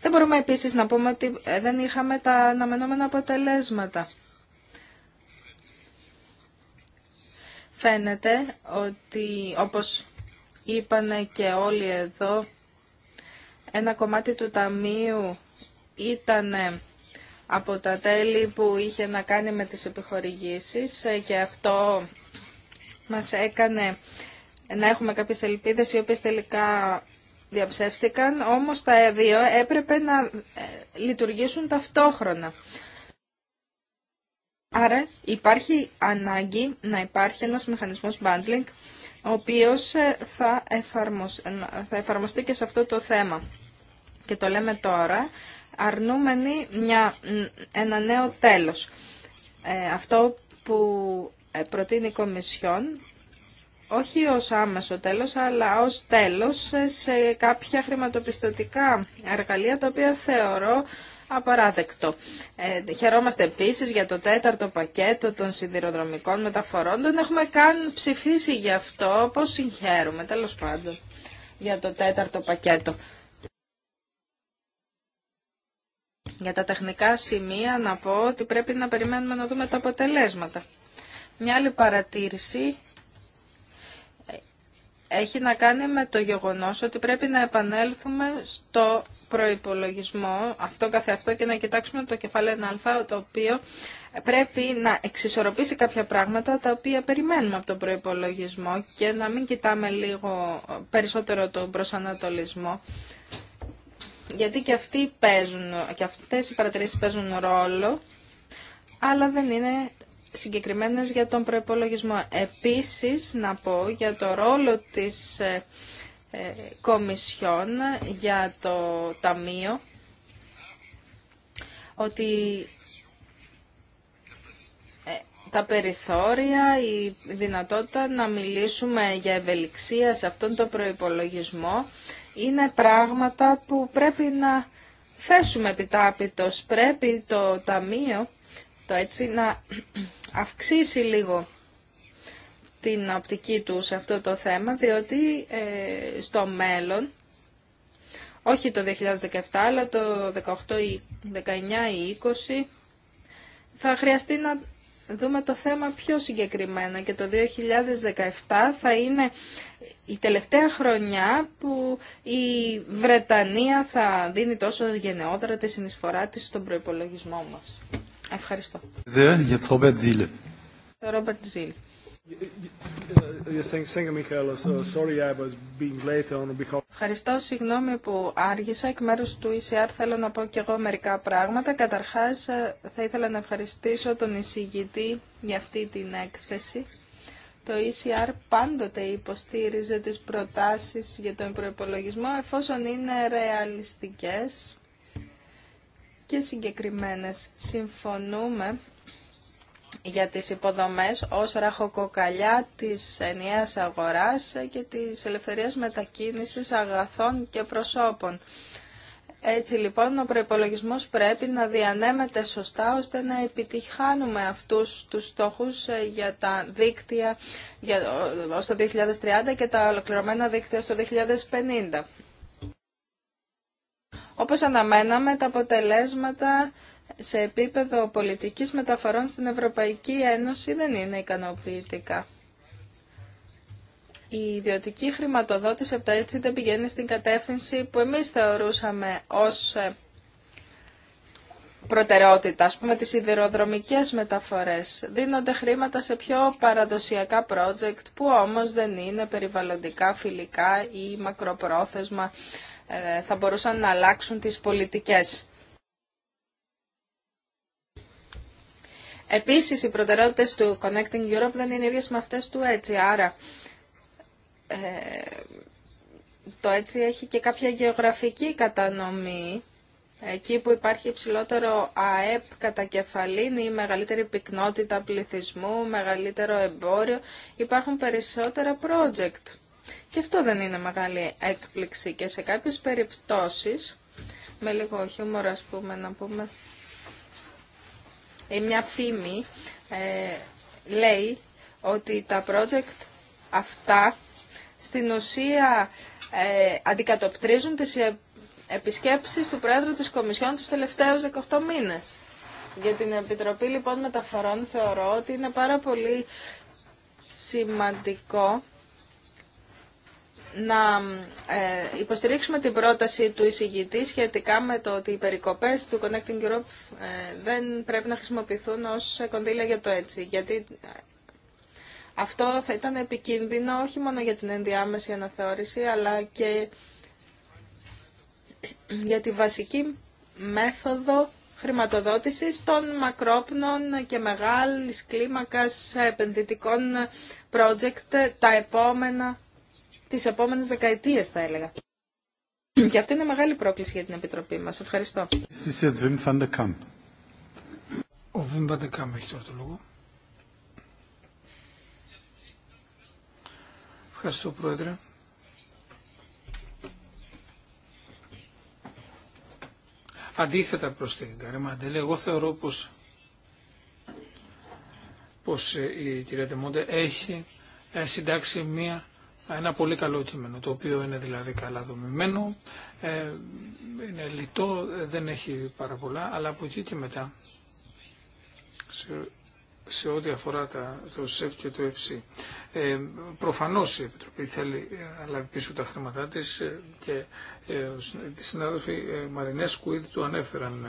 Δεν μπορούμε επίσης να πούμε ότι ε, δεν είχαμε τα αναμενόμενα αποτελέσματα. Φαίνεται ότι, όπως είπανε και όλοι εδώ, ένα κομμάτι του ταμείου ήταν από τα τέλη που είχε να κάνει με τις επιχορηγήσεις ε, και αυτό μας έκανε να έχουμε κάποιες ελπίδες οι οποίες τελικά διαψεύστηκαν, όμως τα δύο έπρεπε να ε, λειτουργήσουν ταυτόχρονα. Άρα υπάρχει ανάγκη να υπάρχει ένας μηχανισμός bundling, ο οποίος ε, θα, ε, θα εφαρμοστεί και σε αυτό το θέμα. Και το λέμε τώρα, αρνούμενοι μια, ένα νέο τέλος. αυτό που προτείνει η Κομισιόν όχι ως άμεσο τέλος, αλλά ως τέλος σε κάποια χρηματοπιστωτικά εργαλεία, τα οποία θεωρώ απαράδεκτο. Ε, χαιρόμαστε επίσης για το τέταρτο πακέτο των σιδηροδρομικών μεταφορών. Δεν έχουμε καν ψηφίσει γι' αυτό, πώς συγχαίρουμε, τέλος πάντων, για το τέταρτο πακέτο. Για τα τεχνικά σημεία να πω ότι πρέπει να περιμένουμε να δούμε τα αποτελέσματα. Μια άλλη παρατήρηση έχει να κάνει με το γεγονός ότι πρέπει να επανέλθουμε στο προϋπολογισμό αυτό καθεαυτό και να κοιτάξουμε το κεφαλαιο 1α το οποίο πρέπει να εξισορροπήσει κάποια πράγματα τα οποία περιμένουμε από τον προϋπολογισμό και να μην κοιτάμε λίγο περισσότερο τον προσανατολισμό γιατί και, αυτοί παίζουν, και αυτές οι παρατηρήσεις παίζουν ρόλο αλλά δεν είναι συγκεκριμένες για τον προϋπολογισμό. Επίσης, να πω για το ρόλο της ε, ε, Κομισιόν για το Ταμείο, ότι ε, τα περιθώρια, η δυνατότητα να μιλήσουμε για ευελιξία σε αυτόν τον προϋπολογισμό είναι πράγματα που πρέπει να θέσουμε επιτάπητος. Πρέπει το Ταμείο αυτό έτσι, να αυξήσει λίγο την οπτική του σε αυτό το θέμα, διότι ε, στο μέλλον, όχι το 2017, αλλά το 2018 ή 19 ή 20, θα χρειαστεί να δούμε το θέμα πιο συγκεκριμένα και το 2017 θα είναι η τελευταία χρονιά που η Βρετανία θα δίνει τόσο γενναιόδρα τη συνεισφορά της στον προϋπολογισμό μας. Ευχαριστώ. Ρόμπερτ Ζήλ. Ευχαριστώ, συγγνώμη που άργησα. Εκ μέρους του ECR θέλω να πω και εγώ μερικά πράγματα. Καταρχάς, ε, θα ήθελα να ευχαριστήσω τον εισηγητή για αυτή την έκθεση. Το ECR πάντοτε υποστήριζε τις προτάσεις για τον προϋπολογισμό, εφόσον είναι ρεαλιστικές και συγκεκριμένες. Συμφωνούμε για τις υποδομές ως ραχοκοκαλιά της ενιαίας αγοράς και της ελευθερίας μετακίνησης αγαθών και προσώπων. Έτσι λοιπόν ο προϋπολογισμός πρέπει να διανέμεται σωστά ώστε να επιτυχάνουμε αυτούς τους στόχους ε, για τα δίκτυα για, ε, ως το 2030 και τα ολοκληρωμένα δίκτυα στο 2050 όπως αναμέναμε τα αποτελέσματα σε επίπεδο πολιτικής μεταφορών στην Ευρωπαϊκή Ένωση δεν είναι ικανοποιητικά. Η ιδιωτική χρηματοδότηση από τα έτσι δεν πηγαίνει στην κατεύθυνση που εμείς θεωρούσαμε ως ε, προτεραιότητα, ας πούμε τις σιδηροδρομικές μεταφορές. Δίνονται χρήματα σε πιο παραδοσιακά project που όμως δεν είναι περιβαλλοντικά, φιλικά ή μακροπρόθεσμα ε, θα μπορούσαν να αλλάξουν τις πολιτικές. Επίσης, οι προτεραιότητες του Connecting Europe δεν είναι ίδιες με αυτές του έτσι, άρα ε, το έτσι έχει και κάποια γεωγραφική κατανομή. Εκεί που υπάρχει υψηλότερο ΑΕΠ κατά κεφαλήν ή μεγαλύτερη πυκνότητα πληθυσμού, μεγαλύτερο εμπόριο, υπάρχουν περισσότερα project. Και αυτό δεν είναι μεγάλη έκπληξη και σε κάποιες περιπτώσεις, με λίγο χιούμορ ας πούμε να πούμε, ή μια φήμη ε, λέει ότι τα project αυτά στην ουσία ε, αντικατοπτρίζουν τις ε, επισκέψεις του Πρόεδρου της Κομισιόν τους τελευταίους 18 μήνες. Για την Επιτροπή λοιπόν Μεταφορών θεωρώ ότι είναι πάρα πολύ σημαντικό να ε, υποστηρίξουμε την πρόταση του εισηγητή σχετικά με το ότι οι περικοπές του Connecting Europe ε, δεν πρέπει να χρησιμοποιηθούν ως κονδύλια για το έτσι. Γιατί ε, αυτό θα ήταν επικίνδυνο όχι μόνο για την ενδιάμεση αναθεώρηση, αλλά και για τη βασική μέθοδο χρηματοδότησης των μακρόπνων και μεγάλης κλίμακας επενδυτικών project τα επόμενα τις επόμενες δεκαετίες θα έλεγα. Και αυτή είναι μεγάλη πρόκληση για την Επιτροπή μας. Ευχαριστώ. Ο Βιμ Βαντεκάμ έχει τώρα το λόγο. Ευχαριστώ Πρόεδρε. Αντίθετα προς την Μαντέλη, εγώ θεωρώ πως, πως ε, η κυρία Τεμόντε έχει ε, συντάξει μία ένα πολύ καλό κείμενο, το οποίο είναι δηλαδή καλά δομημένο, ε, είναι λιτό, ε, δεν έχει πάρα πολλά, αλλά από εκεί και μετά, σε, ό,τι αφορά τα, το ΣΕΦ και το ΕΦΣΥ, ε, προφανώς η Επιτροπή θέλει ε, να λάβει πίσω τα χρήματά της και ε, οι συνάδελφοι Μαρινέσκου ήδη του ανέφεραν,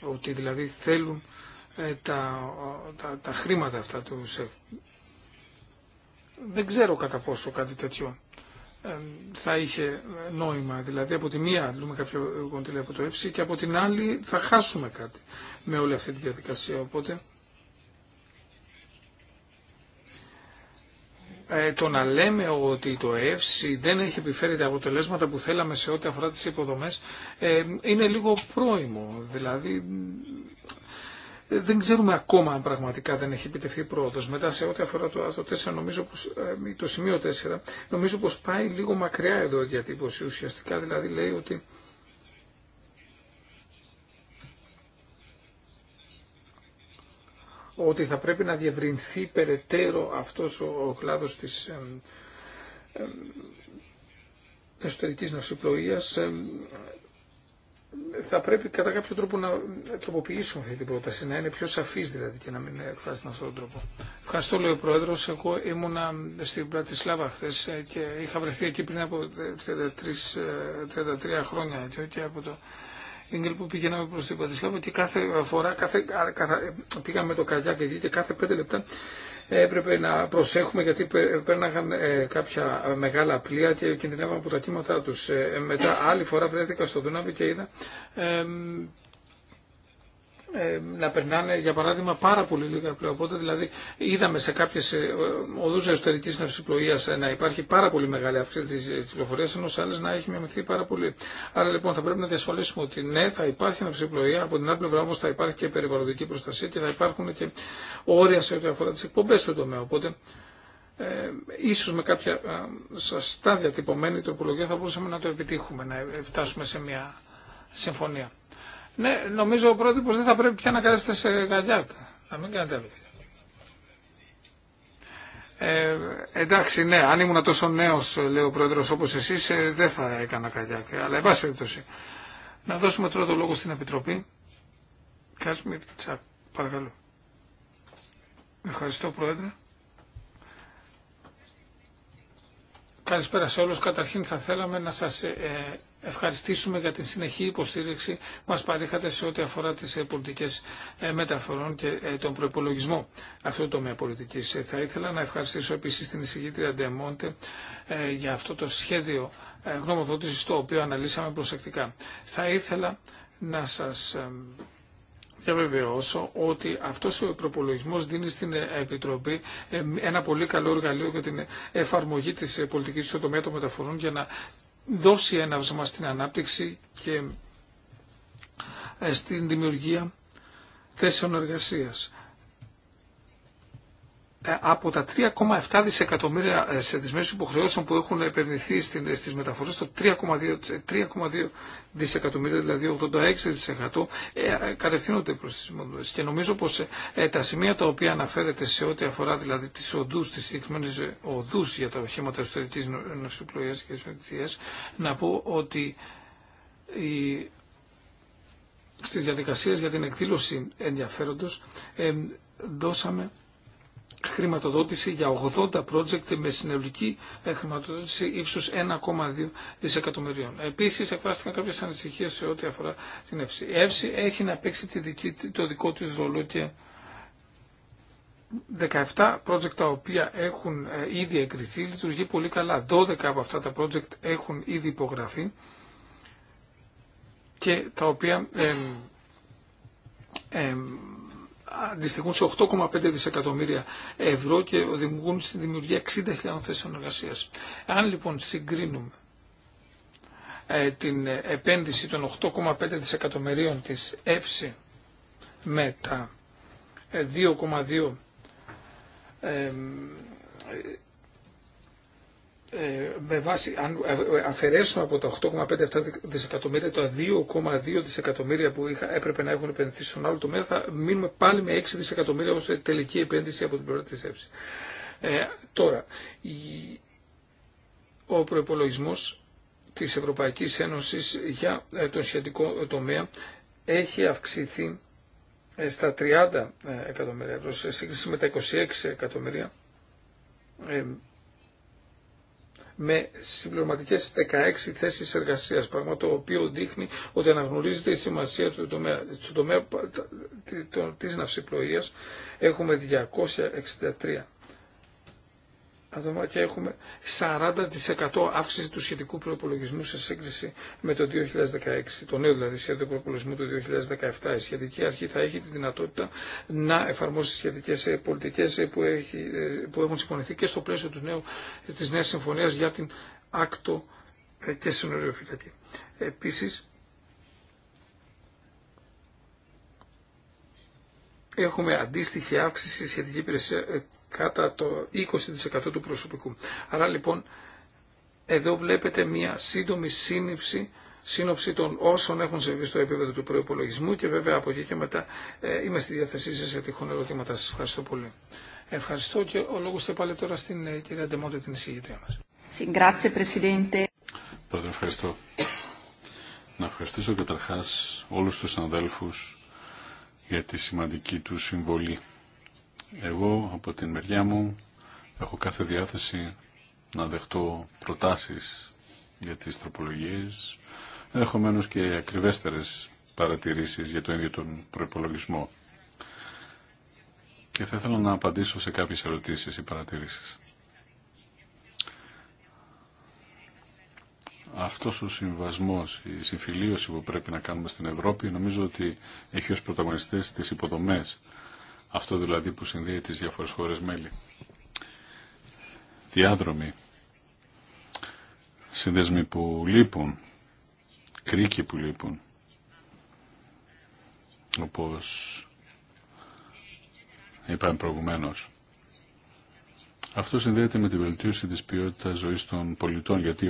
ότι δηλαδή θέλουν τα, τα, τα χρήματα αυτά του ΣΕΦ δεν ξέρω κατά πόσο κάτι τέτοιο θα είχε νόημα. Δηλαδή από τη μία λούμε κάποιο κοντήλι από το ΕΦΣΙ και από την άλλη θα χάσουμε κάτι με όλη αυτή τη διαδικασία. Οπότε ε, το να λέμε ότι το ΕΦΣΙ δεν έχει επιφέρει τα αποτελέσματα που θέλαμε σε ό,τι αφορά τις υποδομές ε, είναι λίγο πρόημο. Δηλαδή ε, δεν ξέρουμε ακόμα αν πραγματικά δεν έχει επιτευχθεί πρόοδο. Μετά σε ό,τι αφορά το άρθρο 4, νομίζω πως, ε, το σημείο 4, νομίζω πως πάει λίγο μακριά εδώ η διατύπωση. Ουσιαστικά δηλαδή λέει ότι ότι θα πρέπει να διευρυνθεί περαιτέρω αυτός ο, ο κλάδος της ε, ε εσωτερικής θα πρέπει κατά κάποιο τρόπο να τροποποιήσουμε αυτή την πρόταση, να είναι πιο σαφή δηλαδή και να μην εκφράσει με αυτόν τον τρόπο. Ευχαριστώ, λέει ο Πρόεδρο. Εγώ ήμουνα στην Πρατισλάβα χθε ε, και είχα βρεθεί εκεί πριν από 33, ε, 33 ε, χρόνια και από το Ιγκελ που πηγαίναμε προ την Πρατισλάβα και κάθε φορά κάθε, πήγαμε με το καρδιά και κάθε 5 λεπτά έπρεπε να προσέχουμε γιατί πέρναγαν ε, κάποια μεγάλα πλοία και κινδυνεύαν από τα κύματα τους. Ε, μετά άλλη φορά βρέθηκα στο Δούναβι και είδα ε, ε, να περνάνε για παράδειγμα πάρα πολύ λίγα πλοία. δηλαδή είδαμε σε κάποιε ε, οδού εσωτερική ναυσιπλοεία ε, να υπάρχει πάρα πολύ μεγάλη αύξηση τη κυκλοφορία, ενώ σε άλλε να έχει μειωθεί πάρα πολύ. Άρα λοιπόν θα πρέπει να διασφαλίσουμε ότι ναι, θα υπάρχει ναυσιπλοεία, από την άλλη πλευρά όμω θα υπάρχει και περιβαλλοντική προστασία και θα υπάρχουν και όρια σε ό,τι αφορά τι εκπομπέ στον τομέα. Οπότε ε, ίσως με κάποια σωστά διατυπωμένη τροπολογία θα μπορούσαμε να το επιτύχουμε, να φτάσουμε σε μια συμφωνία. Ναι, νομίζω ο πρότυπο δεν θα πρέπει πια να κάθεστε σε καγιάκ. Να μην κάνετε άλλο. Ε, εντάξει, ναι, αν ήμουν τόσο νέο, λέει ο πρόεδρο, όπω εσεί, ε, δεν θα έκανα καγιάκ. Αλλά, εν περιπτώσει, να δώσουμε τώρα το λόγο στην Επιτροπή. Κάσμιρ Τσακ, παρακαλώ. Ευχαριστώ, Πρόεδρε. Καλησπέρα σε όλους. Καταρχήν θα θέλαμε να σας ε, ευχαριστήσουμε για την συνεχή υποστήριξη που μας παρήχατε σε ό,τι αφορά τις ε, πολιτικές ε, μεταφορών και ε, τον προπολογισμό αυτού του τομέα πολιτικής. Θα ήθελα να ευχαριστήσω επίσης την εισηγήτρια Ντεμόντε για αυτό το σχέδιο γνωμοδότησης το οποίο αναλύσαμε προσεκτικά. Θα ήθελα να σας διαβεβαιώσω ότι αυτός ο προπολογισμός δίνει στην Επιτροπή ένα πολύ καλό εργαλείο για την εφαρμογή της πολιτικής στο τομέα των μεταφορών για να δώσει έναυσμα στην ανάπτυξη και ε, στην δημιουργία θέσεων εργασίας από τα 3,7 δισεκατομμύρια ε, σε μέρες υποχρεώσεων που έχουν επενδυθεί στις μεταφορές, το 3,2 δισεκατομμύρια, δηλαδή 86% ε, κατευθύνονται προς τις μεταφορές. Και νομίζω πως ε, τα σημεία τα οποία αναφέρεται σε ό,τι αφορά δηλαδή τις οδούς, τις συγκεκριμένες οδούς για τα οχήματα εσωτερικής ναυσιπλοίας και εσωτερικής, να πω ότι οι, στις διαδικασίες για την εκδήλωση ενδιαφέροντος δώσαμε χρηματοδότηση για 80 project με συνολική ε, χρηματοδότηση ύψους 1,2 δισεκατομμυρίων. Επίσης εκφράστηκαν κάποιες ανησυχίες σε ό,τι αφορά την ΕΦΣΗ. Η ΕΦΣΗ έχει να παίξει το δικό της ρόλο και 17 project τα οποία έχουν ε, ήδη εγκριθεί λειτουργεί πολύ καλά. 12 από αυτά τα project έχουν ήδη υπογραφεί και τα οποία ε, αντιστοιχούν σε 8,5 δισεκατομμύρια ευρώ και οδηγούν στη δημιουργία 60.000 θέσεων εργασία. Αν λοιπόν συγκρίνουμε ε, την επένδυση των 8,5 δισεκατομμυρίων της ΕΦΣΙ με τα 2,2 ε, ε, με βάση, αν ε, ε, αφαιρέσουμε από τα 8,5 δισεκατομμύρια τα 2,2 δισεκατομμύρια που είχα, έπρεπε να έχουν επενδυθεί στον άλλο τομέα, θα μείνουμε πάλι με 6 δισεκατομμύρια ως τελική επένδυση από την πλευρά της ΕΕ. Ε, τώρα, ο προϋπολογισμός της Ευρωπαϊκής Ένωσης για τον σχετικό τομέα έχει αυξηθεί στα 30 εκατομμύρια ευρώ, σε σύγκριση με τα 26 εκατομμύρια με συμπληρωματικές 16 θέσεις εργασίας, πράγμα το οποίο δείχνει ότι αναγνωρίζεται η σημασία του τομέα, του τομέα της ναυσιπλοείας. Έχουμε 263 άτομα και έχουμε 40% αύξηση του σχετικού προπολογισμού σε σύγκριση με το 2016, το νέο δηλαδή σχέδιο προπολογισμού του 2017. Η σχετική αρχή θα έχει τη δυνατότητα να εφαρμόσει σχετικέ ε, πολιτικέ ε, που, ε, που έχουν συμφωνηθεί και στο πλαίσιο του νέου, της νέας συμφωνίας για την άκτο και συνοριοφυλακή. Επίσης, έχουμε αντίστοιχη αύξηση σχετική υπηρεσία κατά το 20% του προσωπικού. Άρα λοιπόν εδώ βλέπετε μια σύντομη σύνυψη σύνοψη των όσων έχουν συμβεί στο επίπεδο του προπολογισμού και βέβαια από εκεί και μετά ε, είμαι στη διάθεσή σας για τυχόν ερωτήματα. Σας ευχαριστώ πολύ. Ευχαριστώ και ο λόγος θα πάλι τώρα στην ε, κυρία Ντεμόντε την εισηγητρία μας. Πρώτα ευχαριστώ. Να ευχαριστήσω καταρχάς όλους τους συναδέλφους για τη σημαντική του συμβολή εγώ από την μεριά μου έχω κάθε διάθεση να δεχτώ προτάσεις για τις τροπολογίες, ενδεχομένω και ακριβέστερες παρατηρήσεις για το ίδιο τον προπολογισμό. Και θα ήθελα να απαντήσω σε κάποιες ερωτήσεις ή παρατηρήσεις. Αυτός ο συμβασμός, η συμφιλίωση που πρέπει να κάνουμε στην Ευρώπη, νομίζω ότι έχει ως πρωταγωνιστές τις υποδομές αυτό δηλαδή που συνδέει τις διάφορες χώρες μέλη. Διάδρομοι, συνδέσμοι που λείπουν, κρίκοι που λείπουν, όπως είπαμε προηγουμένως. Αυτό συνδέεται με τη βελτίωση της ποιότητας ζωής των πολιτών, γιατί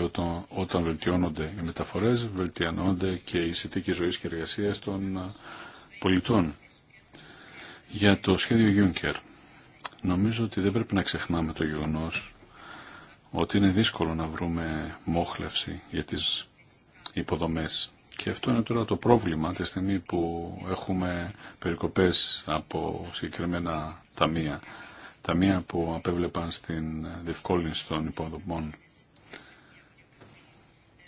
όταν, βελτιώνονται οι μεταφορές, βελτιώνονται και οι συνθήκε ζωής και εργασίας των ε, πολιτών. Για το σχέδιο Juncker, νομίζω ότι δεν πρέπει να ξεχνάμε το γεγονός ότι είναι δύσκολο να βρούμε μόχλευση για τις υποδομές. Και αυτό είναι τώρα το πρόβλημα τη στιγμή που έχουμε περικοπές από συγκεκριμένα ταμεία. Ταμεία που απέβλεπαν στην διευκόλυνση των υποδομών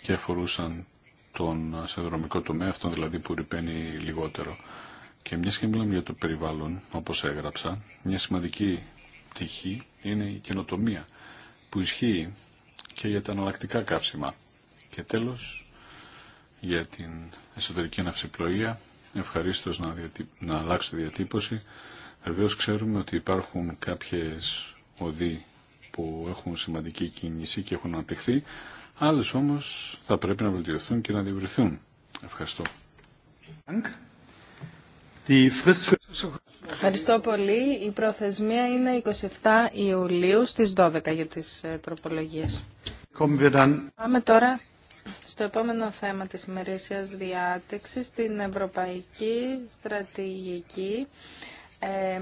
και αφορούσαν τον σεδρομικό τομέα, αυτόν δηλαδή που ρηπαίνει λιγότερο. Και μια και μιλάμε για το περιβάλλον, όπω έγραψα, μια σημαντική πτυχή είναι η καινοτομία που ισχύει και για τα αναλλακτικά καύσιμα. Και τέλος, για την εσωτερική ναυσιπλοεία, ευχαριστώ να, διατυ... να αλλάξω τη διατύπωση. Βεβαίω ξέρουμε ότι υπάρχουν κάποιες οδοί που έχουν σημαντική κίνηση και έχουν αναπτυχθεί, Άλλε όμω θα πρέπει να βελτιωθούν και να διευρυθούν. Ευχαριστώ. Ευχαριστώ πολύ. Η προθεσμία είναι 27 Ιουλίου στις 12 για τις ε, τροπολογίες. Πάμε τώρα στο επόμενο θέμα της ημερήσιας διάτεξης, την Ευρωπαϊκή Στρατηγική ε,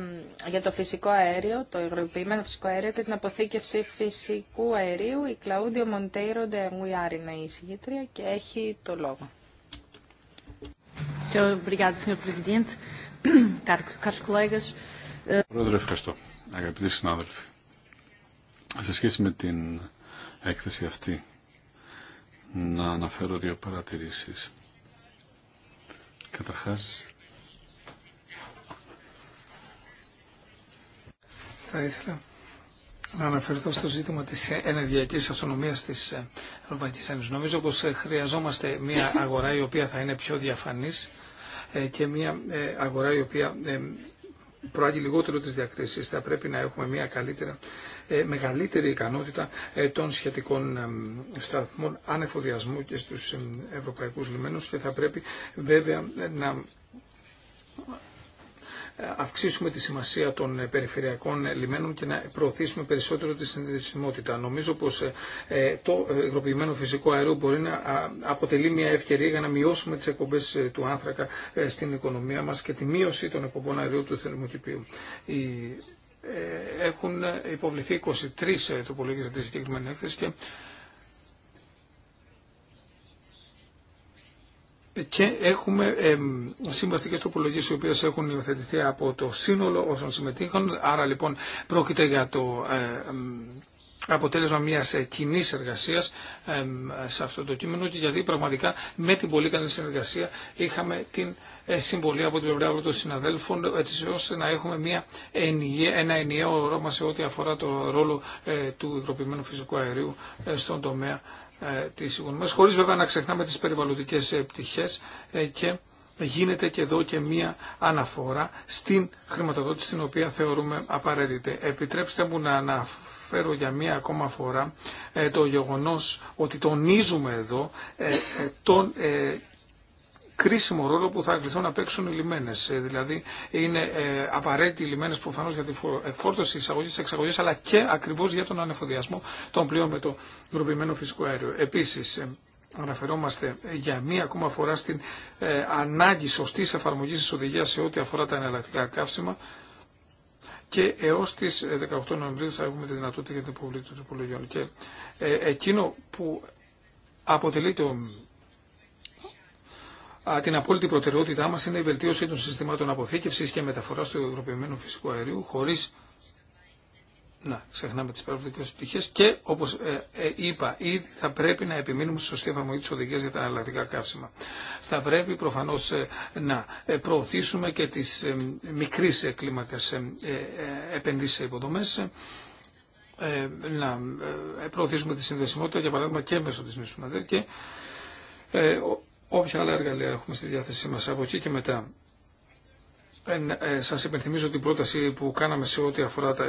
για το φυσικό αέριο, το υγροποιημένο φυσικό αέριο και την αποθήκευση φυσικού αερίου. Η Κλαούντιο Μοντέιρο Ντεμουιάρ είναι η συγγήτρια και έχει το λόγο. Ε, Sr. Presidente. Eh, Πρόεδρε, ευχαριστώ. Αγαπητοί συνάδελφοι, σε σχέση με την έκθεση αυτή, να αναφέρω δύο παρατηρήσεις. Καταρχάς, θα ήθελα να αναφερθώ στο ζήτημα της ενεργειακής αυτονομία της Ευρωπαϊκή Ένωση. Νομίζω πως χρειαζόμαστε μια αγορά η οποία θα είναι πιο διαφανής ε, και μια ε, αγορά η οποία ε, προάγει λιγότερο τις διακρίσεις. Θα πρέπει να έχουμε μια καλύτερα, μεγαλύτερη ικανότητα των σχετικών σταθμών ανεφοδιασμού και στους ευρωπαϊκούς λιμένους και θα πρέπει βέβαια να αυξήσουμε τη σημασία των ε, περιφερειακών ε, λιμένων και να προωθήσουμε περισσότερο τη συνδεσιμότητα. Νομίζω πως ε, το υγροποιημένο φυσικό αερό μπορεί να αποτελεί μια ευκαιρία για να μειώσουμε τις εκπομπές του άνθρακα στην οικονομία μας και τη μείωση των εκπομπών αερίου του θερμοκηπίου έχουν υποβληθεί 23 τοπολογίε για τη συγκεκριμένη έκθεση και και έχουμε ε, συμβαστικές τροπολογίες οι οποίες έχουν υιοθετηθεί από το σύνολο όσων συμμετείχαν. Άρα λοιπόν πρόκειται για το αποτέλεσμα μιας ε, κοινή εργασίας σε αυτό το κείμενο και γιατί πραγματικά με την πολύ καλή συνεργασία είχαμε την ε, συμβολή από την πλευρά των συναδέλφων έτσι ώστε να έχουμε μια ένα ενιαίο ρόμα σε ό,τι αφορά το ρόλο ε, του υγροποιημένου φυσικού αερίου στον τομέα ε, τις οικονομίες, χωρίς βέβαια να ξεχνάμε τις περιβαλλοντικές ε, πτυχές ε, και γίνεται και εδώ και μία αναφορά στην χρηματοδότηση την οποία θεωρούμε απαραίτητη. Επιτρέψτε μου να αναφέρω για μία ακόμα φορά το γεγονός ότι τονίζουμε εδώ τον κρίσιμο ρόλο που θα κληθούν να παίξουν οι λιμένε. Ε, δηλαδή, είναι ε, απαραίτητοι οι λιμένε προφανώ για τη ε, φόρτωση εισαγωγή και εξαγωγή, αλλά και ακριβώ για τον ανεφοδιασμό των πλοίων με το ντροπημένο φυσικό αέριο. Επίση, αναφερόμαστε για μία ακόμα φορά στην ανάγκη σωστή εφαρμογή τη οδηγία σε ό,τι αφορά τα εναλλακτικά καύσιμα και έω τι 18 Νοεμβρίου θα έχουμε τη δυνατότητα για την υποβολή των υπολογιών. Και εκείνο που αποτελεί το την απόλυτη προτεραιότητά μα είναι η βελτίωση των συστημάτων αποθήκευση και μεταφορά του υγροποιημένου φυσικού αερίου χωρί να ξεχνάμε τις παραγωγικέ πτυχέ, και όπω ε, ε, είπα ήδη θα πρέπει να επιμείνουμε στη σωστή εφαρμογή τη οδηγία για τα εναλλακτικά καύσιμα. Θα πρέπει προφανώ ε, να προωθήσουμε και τι ε, κλίμακες επενδύσει επενδύσεις σε υποδομές να προωθήσουμε τη συνδεσιμότητα για παράδειγμα και μέσω τη νησού και όποια άλλα εργαλεία έχουμε στη διάθεσή μας από εκεί και μετά. Ε, ναι, ε, σας υπενθυμίζω την πρόταση που κάναμε σε ό,τι αφορά τα,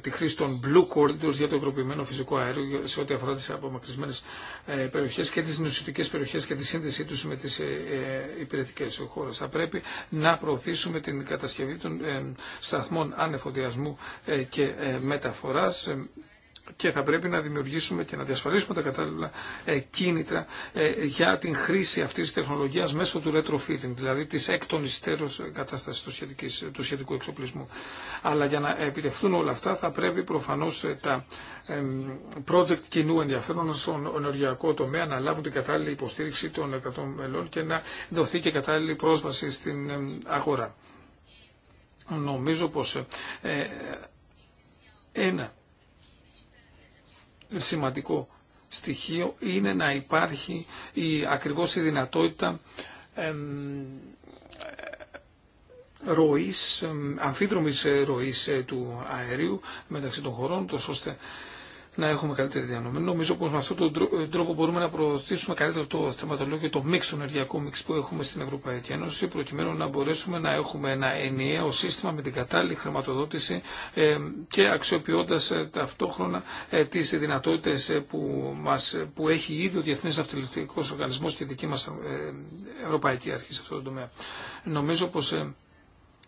τη χρήση των blue corridors για το υγροποιημένο φυσικό αέριο, σε ό,τι αφορά τις απομακρυσμένες ε, περιοχές και τις νοσητικές περιοχές και τη σύνδεσή τους με τις ε, ε, υπηρετικές Θα πρέπει να προωθήσουμε την κατασκευή των ε, σταθμών ανεφοδιασμού ε, και ε, μεταφοράς και θα πρέπει να δημιουργήσουμε και να διασφαλίσουμε τα κατάλληλα ε, κίνητρα ε, για την χρήση αυτής της τεχνολογίας μέσω του retrofitting, δηλαδή της εκ των κατάστασης του, σχετικού εξοπλισμού. Αλλά για να επιτευχθούν όλα αυτά θα πρέπει προφανώς ε, τα project κοινού ενδιαφέρον στον ενεργειακό τομέα να λάβουν την κατάλληλη υποστήριξη των κρατών μελών και να δοθεί και κατάλληλη πρόσβαση στην αγορά. Νομίζω πως ένα σημαντικό στοιχείο είναι να υπάρχει η, ακριβώς η δυνατότητα εμ, ροής, αμφίδρομης ροής ε, του αερίου μεταξύ των χωρών, τόσο ώστε να έχουμε καλύτερη διανομή. Νομίζω πω με αυτόν τον ε, τρόπο μπορούμε να προωθήσουμε καλύτερο το θεματολόγιο, το μίξ, το ενεργειακό μίξ που έχουμε στην Ευρωπαϊκή Ένωση, προκειμένου να μπορέσουμε να έχουμε ένα ενιαίο σύστημα με την κατάλληλη χρηματοδότηση ε, και αξιοποιώντα ε, ταυτόχρονα τις δυνατότητες που, που έχει ήδη ο Διεθνή Αυτολιστικός Οργανισμό και η δική μα Ευρωπαϊκή Αρχή σε αυτό το τομέα. Νομίζω πως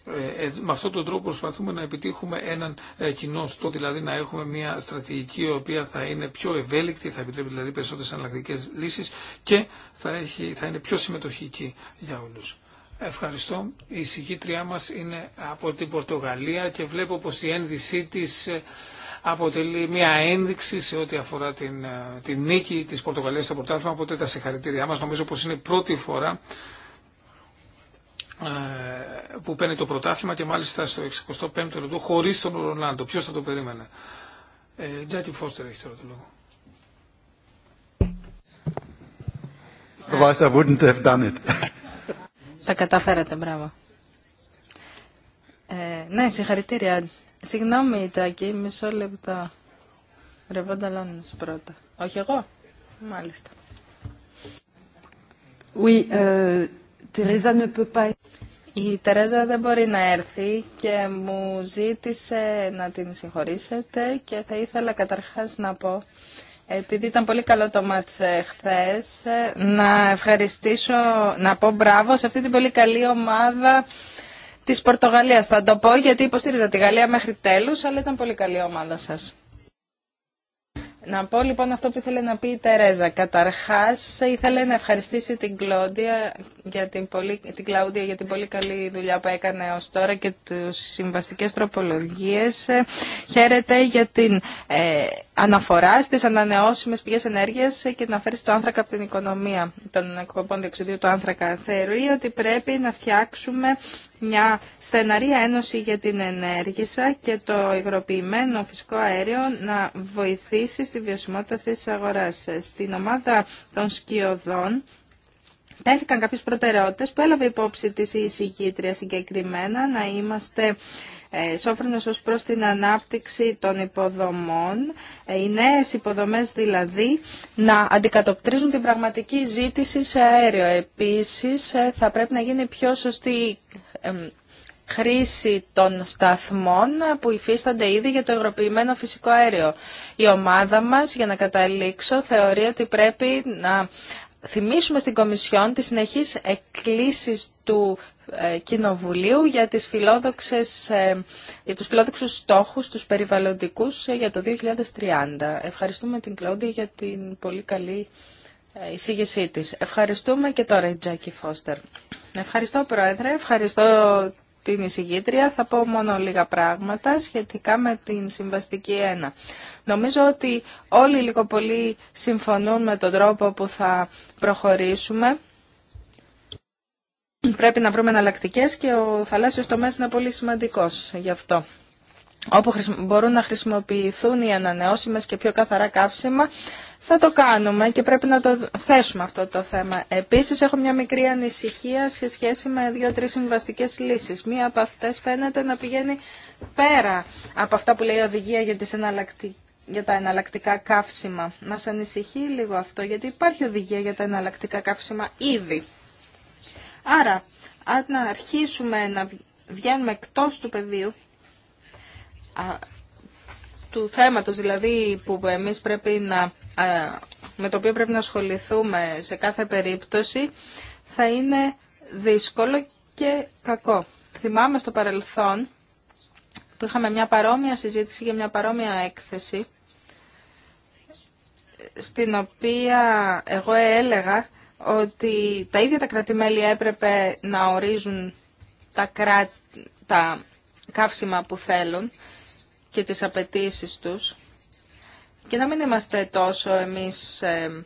ε, ε, με αυτόν τον τρόπο προσπαθούμε να επιτύχουμε έναν ε, κοινό στόχο, δηλαδή να έχουμε μια στρατηγική η οποία θα είναι πιο ευέλικτη, θα επιτρέπει δηλαδή περισσότερε αναλλακτικέ λύσει και θα, έχει, θα είναι πιο συμμετοχική για όλου. Ευχαριστώ. Η συγκήτριά μα είναι από την Πορτογαλία και βλέπω πω η ένδυσή τη αποτελεί μια ένδειξη σε ό,τι αφορά την, την νίκη τη Πορτογαλία στο πρωτάθλημα, οπότε τα συγχαρητήριά μα. νομίζω πω είναι πρώτη φορά ε, που παίρνει το πρωτάθλημα και μάλιστα στο 65ο λεπτό χωρίς τον Ρονάντο. Ποιος θα το περίμενε. Ε, Τζάκι Φώστερ έχει τώρα το λόγο. I wouldn't Τα καταφέρατε, μπράβο. Ε, ναι, συγχαρητήρια. Συγγνώμη, Τζάκι, μισό λεπτό. Ρεβόντα πρώτα. Όχι εγώ, μάλιστα. Oui, euh... Η Τερέζα δεν μπορεί να έρθει και μου ζήτησε να την συγχωρήσετε και θα ήθελα καταρχάς να πω επειδή ήταν πολύ καλό το μάτς ε, χθες, ε, να ευχαριστήσω, να πω μπράβο σε αυτή την πολύ καλή ομάδα της Πορτογαλίας. Θα το πω γιατί υποστήριζα τη Γαλλία μέχρι τέλους, αλλά ήταν πολύ καλή ομάδα σας. Να πω λοιπόν αυτό που ήθελε να πει η Τερέζα. Καταρχάς ήθελε να ευχαριστήσει την, Κλόντια για την, πολύ, την Κλαούντια για την πολύ καλή δουλειά που έκανε ω τώρα και τις συμβαστικές τροπολογίες. Χαίρεται για την ε, αναφορά στις ανανεώσιμες πηγές ενέργειας και την αφαίρεση του άνθρακα από την οικονομία των εκπομπών διοξιδίου του άνθρακα. Θεωρεί ότι πρέπει να φτιάξουμε μια στεναρή ένωση για την ενέργεια και το υγροποιημένο φυσικό αέριο να βοηθήσει στη βιωσιμότητα αυτής της αγοράς. Στην ομάδα των σκιωδών τέθηκαν κάποιες προτεραιότητες που έλαβε υπόψη της εισηγήτριας συγκεκριμένα να είμαστε ε, σόφρονος ως προς την ανάπτυξη των υποδομών, ε, οι νέες υποδομές δηλαδή να αντικατοπτρίζουν την πραγματική ζήτηση σε αέριο. Επίσης ε, θα πρέπει να γίνει πιο σωστή χρήση των σταθμών που υφίστανται ήδη για το ευρωποιημένο φυσικό αέριο. Η ομάδα μας, για να καταλήξω, θεωρεί ότι πρέπει να θυμίσουμε στην Κομισιόν τις συνεχείς εκκλήσεις του ε, Κοινοβουλίου για, τις φιλόδοξες, ε, για τους φιλόδοξους στόχους, τους περιβαλλοντικούς ε, για το 2030. Ευχαριστούμε την Κλόντι για την πολύ καλή ε, εισήγησή της. Ευχαριστούμε και τώρα η Τζάκη Φώστερ. Ευχαριστώ Πρόεδρε, ευχαριστώ την εισηγήτρια. Θα πω μόνο λίγα πράγματα σχετικά με την Συμβαστική 1. Νομίζω ότι όλοι λίγο πολύ συμφωνούν με τον τρόπο που θα προχωρήσουμε. Πρέπει να βρούμε εναλλακτικέ και ο θαλάσσιος τομέας είναι πολύ σημαντικός γι' αυτό όπου μπορούν να χρησιμοποιηθούν οι ανανεώσιμες και πιο καθαρά καύσιμα, θα το κάνουμε και πρέπει να το θέσουμε αυτό το θέμα. Επίσης έχω μια μικρή ανησυχία σε σχέση με δύο-τρεις συμβαστικές λύσεις. Μία από αυτές φαίνεται να πηγαίνει πέρα από αυτά που λέει η οδηγία για, τις για τα εναλλακτικά καύσιμα. Μας ανησυχεί λίγο αυτό γιατί υπάρχει οδηγία για τα εναλλακτικά καύσιμα ήδη. Άρα, αν αρχίσουμε να βγαίνουμε εκτός του πεδίου του θέματος δηλαδή που εμείς πρέπει με το οποίο πρέπει να ασχοληθούμε σε κάθε περίπτωση θα είναι δύσκολο και κακό. Θυμάμαι στο παρελθόν που είχαμε μια παρόμοια συζήτηση για μια παρόμοια έκθεση στην οποία εγώ έλεγα ότι τα ίδια τα κρατημέλη έπρεπε να ορίζουν τα, τα καύσιμα που θέλουν και τις απαιτήσει τους και να μην είμαστε τόσο εμείς ε,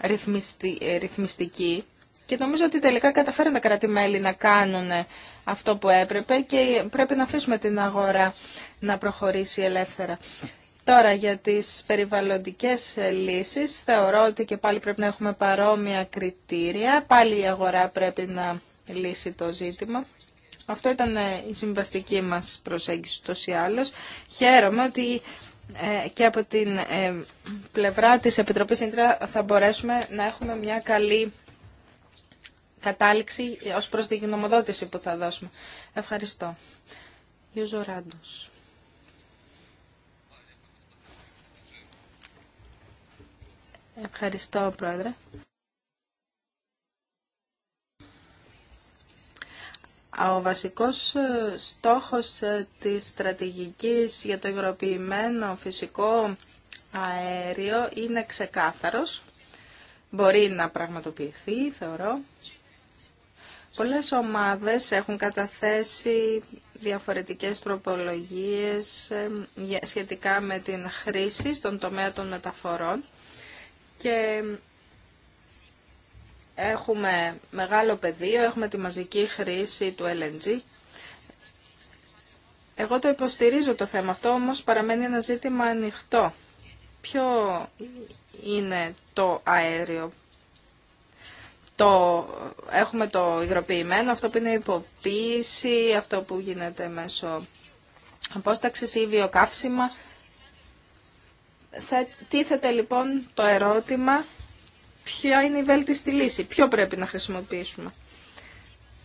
ε, ρυθμιστικοί. Και νομίζω ότι τελικά καταφέρουν τα κράτη-μέλη να κάνουν ε, αυτό που έπρεπε και πρέπει να αφήσουμε την αγορά να προχωρήσει ελεύθερα. Τώρα για τις περιβαλλοντικές λύσεις θεωρώ ότι και πάλι πρέπει να έχουμε παρόμοια κριτήρια. Πάλι η αγορά πρέπει να λύσει το ζήτημα. Αυτό ήταν ε, η συμβαστική μας προσέγγιση τόσο ή άλλως. Χαίρομαι ότι ε, και από την ε, πλευρά της Επιτροπής Ιντρα θα μπορέσουμε να έχουμε μια καλή κατάληξη ως προς την γνωμοδότηση που θα δώσουμε. Ευχαριστώ. Ιούζο Ράντος. Ευχαριστώ, Πρόεδρε. Ο βασικός ε, στόχος ε, της στρατηγικής για το υγροποιημένο φυσικό αέριο είναι ξεκάθαρος. Μπορεί να πραγματοποιηθεί, θεωρώ. Πολλές ομάδες έχουν καταθέσει διαφορετικές τροπολογίες ε, σχετικά με την χρήση στον τομέα των μεταφορών και Έχουμε μεγάλο πεδίο, έχουμε τη μαζική χρήση του LNG. Εγώ το υποστηρίζω το θέμα αυτό, όμως παραμένει ένα ζήτημα ανοιχτό. Ποιο είναι το αέριο. Το, έχουμε το υγροποιημένο, αυτό που είναι υποποίηση, αυτό που γίνεται μέσω απόσταξης ή βιοκαύσιμα. θε τίθεται λοιπόν το ερώτημα ποια είναι η βέλτιστη λύση, ποιο πρέπει να χρησιμοποιήσουμε.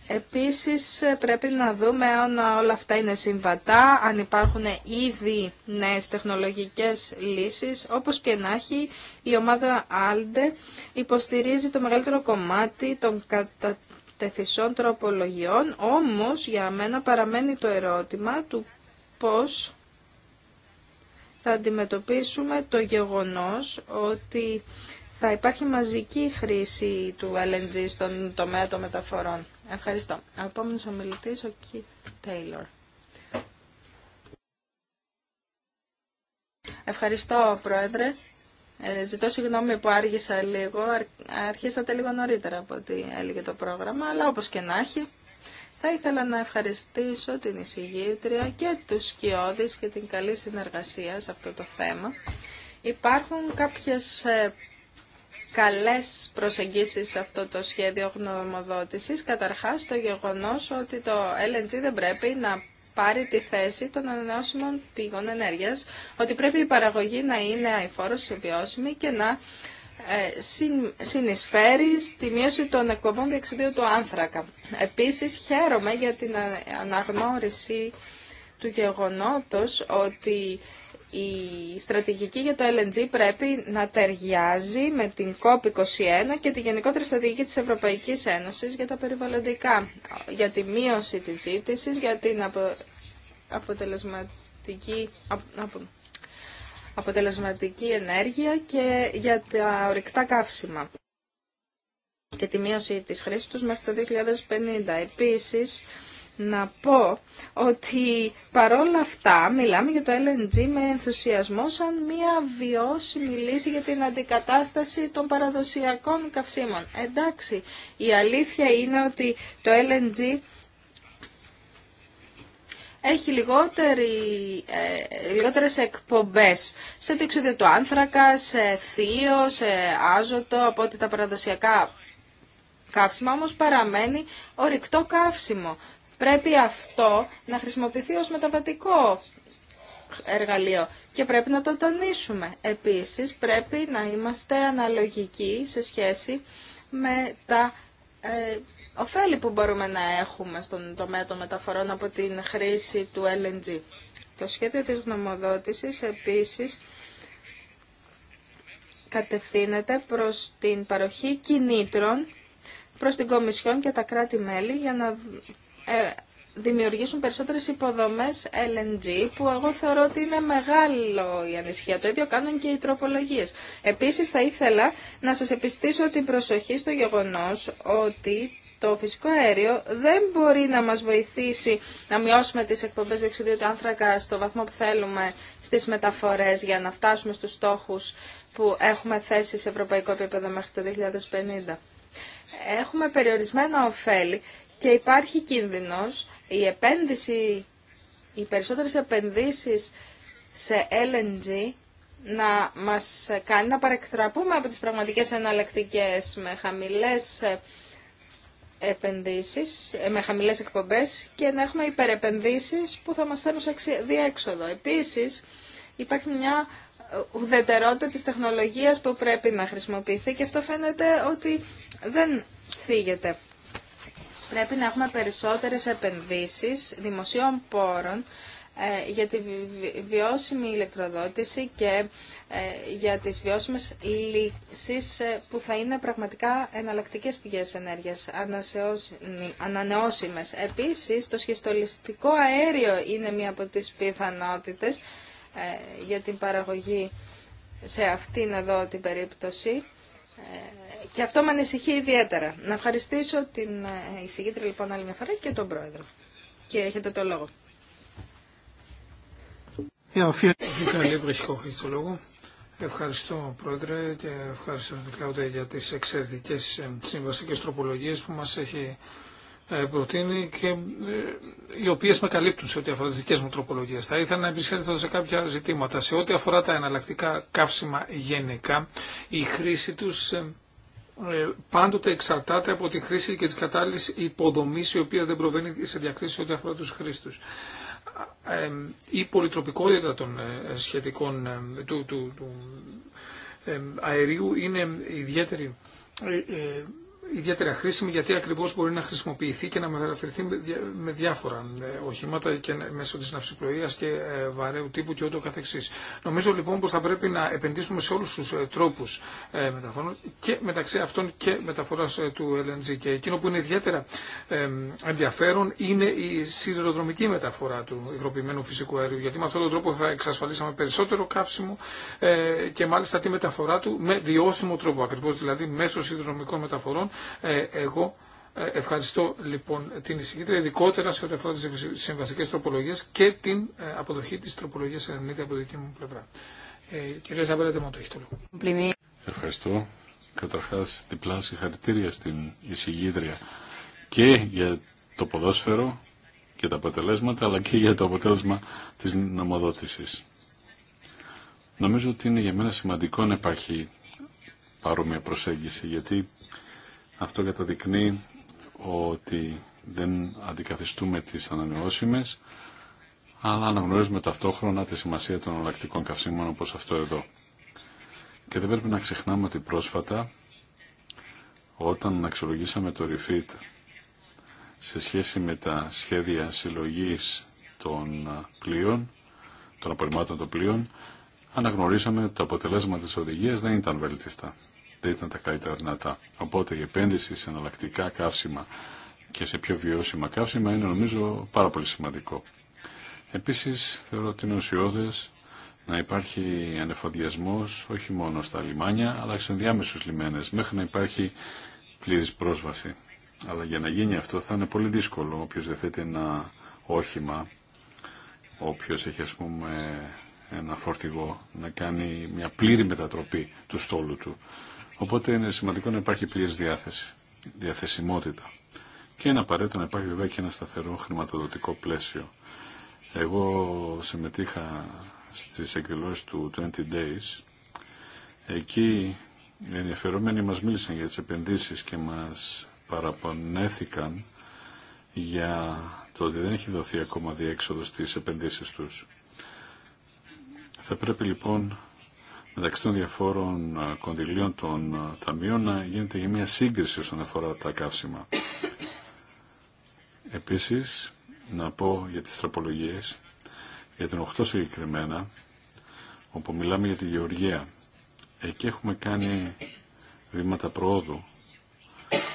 Επίσης πρέπει να δούμε αν όλα αυτά είναι συμβατά, αν υπάρχουν ήδη νέες τεχνολογικές λύσεις. Όπως και να έχει, η ομάδα ALDE υποστηρίζει το μεγαλύτερο κομμάτι των κατατεθισών τροπολογιών, όμως για μένα παραμένει το ερώτημα του πώς θα αντιμετωπίσουμε το γεγονός ότι θα υπάρχει μαζική χρήση του LNG στον τομέα των μεταφορών. Ευχαριστώ. Ο επόμενο ομιλητή ο Keith Taylor. Ευχαριστώ, Πρόεδρε. Ε, ζητώ συγγνώμη που άργησα λίγο. Αρχίσατε λίγο νωρίτερα από ό,τι έλεγε το πρόγραμμα, αλλά όπως και να έχει. Θα ήθελα να ευχαριστήσω την εισηγήτρια και τους σκιώδεις και την καλή συνεργασία σε αυτό το θέμα. Υπάρχουν κάποιες ε, καλές προσεγγίσεις σε αυτό το σχέδιο γνωμοδότησης. Καταρχάς το γεγονός ότι το LNG δεν πρέπει να πάρει τη θέση των ανανεώσιμων πηγών ενέργειας, ότι πρέπει η παραγωγή να είναι αϊφόρος, βιώσιμη και να ε, συνεισφέρει στη μείωση των εκπομπών διεξιδίου του άνθρακα. Επίσης χαίρομαι για την αναγνώριση του γεγονότος ότι η στρατηγική για το LNG πρέπει να ταιριάζει με την COP21 και τη γενικότερη στρατηγική της Ευρωπαϊκής Ένωσης για τα περιβαλλοντικά, για τη μείωση της ζήτησης, για την απο... αποτελεσματική... αποτελεσματική ενέργεια και για τα ορυκτά καύσιμα και τη μείωση της χρήσης τους μέχρι το 2050. Επίσης, να πω ότι παρόλα αυτά μιλάμε για το LNG με ενθουσιασμό σαν μια βιώσιμη λύση για την αντικατάσταση των παραδοσιακών καυσίμων. Εντάξει, η αλήθεια είναι ότι το LNG έχει λιγότερη, ε, λιγότερες εκπομπές σε διοξείδιο του άνθρακα, σε θείο, σε άζωτο από ότι τα παραδοσιακά καύσιμα, όμως παραμένει ορυκτό καύσιμο πρέπει αυτό να χρησιμοποιηθεί ως μεταβατικό εργαλείο και πρέπει να το τονίσουμε. Επίσης πρέπει να είμαστε αναλογικοί σε σχέση με τα ε, ωφέλη που μπορούμε να έχουμε στον τομέα των μεταφορών από την χρήση του LNG. Το σχέδιο της γνωμοδότησης επίσης κατευθύνεται προς την παροχή κινήτρων προς την Κομισιόν και τα κράτη-μέλη για να ε, δημιουργήσουν περισσότερες υποδομές LNG που εγώ θεωρώ ότι είναι μεγάλο η ανησυχία. Το ίδιο κάνουν και οι τροπολογίες. Επίσης θα ήθελα να σας επιστήσω την προσοχή στο γεγονός ότι το φυσικό αέριο δεν μπορεί να μας βοηθήσει να μειώσουμε τις εκπομπές διεξιδίου του άνθρακα στο βαθμό που θέλουμε στις μεταφορές για να φτάσουμε στους στόχους που έχουμε θέσει σε ευρωπαϊκό επίπεδο μέχρι το 2050. Έχουμε περιορισμένα ωφέλη και υπάρχει κίνδυνος η επένδυση, οι περισσότερες επενδύσεις σε LNG να μας κάνει να παρεκτραπούμε από τις πραγματικές εναλλακτικέ με χαμηλές επενδύσεις, ε, με χαμηλές εκπομπές και να έχουμε υπερεπενδύσεις που θα μας φέρουν σε διέξοδο. Επίσης υπάρχει μια ουδετερότητα της τεχνολογίας που πρέπει να χρησιμοποιηθεί και αυτό φαίνεται ότι δεν θίγεται πρέπει να έχουμε περισσότερες επενδύσεις δημοσίων πόρων ε, για τη βιώσιμη ηλεκτροδότηση και ε, για τις βιώσιμες λύσεις ε, που θα είναι πραγματικά εναλλακτικές πηγές ενέργειας, ανανεώσιμες. Επίσης, το σχεστολιστικό αέριο είναι μία από τις πιθανότητες για την παραγωγή σε αυτήν εδώ την περίπτωση και αυτό με ανησυχεί ιδιαίτερα. Να ευχαριστήσω την ε, εισηγήτρια λοιπόν άλλη μια φορά και τον πρόεδρο. Και έχετε το λόγο. το λόγο. Ευχαριστώ Πρόεδρε και ευχαριστώ την Κλάουδα για τις εξαιρετικές ε, συμβαστικές τροπολογίες που μας έχει ε, προτείνει και ε, οι οποίε με καλύπτουν σε ό,τι αφορά τι δικέ μου τροπολογίε. Θα ήθελα να επισέλθω σε κάποια ζητήματα. Σε ό,τι αφορά τα εναλλακτικά καύσιμα γενικά, η χρήση του ε, πάντοτε εξαρτάται από τη χρήση και τη κατάλληλη υποδομή η οποία δεν προβαίνει σε διακρίσει ό,τι αφορά του χρήστου. Η πολυτροπικότητα των σχετικών του, του αερίου είναι ιδιαίτερη ιδιαίτερα χρήσιμη γιατί ακριβώ μπορεί να χρησιμοποιηθεί και να μεταφερθεί με διάφορα ε, οχήματα και μέσω τη ναυσιπλοεία και ε, βαρέου τύπου και ούτω καθεξή. Νομίζω λοιπόν πω θα πρέπει να επενδύσουμε σε όλου του ε, τρόπου μεταφορών και μεταξύ αυτών και μεταφορά του LNG και εκείνο που είναι ιδιαίτερα ενδιαφέρον είναι η σιδηροδρομική μεταφορά του υγροποιημένου φυσικού αερίου γιατί με αυτόν τον τρόπο θα εξασφαλίσαμε περισσότερο καύσιμο και μάλιστα τη μεταφορά του με βιώσιμο τρόπο ακριβώ, δηλαδή μέσω σιδηροδρομικών μεταφορών ε, εγώ ε, ευχαριστώ λοιπόν την εισηγήτρια, ειδικότερα σε ό,τι αφορά τι συμβαστικέ τροπολογίε και την ε, αποδοχή τη τροπολογία 90 από δική μου πλευρά. Ε, κυρία Ζαμπέλα, δεν μου το έχει το λόγο. Ευχαριστώ. Καταρχά, διπλά συγχαρητήρια στην εισηγήτρια και για το ποδόσφαιρο και τα αποτελέσματα, αλλά και για το αποτέλεσμα τη νομοδότηση. Νομίζω ότι είναι για μένα σημαντικό να υπάρχει παρόμοια προσέγγιση, γιατί αυτό καταδεικνύει ότι δεν αντικαθιστούμε τις ανανεώσιμες, αλλά αναγνωρίζουμε ταυτόχρονα τη σημασία των αλλακτικών καυσίμων όπως αυτό εδώ. Και δεν πρέπει να ξεχνάμε ότι πρόσφατα, όταν αξιολογήσαμε το REFIT σε σχέση με τα σχέδια συλλογής των πλοίων, των απορριμμάτων των πλοίων, αναγνωρίσαμε ότι τα αποτελέσματα της οδηγίας δεν ήταν βελτιστά δεν ήταν τα καλύτερα δυνατά. Οπότε η επένδυση σε εναλλακτικά καύσιμα και σε πιο βιώσιμα καύσιμα είναι νομίζω πάρα πολύ σημαντικό. Επίσης θεωρώ ότι είναι ουσιώδες να υπάρχει ανεφοδιασμός όχι μόνο στα λιμάνια αλλά και σε διάμεσους λιμένες μέχρι να υπάρχει πλήρης πρόσβαση. Αλλά για να γίνει αυτό θα είναι πολύ δύσκολο όποιος διαθέτει ένα όχημα, όποιος έχει ας πούμε ένα φορτηγό να κάνει μια πλήρη μετατροπή του στόλου του. Οπότε είναι σημαντικό να υπάρχει πλήρης διάθεση, διαθεσιμότητα. Και είναι απαραίτητο να υπάρχει βέβαια και ένα σταθερό χρηματοδοτικό πλαίσιο. Εγώ συμμετείχα στις εκδηλώσεις του 20 Days. Εκεί οι ενδιαφερομένοι μας μίλησαν για τις επενδύσεις και μας παραπονέθηκαν για το ότι δεν έχει δοθεί ακόμα διέξοδο στις επενδύσεις τους. Θα πρέπει λοιπόν μεταξύ των διαφόρων κονδυλίων των ταμείων να γίνεται για μια σύγκριση όσον αφορά τα καύσιμα. Επίσης, να πω για τις τροπολογίες, για την 8 συγκεκριμένα, όπου μιλάμε για τη γεωργία. Εκεί έχουμε κάνει βήματα προόδου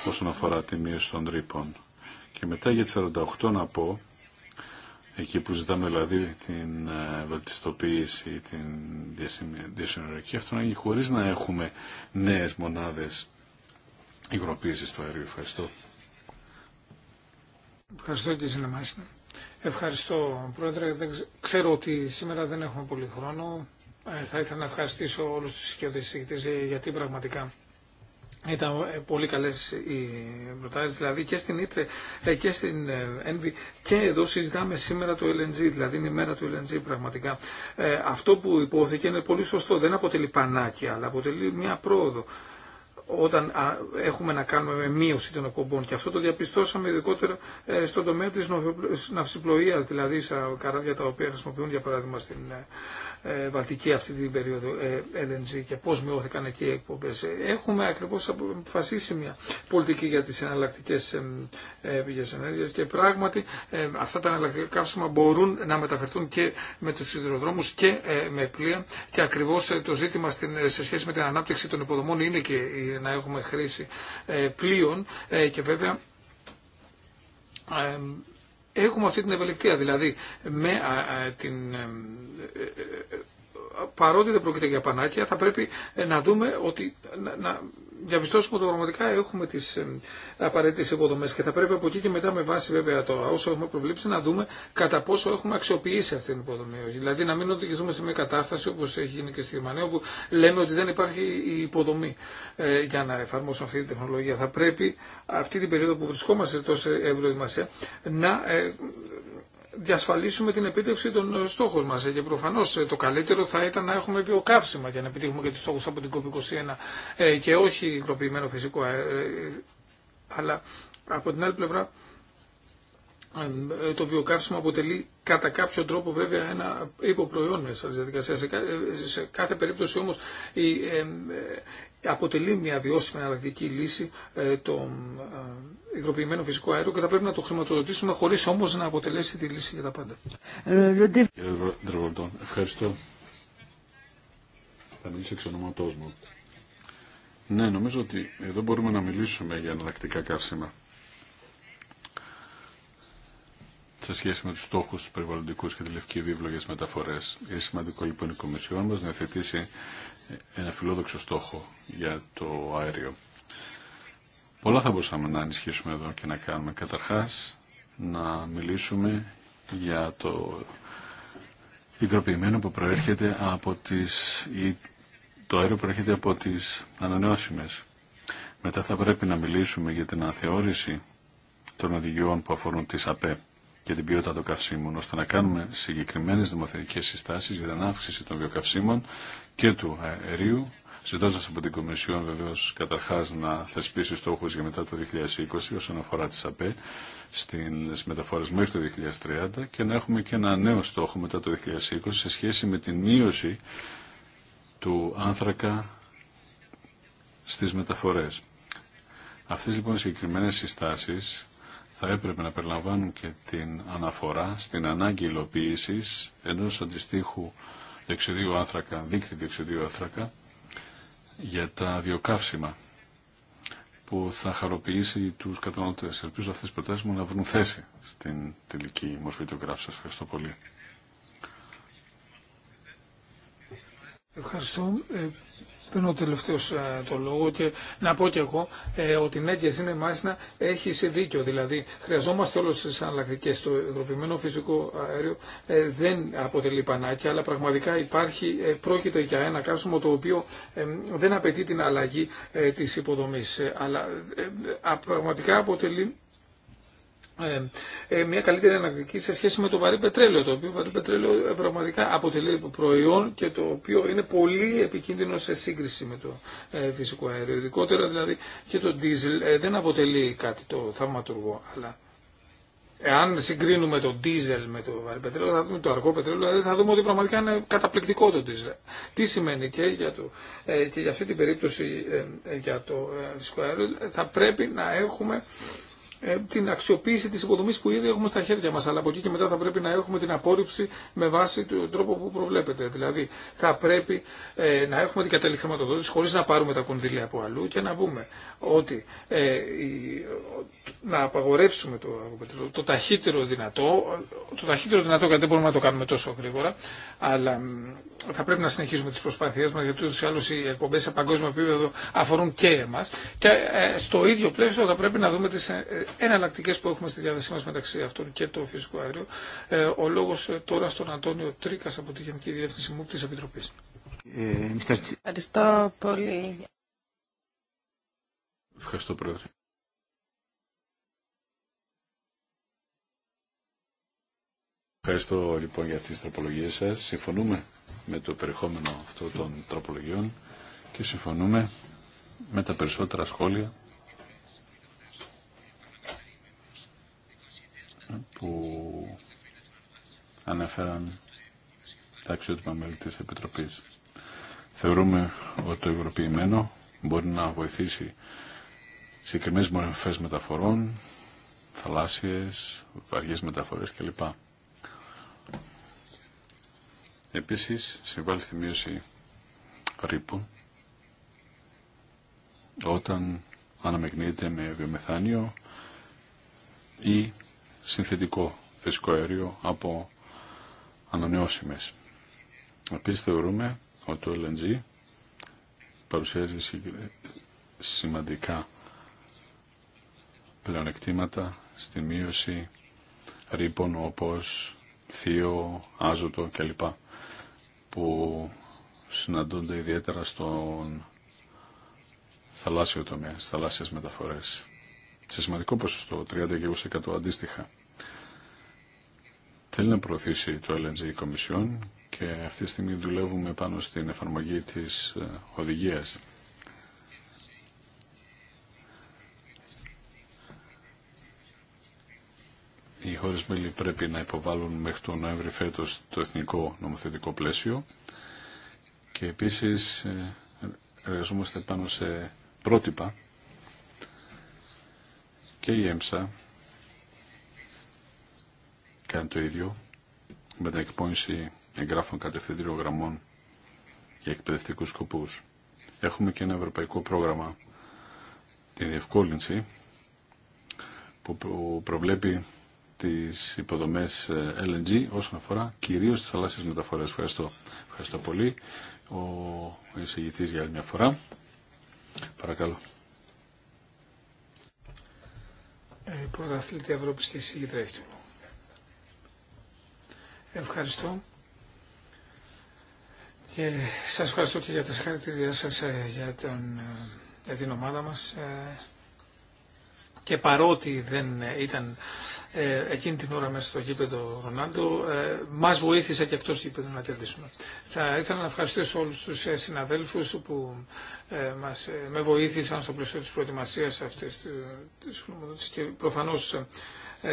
όσον αφορά τη μείωση των τρύπων. Και μετά για τις 48 να πω εκεί που ζητάμε δηλαδή την ε, βελτιστοποίηση, την διασυνορική αυτονομία, χωρίς να έχουμε νέες μονάδες υγροποίησης του αερίου. Ευχαριστώ. Ευχαριστώ κύριε Ευχαριστώ πρόεδρε. ξέρω ότι σήμερα δεν έχουμε πολύ χρόνο. Ε, θα ήθελα να ευχαριστήσω όλους τους οικειοδησίκτες γιατί πραγματικά ήταν ε, πολύ καλέ οι προτάσει, δηλαδή και στην Ήτρε ε, και στην Envy ε, και εδώ συζητάμε σήμερα το LNG, δηλαδή είναι η μέρα του LNG πραγματικά. αυτό που υπόθηκε είναι πολύ σωστό, δεν αποτελεί πανάκια, αλλά αποτελεί μια πρόοδο όταν έχουμε να κάνουμε με μείωση των εκπομπών. Και αυτό το διαπιστώσαμε ειδικότερα ε, στον τομέα της ναυσιπλοείας, δηλαδή στα καράβια τα οποία χρησιμοποιούν για παράδειγμα στην ε, ε, Βαλτική αυτή την περίοδο LNG και πώς μειώθηκαν εκεί οι εκπομπές. Έχουμε ακριβώς αποφασίσει μια πολιτική για τις εναλλακτικέ πηγές ενέργειας και πράγματι αυτά τα εναλλακτικά καύσιμα μπορούν να μεταφερθούν και με τους σιδηροδρόμους και με πλοία και ακριβώς το ζήτημα σε σχέση με την ανάπτυξη των υποδομών είναι και η να έχουμε χρήση ε, πλοίων ε, και βέβαια ε, έχουμε αυτή την ευελικτία. Δηλαδή, με την παρότι δεν πρόκειται για πανάκια, θα πρέπει ε, να δούμε ότι να, διαπιστώσουμε ότι πραγματικά έχουμε τι ε, απαραίτητε υποδομέ και θα πρέπει από εκεί και μετά, με βάση βέβαια το όσο έχουμε προβλέψει, να δούμε κατά πόσο έχουμε αξιοποιήσει αυτή την υποδομή. Δηλαδή να μην οδηγηθούμε σε μια κατάσταση όπω έχει γίνει και στη Γερμανία, όπου λέμε ότι δεν υπάρχει η υποδομή ε, για να εφαρμόσουμε αυτή την τεχνολογία. Θα πρέπει αυτή την περίοδο που βρισκόμαστε σε τόση ευρωδημασία να ε, διασφαλίσουμε την επίτευξη των ε, στόχων μας. Ε, και προφανώς ε, το καλύτερο θα ήταν να έχουμε βιοκαύσιμα για να επιτύχουμε και τους στόχους από την COP21 και όχι υγροποιημένο φυσικό Αλλά από την άλλη πλευρά το βιοκαύσιμο αποτελεί κατά κάποιο τρόπο βέβαια ένα υποπροϊόν μέσα της διαδικασία. Σε κάθε περίπτωση όμως η αποτελεί μια βιώσιμη εναλλακτική λύση ε, το ε, υγροποιημένο φυσικό αέριο και θα πρέπει να το χρηματοδοτήσουμε χωρίς όμως να αποτελέσει τη λύση για τα πάντα. Ε, ευχαριστώ. Θα μιλήσω εξ ονοματός μου. Ναι, νομίζω ότι εδώ μπορούμε να μιλήσουμε για εναλλακτικά καύσιμα. σε σχέση με τους στόχους του περιβαλλοντικού και τη λευκή βίβλο για τις μεταφορέ. Είναι σημαντικό λοιπόν η Κομισιόν μα να θετήσει ένα φιλόδοξο στόχο για το αέριο. Πολλά θα μπορούσαμε να ενισχύσουμε εδώ και να κάνουμε. Καταρχάς, να μιλήσουμε για το υγροποιημένο που προέρχεται από τις... το αέριο προέρχεται από τις ανανεώσιμες. Μετά θα πρέπει να μιλήσουμε για την αναθεώρηση των οδηγιών που αφορούν τις ΑΠΕ και την ποιότητα των καυσίμων, ώστε να κάνουμε συγκεκριμένες δημοθετικές συστάσεις για την αύξηση των βιοκαυσίμων και του αερίου, ζητώντα από την Κομισιόν βεβαίω καταρχά να θεσπίσει στόχου για μετά το 2020 όσον αφορά τι ΑΠΕ στι μεταφορέ μέχρι το 2030 και να έχουμε και ένα νέο στόχο μετά το 2020 σε σχέση με την μείωση του άνθρακα στις μεταφορές. Αυτές λοιπόν οι συγκεκριμένες συστάσεις θα έπρεπε να περιλαμβάνουν και την αναφορά στην ανάγκη υλοποίηση ενός αντιστοίχου διοξιδίου άνθρακα, δίκτυ διεξιδίου άνθρακα για τα βιοκαύσιμα που θα χαροποιήσει του κατανάλωτε Ελπίζω αυτέ τις προτάσεις μου να βρουν θέση στην τελική μορφή του γράφου. Σας ευχαριστώ πολύ. Ε, Παίρνω τελευταίο ε, το λόγο και να πω και εγώ ε, ότι ναι και είναι να έχει δίκιο. Δηλαδή χρειαζόμαστε όλε τι αναλλακτικέ. Το ευρωπημένο φυσικό αέριο ε, δεν αποτελεί πανάκια, αλλά πραγματικά υπάρχει, πρόκειται για ένα κάψιμο το οποίο δεν απαιτεί την αλλαγή τη υποδομή. Αλλά πραγματικά αποτελεί ε, ε, μια καλύτερη ανακριτική σε σχέση με το βαρύ πετρέλαιο, το οποίο βαρύ πετρέλαιο ε, πραγματικά αποτελεί προϊόν και το οποίο είναι πολύ επικίνδυνο σε σύγκριση με το φυσικό αέριο. Ειδικότερα δηλαδή και το ντίζελ δεν αποτελεί κάτι το θαυματουργό, αλλά εάν συγκρίνουμε το ντίζελ με το βαρύ πετρέλαιο, θα δούμε το αργό πετρέλαιο, δηλαδή θα δούμε ότι πραγματικά είναι καταπληκτικό το ντίζελ. Τι σημαίνει και για, το, και για αυτή την περίπτωση για το φυσικό αέριο, θα πρέπει να έχουμε ε, την αξιοποίηση της υποδομής που ήδη έχουμε στα χέρια μας, αλλά από εκεί και μετά θα πρέπει να έχουμε την απόρριψη με βάση τον τρόπο που προβλέπετε Δηλαδή θα πρέπει ε, να έχουμε την κατάλληλη χρηματοδότηση χωρίς να πάρουμε τα κονδύλια από αλλού και να πούμε ότι ε, να απαγορεύσουμε το, το, το, ταχύτερο δυνατό, το ταχύτερο δυνατό γιατί δεν μπορούμε να το κάνουμε τόσο γρήγορα, αλλά θα πρέπει να συνεχίσουμε τις προσπάθειές μας γιατί ούτως ή άλλως οι εκπομπές σε παγκόσμιο επίπεδο αφορούν και εμάς και στο ίδιο πλαίσιο θα πρέπει να δούμε τις εναλλακτικέ που έχουμε στη διάθεσή μα μεταξύ αυτών και το φυσικό αέριο. Ε, ο λόγο ε, τώρα στον Αντώνιο Τρίκα από τη Γενική Διεύθυνση ΜΟΥΚ τη Επιτροπή. Ε, Ευχαριστώ πολύ. Ευχαριστώ, Πρόεδρε. Ευχαριστώ λοιπόν για τις τροπολογίες σας. Συμφωνούμε με το περιεχόμενο αυτό των τροπολογιών και συμφωνούμε με τα περισσότερα σχόλια που ανέφεραν τα αξιότυπα μέλη της Επιτροπής. Θεωρούμε ότι το ευρωποιημένο μπορεί να βοηθήσει συγκεκριμένες μορφές μεταφορών, θαλάσσιες, βαριές μεταφορές κλπ. Επίσης, συμβάλλει στη μείωση ρήπων όταν αναμεγνύεται με βιομεθάνιο ή συνθετικό φυσικό αέριο από ανανεώσιμες. Επίσης θεωρούμε ότι το LNG παρουσιάζει σημαντικά πλεονεκτήματα στη μείωση ρήπων όπως θείο, άζωτο κλπ. που συναντούνται ιδιαίτερα στον θαλάσσιο τομέα, στις θαλάσσιες μεταφορές σε σημαντικό ποσοστό, 30 αντίστοιχα. Θέλει να προωθήσει το LNG η και αυτή τη στιγμή δουλεύουμε πάνω στην εφαρμογή της ε, οδηγίας. Οι χώρες μέλη πρέπει να υποβάλουν μέχρι τον Νοέμβρη φέτος το εθνικό νομοθετικό πλαίσιο και επίσης ε, εργαζόμαστε πάνω σε πρότυπα και η ΕΜΣΑ κάνει το ίδιο με την εκπόνηση εγγράφων κατευθυντήριων γραμμών για εκπαιδευτικούς σκοπούς. Έχουμε και ένα ευρωπαϊκό πρόγραμμα, τη διευκόλυνση, που προβλέπει τις υποδομές ε, LNG όσον αφορά κυρίως τις θαλάσσιες μεταφορές. Ευχαριστώ. Ευχαριστώ πολύ. Ο εισηγητής για άλλη μια φορά. Παρακαλώ. Ε, Πρωταθλήτη Ευρώπη στη Σίγητρα έχει Ευχαριστώ. Και σας ευχαριστώ και για τα συγχαρητήριά σας ε, για, τον, ε, για την ομάδα μας και παρότι δεν ε, ήταν ε, εκείνη την ώρα μέσα στο γήπεδο Ρονάντο, ε, μας βοήθησε και εκτός γήπεδου να κερδίσουμε. Θα ήθελα να ευχαριστήσω όλους τους ε, συναδέλφους που ε, μας, ε, με βοήθησαν στο πλαίσιο της προετοιμασίας αυτής της γνωμοδότησης και προφανώς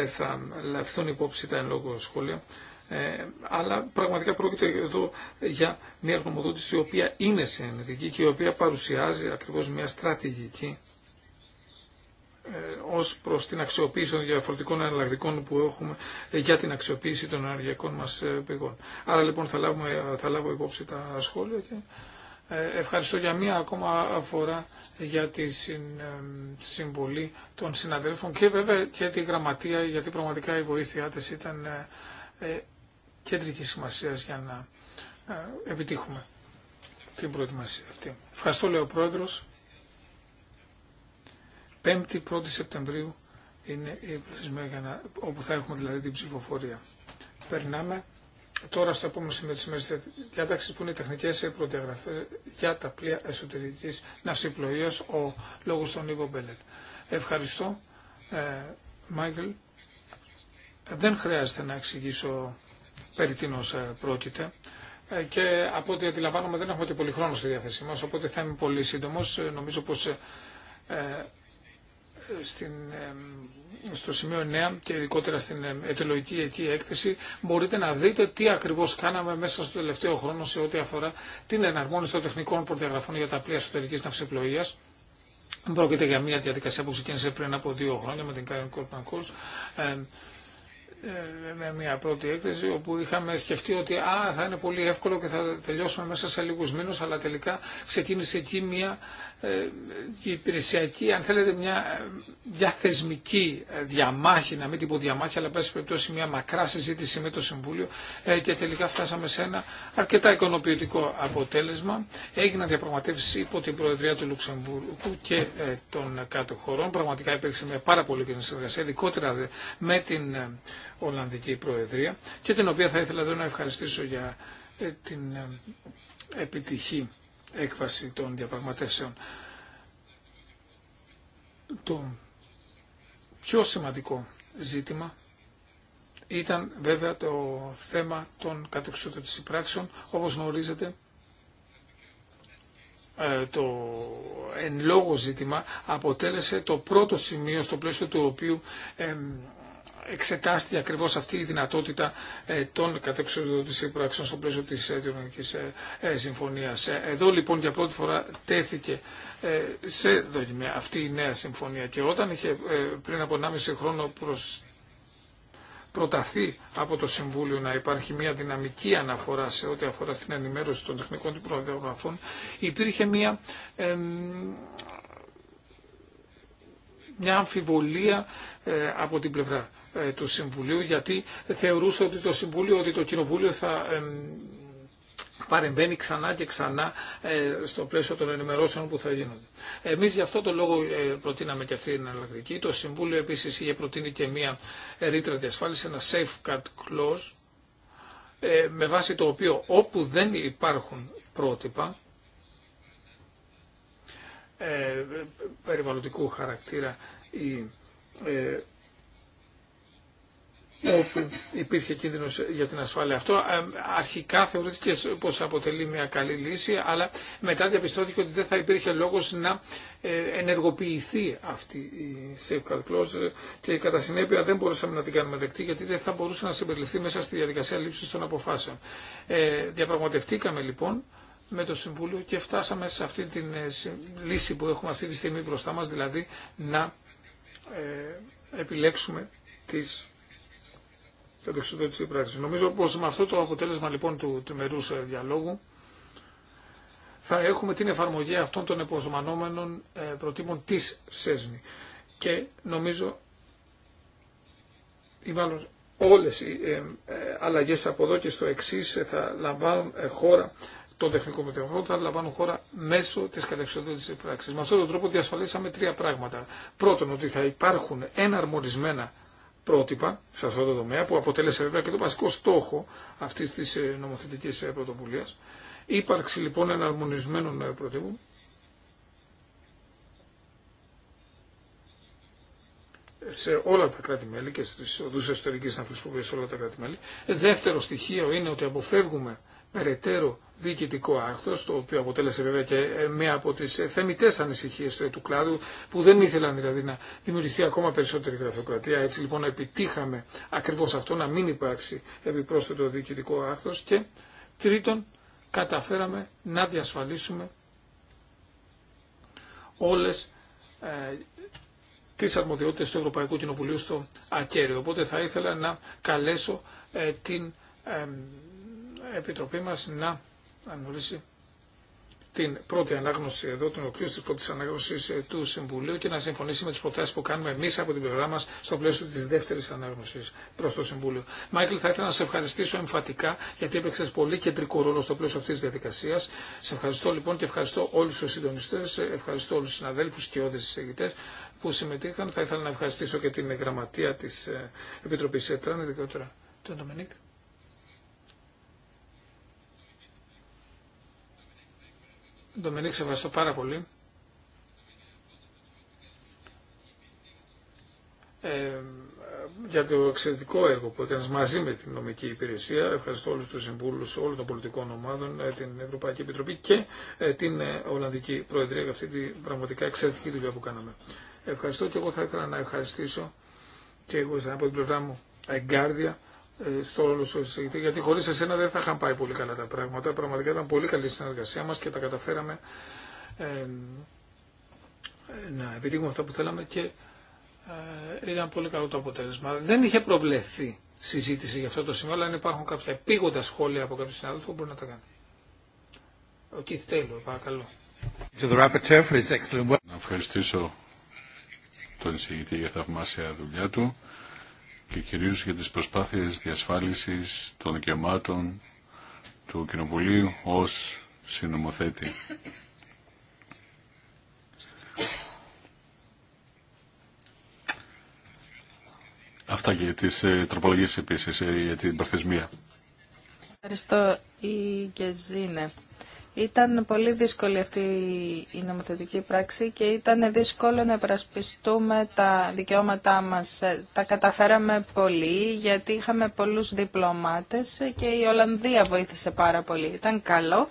θα λαφθούν υπόψη τα εν λόγω σχόλια. Ε, αλλά πραγματικά πρόκειται εδώ για μια γνωμοδότηση η οποία είναι συνενετική και η οποία παρουσιάζει ακριβώς μια στρατηγική ε, ως προς την αξιοποίηση των διαφορετικών εναλλακτικών που έχουμε ε, για την αξιοποίηση των ενεργειακών μας ε, πηγών. Άρα λοιπόν θα, λάβουμε, θα λάβω υπόψη τα σχόλια και ευχαριστώ για μία ακόμα φορά για τη συμβολή των συναδέλφων και βέβαια και τη γραμματεία γιατί πραγματικά η βοήθειά της ήταν κεντρική σημασία για να επιτύχουμε την προετοιμασία αυτή. Ευχαριστώ λέει ο Πρόεδρος. 5η 1η Σεπτεμβρίου είναι η προθεσμία όπου θα έχουμε δηλαδή την ψηφοφορία. Περνάμε τώρα στο επόμενο σημείο της ημέρας διάταξης που είναι οι τεχνικές προδιαγραφές για τα πλοία εσωτερικής ναυσιπλοείας, ο λόγος των Ιβο Μπέλετ. Ευχαριστώ, ε, Μάικλ. Δεν χρειάζεται να εξηγήσω περί τίνος ε, πρόκειται ε, και από ό,τι αντιλαμβάνομαι δεν έχουμε και πολύ χρόνο στη διάθεσή μας, οπότε θα είμαι πολύ σύντομος. Νομίζω πως στην, στο σημείο 9 και ειδικότερα στην ετελογική εκεί έκθεση μπορείτε να δείτε τι ακριβώς κάναμε μέσα στο τελευταίο χρόνο σε ό,τι αφορά την εναρμόνιση των τεχνικών προδιαγραφών για τα πλοία εσωτερικής ναυσιπλοείας. Πρόκειται για μια διαδικασία που ξεκίνησε πριν από δύο χρόνια με την Karen Corpan Calls με μια πρώτη έκθεση όπου είχαμε σκεφτεί ότι α, θα είναι πολύ εύκολο και θα τελειώσουμε μέσα σε λίγους μήνους αλλά τελικά ξεκίνησε εκεί μια η ε, υπηρεσιακή, αν θέλετε, μια ε, διαθεσμική ε, διαμάχη, να μην την πω διαμάχη, αλλά πάση περιπτώσει μια μακρά συζήτηση με το Συμβούλιο και τελικά φτάσαμε σε ένα αρκετά ικανοποιητικό αποτέλεσμα. Έγιναν διαπραγματεύσει υπό την Προεδρία του Λουξεμβούργου και των κάτω χωρών. Πραγματικά υπήρξε μια πάρα πολύ κοινή συνεργασία, ειδικότερα με την Ολλανδική Προεδρία και την οποία θα ήθελα εδώ να ευχαριστήσω για την επιτυχή έκβαση των διαπραγματεύσεων. Το πιο σημαντικό ζήτημα ήταν βέβαια το θέμα των της πράξεων. Όπως γνωρίζετε, ε, το εν λόγω ζήτημα αποτέλεσε το πρώτο σημείο στο πλαίσιο του οποίου εξετάστηκε ακριβώς αυτή η δυνατότητα ε, των κατεξοδότηση πράξεων στο πλαίσιο της Συμφωνία. Ε, ε, συμφωνίας. Εδώ λοιπόν για πρώτη φορά τέθηκε σε δοκιμή αυτή η νέα συμφωνία και όταν είχε πριν από 1,5 χρόνο προς προταθεί από το Συμβούλιο να υπάρχει μια δυναμική αναφορά σε ό,τι αφορά στην ενημέρωση των τεχνικών του προδιαγραφών, υπήρχε μια, μια αμφιβολία από την πλευρά ε, του Συμβουλίου γιατί θεωρούσε ότι το Συμβούλιο, ότι το Κοινοβούλιο θα παρεμβαίνει ξανά και ξανά ε, στο πλαίσιο των ενημερώσεων που θα γίνονται. Εμείς γι' αυτό το λόγο ε, προτείναμε και αυτή την εναλλακτική. Το Συμβούλιο επίσης είχε προτείνει και μία ρήτρα διασφάλιση, ένα safe cut clause, με βάση το οποίο όπου δεν υπάρχουν πρότυπα περιβαλλοντικού χαρακτήρα ή όπου υπήρχε κίνδυνο για την ασφάλεια. Αυτό ε, αρχικά θεωρήθηκε πω αποτελεί μια καλή λύση, αλλά μετά διαπιστώθηκε ότι δεν θα υπήρχε λόγο να ε, ενεργοποιηθεί αυτή η safeguard clause και κατά συνέπεια δεν μπορούσαμε να την κάνουμε δεκτή γιατί δεν θα μπορούσε να συμπεριληφθεί μέσα στη διαδικασία λήψη των αποφάσεων. Ε, διαπραγματευτήκαμε λοιπόν με το Συμβούλιο και φτάσαμε σε αυτή τη λύση που έχουμε αυτή τη στιγμή μπροστά μας, δηλαδή να επιλέξουμε τις και της πράξη. Νομίζω πως με αυτό το αποτέλεσμα λοιπόν του τριμερούς ε, διαλόγου θα έχουμε την εφαρμογή αυτών των εποσμανόμενων ε, προτύπων της ΣΕΣΜΗ. Και νομίζω ή μάλλον όλες οι ε, αλλαγές από εδώ και στο εξή θα λαμβάνουν χώρα το τεχνικό μετεωρό θα λαμβάνουν χώρα μέσω τη κατεξοδότηση πράξη. Με αυτόν τον τρόπο διασφαλίσαμε τρία πράγματα. Πρώτον, ότι θα υπάρχουν εναρμονισμένα πρότυπα σε αυτό το τομέα που αποτέλεσε βέβαια και το βασικό στόχο αυτή τη ε, νομοθετική ε, πρωτοβουλία. Ύπαρξη λοιπόν εναρμονισμένων ε, προτύπων σε όλα τα κράτη-μέλη και στις οδούς εσωτερικής να σε όλα τα κράτη-μέλη. Δεύτερο στοιχείο είναι ότι αποφεύγουμε περαιτέρω διοικητικό άκτο, το οποίο αποτέλεσε βέβαια και ε, μία από τι ε, θεμητέ ανησυχίε του κλάδου, που δεν ήθελαν δηλαδή να δημιουργηθεί ακόμα περισσότερη γραφειοκρατία. Έτσι λοιπόν επιτύχαμε ακριβώ αυτό, να μην υπάρξει επιπρόσθετο διοικητικό άκτο και τρίτον, καταφέραμε να διασφαλίσουμε όλες ε, τις αρμοδιότητες του Ευρωπαϊκού Κοινοβουλίου στο ακέραιο. Οπότε θα ήθελα να καλέσω ε, την Επιτροπή μας να να γνωρίσει την πρώτη ανάγνωση εδώ, την οκλήρωση τη πρώτη ανάγνωση ε, του Συμβουλίου και να συμφωνήσει με τι προτάσει που κάνουμε εμεί από την πλευρά μα στο πλαίσιο τη δεύτερη ανάγνωση προ το Συμβούλιο. Μάικλ, θα ήθελα να σε ευχαριστήσω εμφατικά γιατί έπαιξε πολύ κεντρικό ρόλο στο πλαίσιο αυτή τη διαδικασία. Σε ευχαριστώ λοιπόν και ευχαριστώ όλου του συντονιστέ, ε, ευχαριστώ όλου του συναδέλφου και τι συζητητέ που συμμετείχαν. Θα ήθελα να ευχαριστήσω και την γραμματεία τη ε, Επιτροπή ΕΤΡΑΝ, ειδικότερα τον Ντομινίκ Ντομινίκ, σε ευχαριστώ πάρα πολύ. Ε, για το εξαιρετικό έργο που έκανε μαζί με την νομική υπηρεσία. Ευχαριστώ όλου του συμβούλου όλων των πολιτικών ομάδων, ε, την Ευρωπαϊκή Επιτροπή και ε, την ε, Ολλανδική Προεδρία για αυτή την πραγματικά εξαιρετική δουλειά που κάναμε. Ευχαριστώ και εγώ θα ήθελα να ευχαριστήσω και εγώ από την πλευρά μου εγκάρδια ε, στο όλο σου γιατί χωρί εσένα δεν θα είχαν πάει πολύ καλά τα πράγματα. Πραγματικά ήταν πολύ καλή η συνεργασία μα και τα καταφέραμε ε, να επιτύχουμε αυτά που θέλαμε και ε, ήταν πολύ καλό το αποτέλεσμα. Δεν είχε προβλεφθεί συζήτηση για αυτό το σημείο, αλλά αν υπάρχουν κάποια επίγοντα σχόλια από κάποιου συνάδελφου, μπορεί να τα κάνει. Ο παρακαλώ. Να ευχαριστήσω τον εισηγητή για θαυμάσια δουλειά του και κυρίως για τις προσπάθειες διασφάλισης των δικαιωμάτων του Κοινοβουλίου ως συνομοθέτη. Αυτά και για τις ε, τροπολογίες επίσης, ε, για την προθεσμία. Ευχαριστώ η Γεζίνε. Ήταν πολύ δύσκολη αυτή η νομοθετική πράξη και ήταν δύσκολο να επρασπιστούμε τα δικαιώματά μας. Ε, τα καταφέραμε πολύ γιατί είχαμε πολλούς διπλωμάτες και η Ολλανδία βοήθησε πάρα πολύ. Ήταν καλό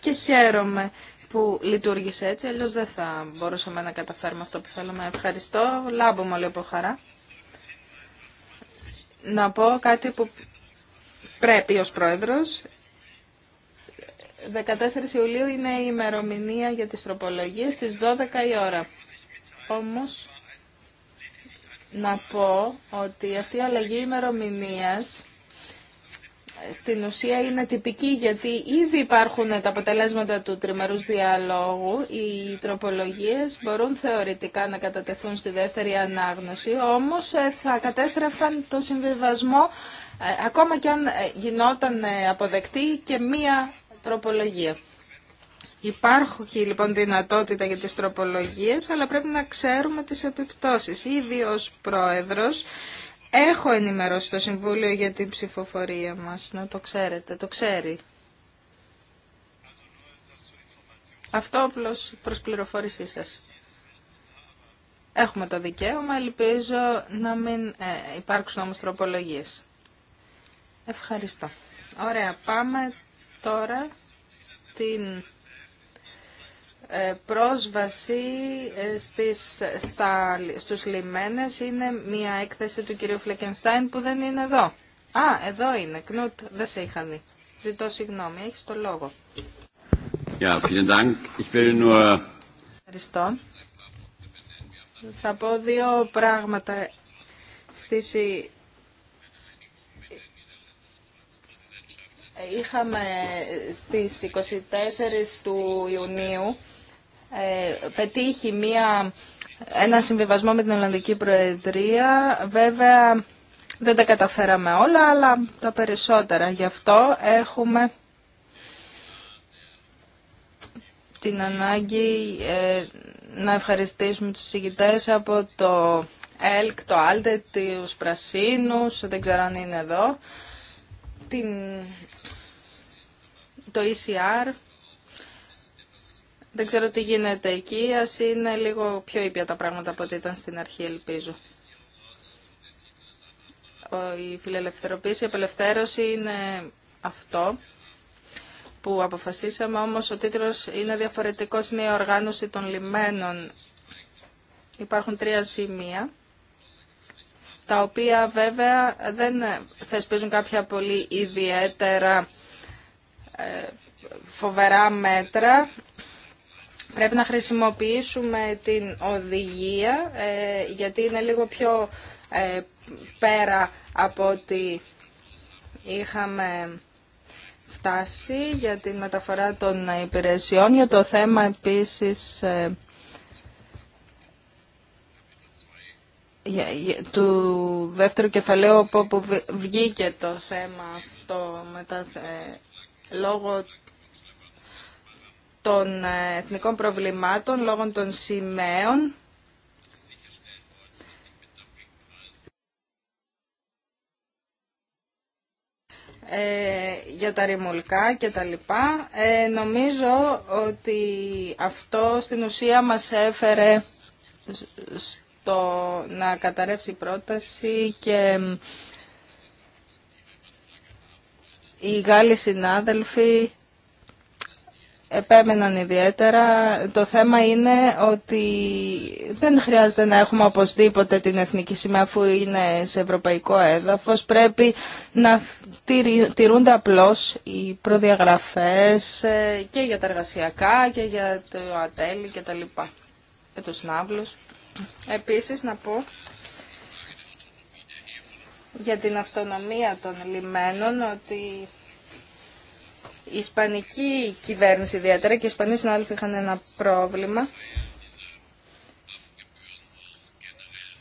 και χαίρομαι που λειτουργήσε έτσι, αλλιώ δεν θα μπορούσαμε να καταφέρουμε αυτό που θέλουμε. Ευχαριστώ, λάμπω μου από χαρά. Να πω κάτι που πρέπει ως πρόεδρος. 14 Ιουλίου είναι η ημερομηνία για τις τροπολογίες στις 12 η ώρα. Όμως, να πω ότι αυτή η αλλαγή ημερομηνία στην ουσία είναι τυπική γιατί ήδη υπάρχουν τα αποτελέσματα του τριμερούς διαλόγου. Οι τροπολογίες μπορούν θεωρητικά να κατατεθούν στη δεύτερη ανάγνωση, όμως ε, θα κατέστρεφαν το συμβιβασμό ε, ακόμα και αν ε, γινόταν αποδεκτή και μία τροπολογία. Υπάρχει λοιπόν δυνατότητα για τις τροπολογίες, αλλά πρέπει να ξέρουμε τις επιπτώσεις. Ήδη ως πρόεδρος έχω ενημερώσει το Συμβούλιο για την ψηφοφορία μας, να το ξέρετε, το ξέρει. Αυτό απλώς προς πληροφόρησή σας. Έχουμε το δικαίωμα, ελπίζω να μην ε, υπάρξουν όμως τροπολογίες. Ευχαριστώ. Ωραία, πάμε τώρα την ε, πρόσβαση ε, στις, στα, στους λιμένες είναι μια έκθεση του κυρίου Φλεκενστάιν που δεν είναι εδώ. Α, εδώ είναι. Κνούτ, δεν σε είχα Ζητώ συγγνώμη, έχεις το λόγο. Ευχαριστώ. Θα πω δύο πράγματα. Στη είχαμε στις 24 του Ιουνίου ε, πετύχει μία, ένα συμβιβασμό με την Ολλανδική Προεδρία. Βέβαια δεν τα καταφέραμε όλα, αλλά τα περισσότερα. Γι' αυτό έχουμε την ανάγκη ε, να ευχαριστήσουμε τους συγκητές από το ΕΛΚ, το ΑΛΤΕ, τους Πρασίνους, δεν ξέρω αν είναι εδώ, την το ECR. Δεν ξέρω τι γίνεται εκεί, ας είναι λίγο πιο ήπια τα πράγματα από ό,τι ήταν στην αρχή, ελπίζω. Η φιλελευθερωποίηση, η απελευθέρωση είναι αυτό που αποφασίσαμε, όμως ο τίτλος είναι διαφορετικός, είναι η οργάνωση των λιμένων. Υπάρχουν τρία σημεία, τα οποία βέβαια δεν θεσπίζουν κάποια πολύ ιδιαίτερα ε, φοβερά μέτρα. Πρέπει να χρησιμοποιήσουμε την οδηγία ε, γιατί είναι λίγο πιο ε, πέρα από ότι είχαμε φτάσει για την μεταφορά των υπηρεσιών. Για το θέμα επίσης του δεύτερου κεφαλαίου από όπου βγήκε το θέμα αυτό μετά λόγω των ε, εθνικών προβλημάτων, λόγω των σημαίων. Ε, για τα ρημουλκά και τα λοιπά. Ε, νομίζω ότι αυτό στην ουσία μας έφερε στο να καταρρεύσει η πρόταση και οι Γάλλοι συνάδελφοι επέμεναν ιδιαίτερα. Το θέμα είναι ότι δεν χρειάζεται να έχουμε οπωσδήποτε την εθνική σημαία αφού είναι σε ευρωπαϊκό έδαφος. Πρέπει να τηρούνται απλώς οι προδιαγραφές ε, και για τα εργασιακά και για το ατέλη και τα λοιπά. Και τους Επίσης να πω για την αυτονομία των λιμένων ότι η Ισπανική κυβέρνηση ιδιαίτερα και οι Ισπανοί συνάδελφοι είχαν ένα πρόβλημα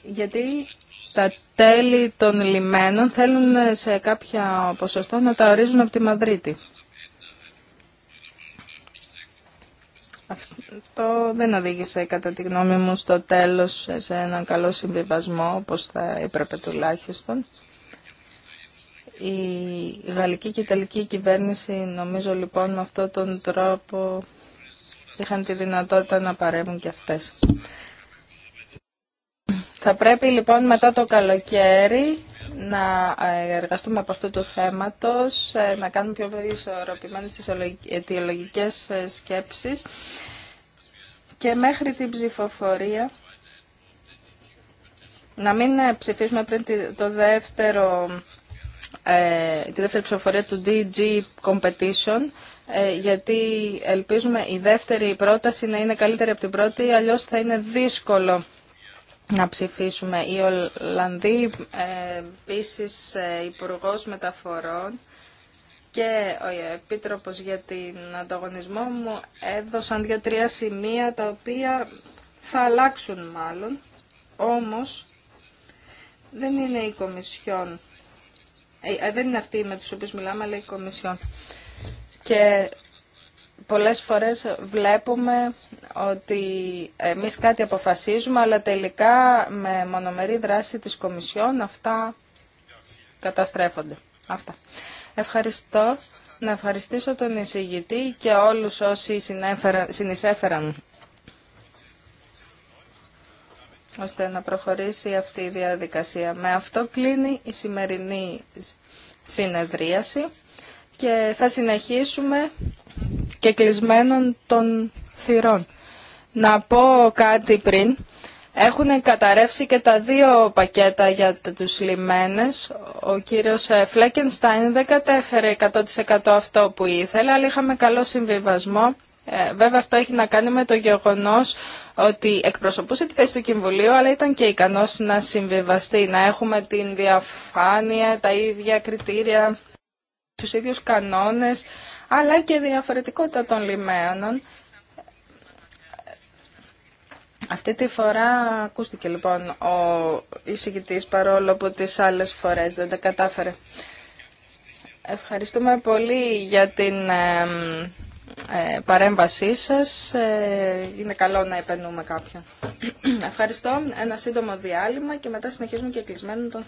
γιατί τα τέλη των λιμένων θέλουν σε κάποια ποσοστό να τα ορίζουν από τη Μαδρίτη. Αυτό δεν οδήγησε κατά τη γνώμη μου στο τέλος σε έναν καλό συμβιβασμό, όπως θα έπρεπε τουλάχιστον. Η γαλλική και η ιταλική κυβέρνηση νομίζω λοιπόν με αυτόν τον τρόπο είχαν τη δυνατότητα να παρέμουν και αυτές. Θα πρέπει λοιπόν μετά το καλοκαίρι να ε, εργαστούμε από αυτού του θέματος, ε, να κάνουμε πιο ισορροπημένες αιτιολογικές ε, σκέψεις και μέχρι την ψηφοφορία να μην ψηφίσουμε πριν το δεύτερο, τη δεύτερη ψηφοφορία του DG Competition, γιατί ελπίζουμε η δεύτερη πρόταση να είναι καλύτερη από την πρώτη, αλλιώς θα είναι δύσκολο να ψηφίσουμε. Η Ολλανδή, ε, επίση ε, υπουργό Μεταφορών και ο Επίτροπος για την ανταγωνισμό μου έδωσαν δύο-τρία σημεία τα οποία θα αλλάξουν μάλλον, όμως δεν είναι η Κομισιόν. Ε, δεν είναι αυτή με τους οποίους μιλάμε, αλλά η Κομισιόν. Και πολλές φορές βλέπουμε ότι εμείς κάτι αποφασίζουμε, αλλά τελικά με μονομερή δράση της Κομισιόν αυτά καταστρέφονται. Αυτά. Ευχαριστώ. Να ευχαριστήσω τον εισηγητή και όλους όσοι συνεισέφεραν ώστε να προχωρήσει αυτή η διαδικασία. Με αυτό κλείνει η σημερινή συνεδρίαση και θα συνεχίσουμε και κλεισμένων των θυρών. Να πω κάτι πριν. Έχουν καταρρεύσει και τα δύο πακέτα για τους λιμένες. Ο κύριος ε, Φλέκενστάιν δεν κατέφερε 100% αυτό που ήθελε, αλλά είχαμε καλό συμβιβασμό. Ε, βέβαια αυτό έχει να κάνει με το γεγονός ότι εκπροσωπούσε τη θέση του Κοινοβουλίου αλλά ήταν και ικανός να συμβιβαστεί, να έχουμε την διαφάνεια, τα ίδια κριτήρια, τους ίδιους κανόνες αλλά και διαφορετικότητα των λιμένων. Αυτή τη φορά ακούστηκε λοιπόν ο εισηγητής παρόλο που τις άλλες φορές δεν τα κατάφερε. Ευχαριστούμε πολύ για την ε, παρέμβασή σας. Ε, είναι καλό να επενούμε κάποιον. Ευχαριστώ. Ένα σύντομο διάλειμμα και μετά συνεχίζουμε και κλεισμένο τον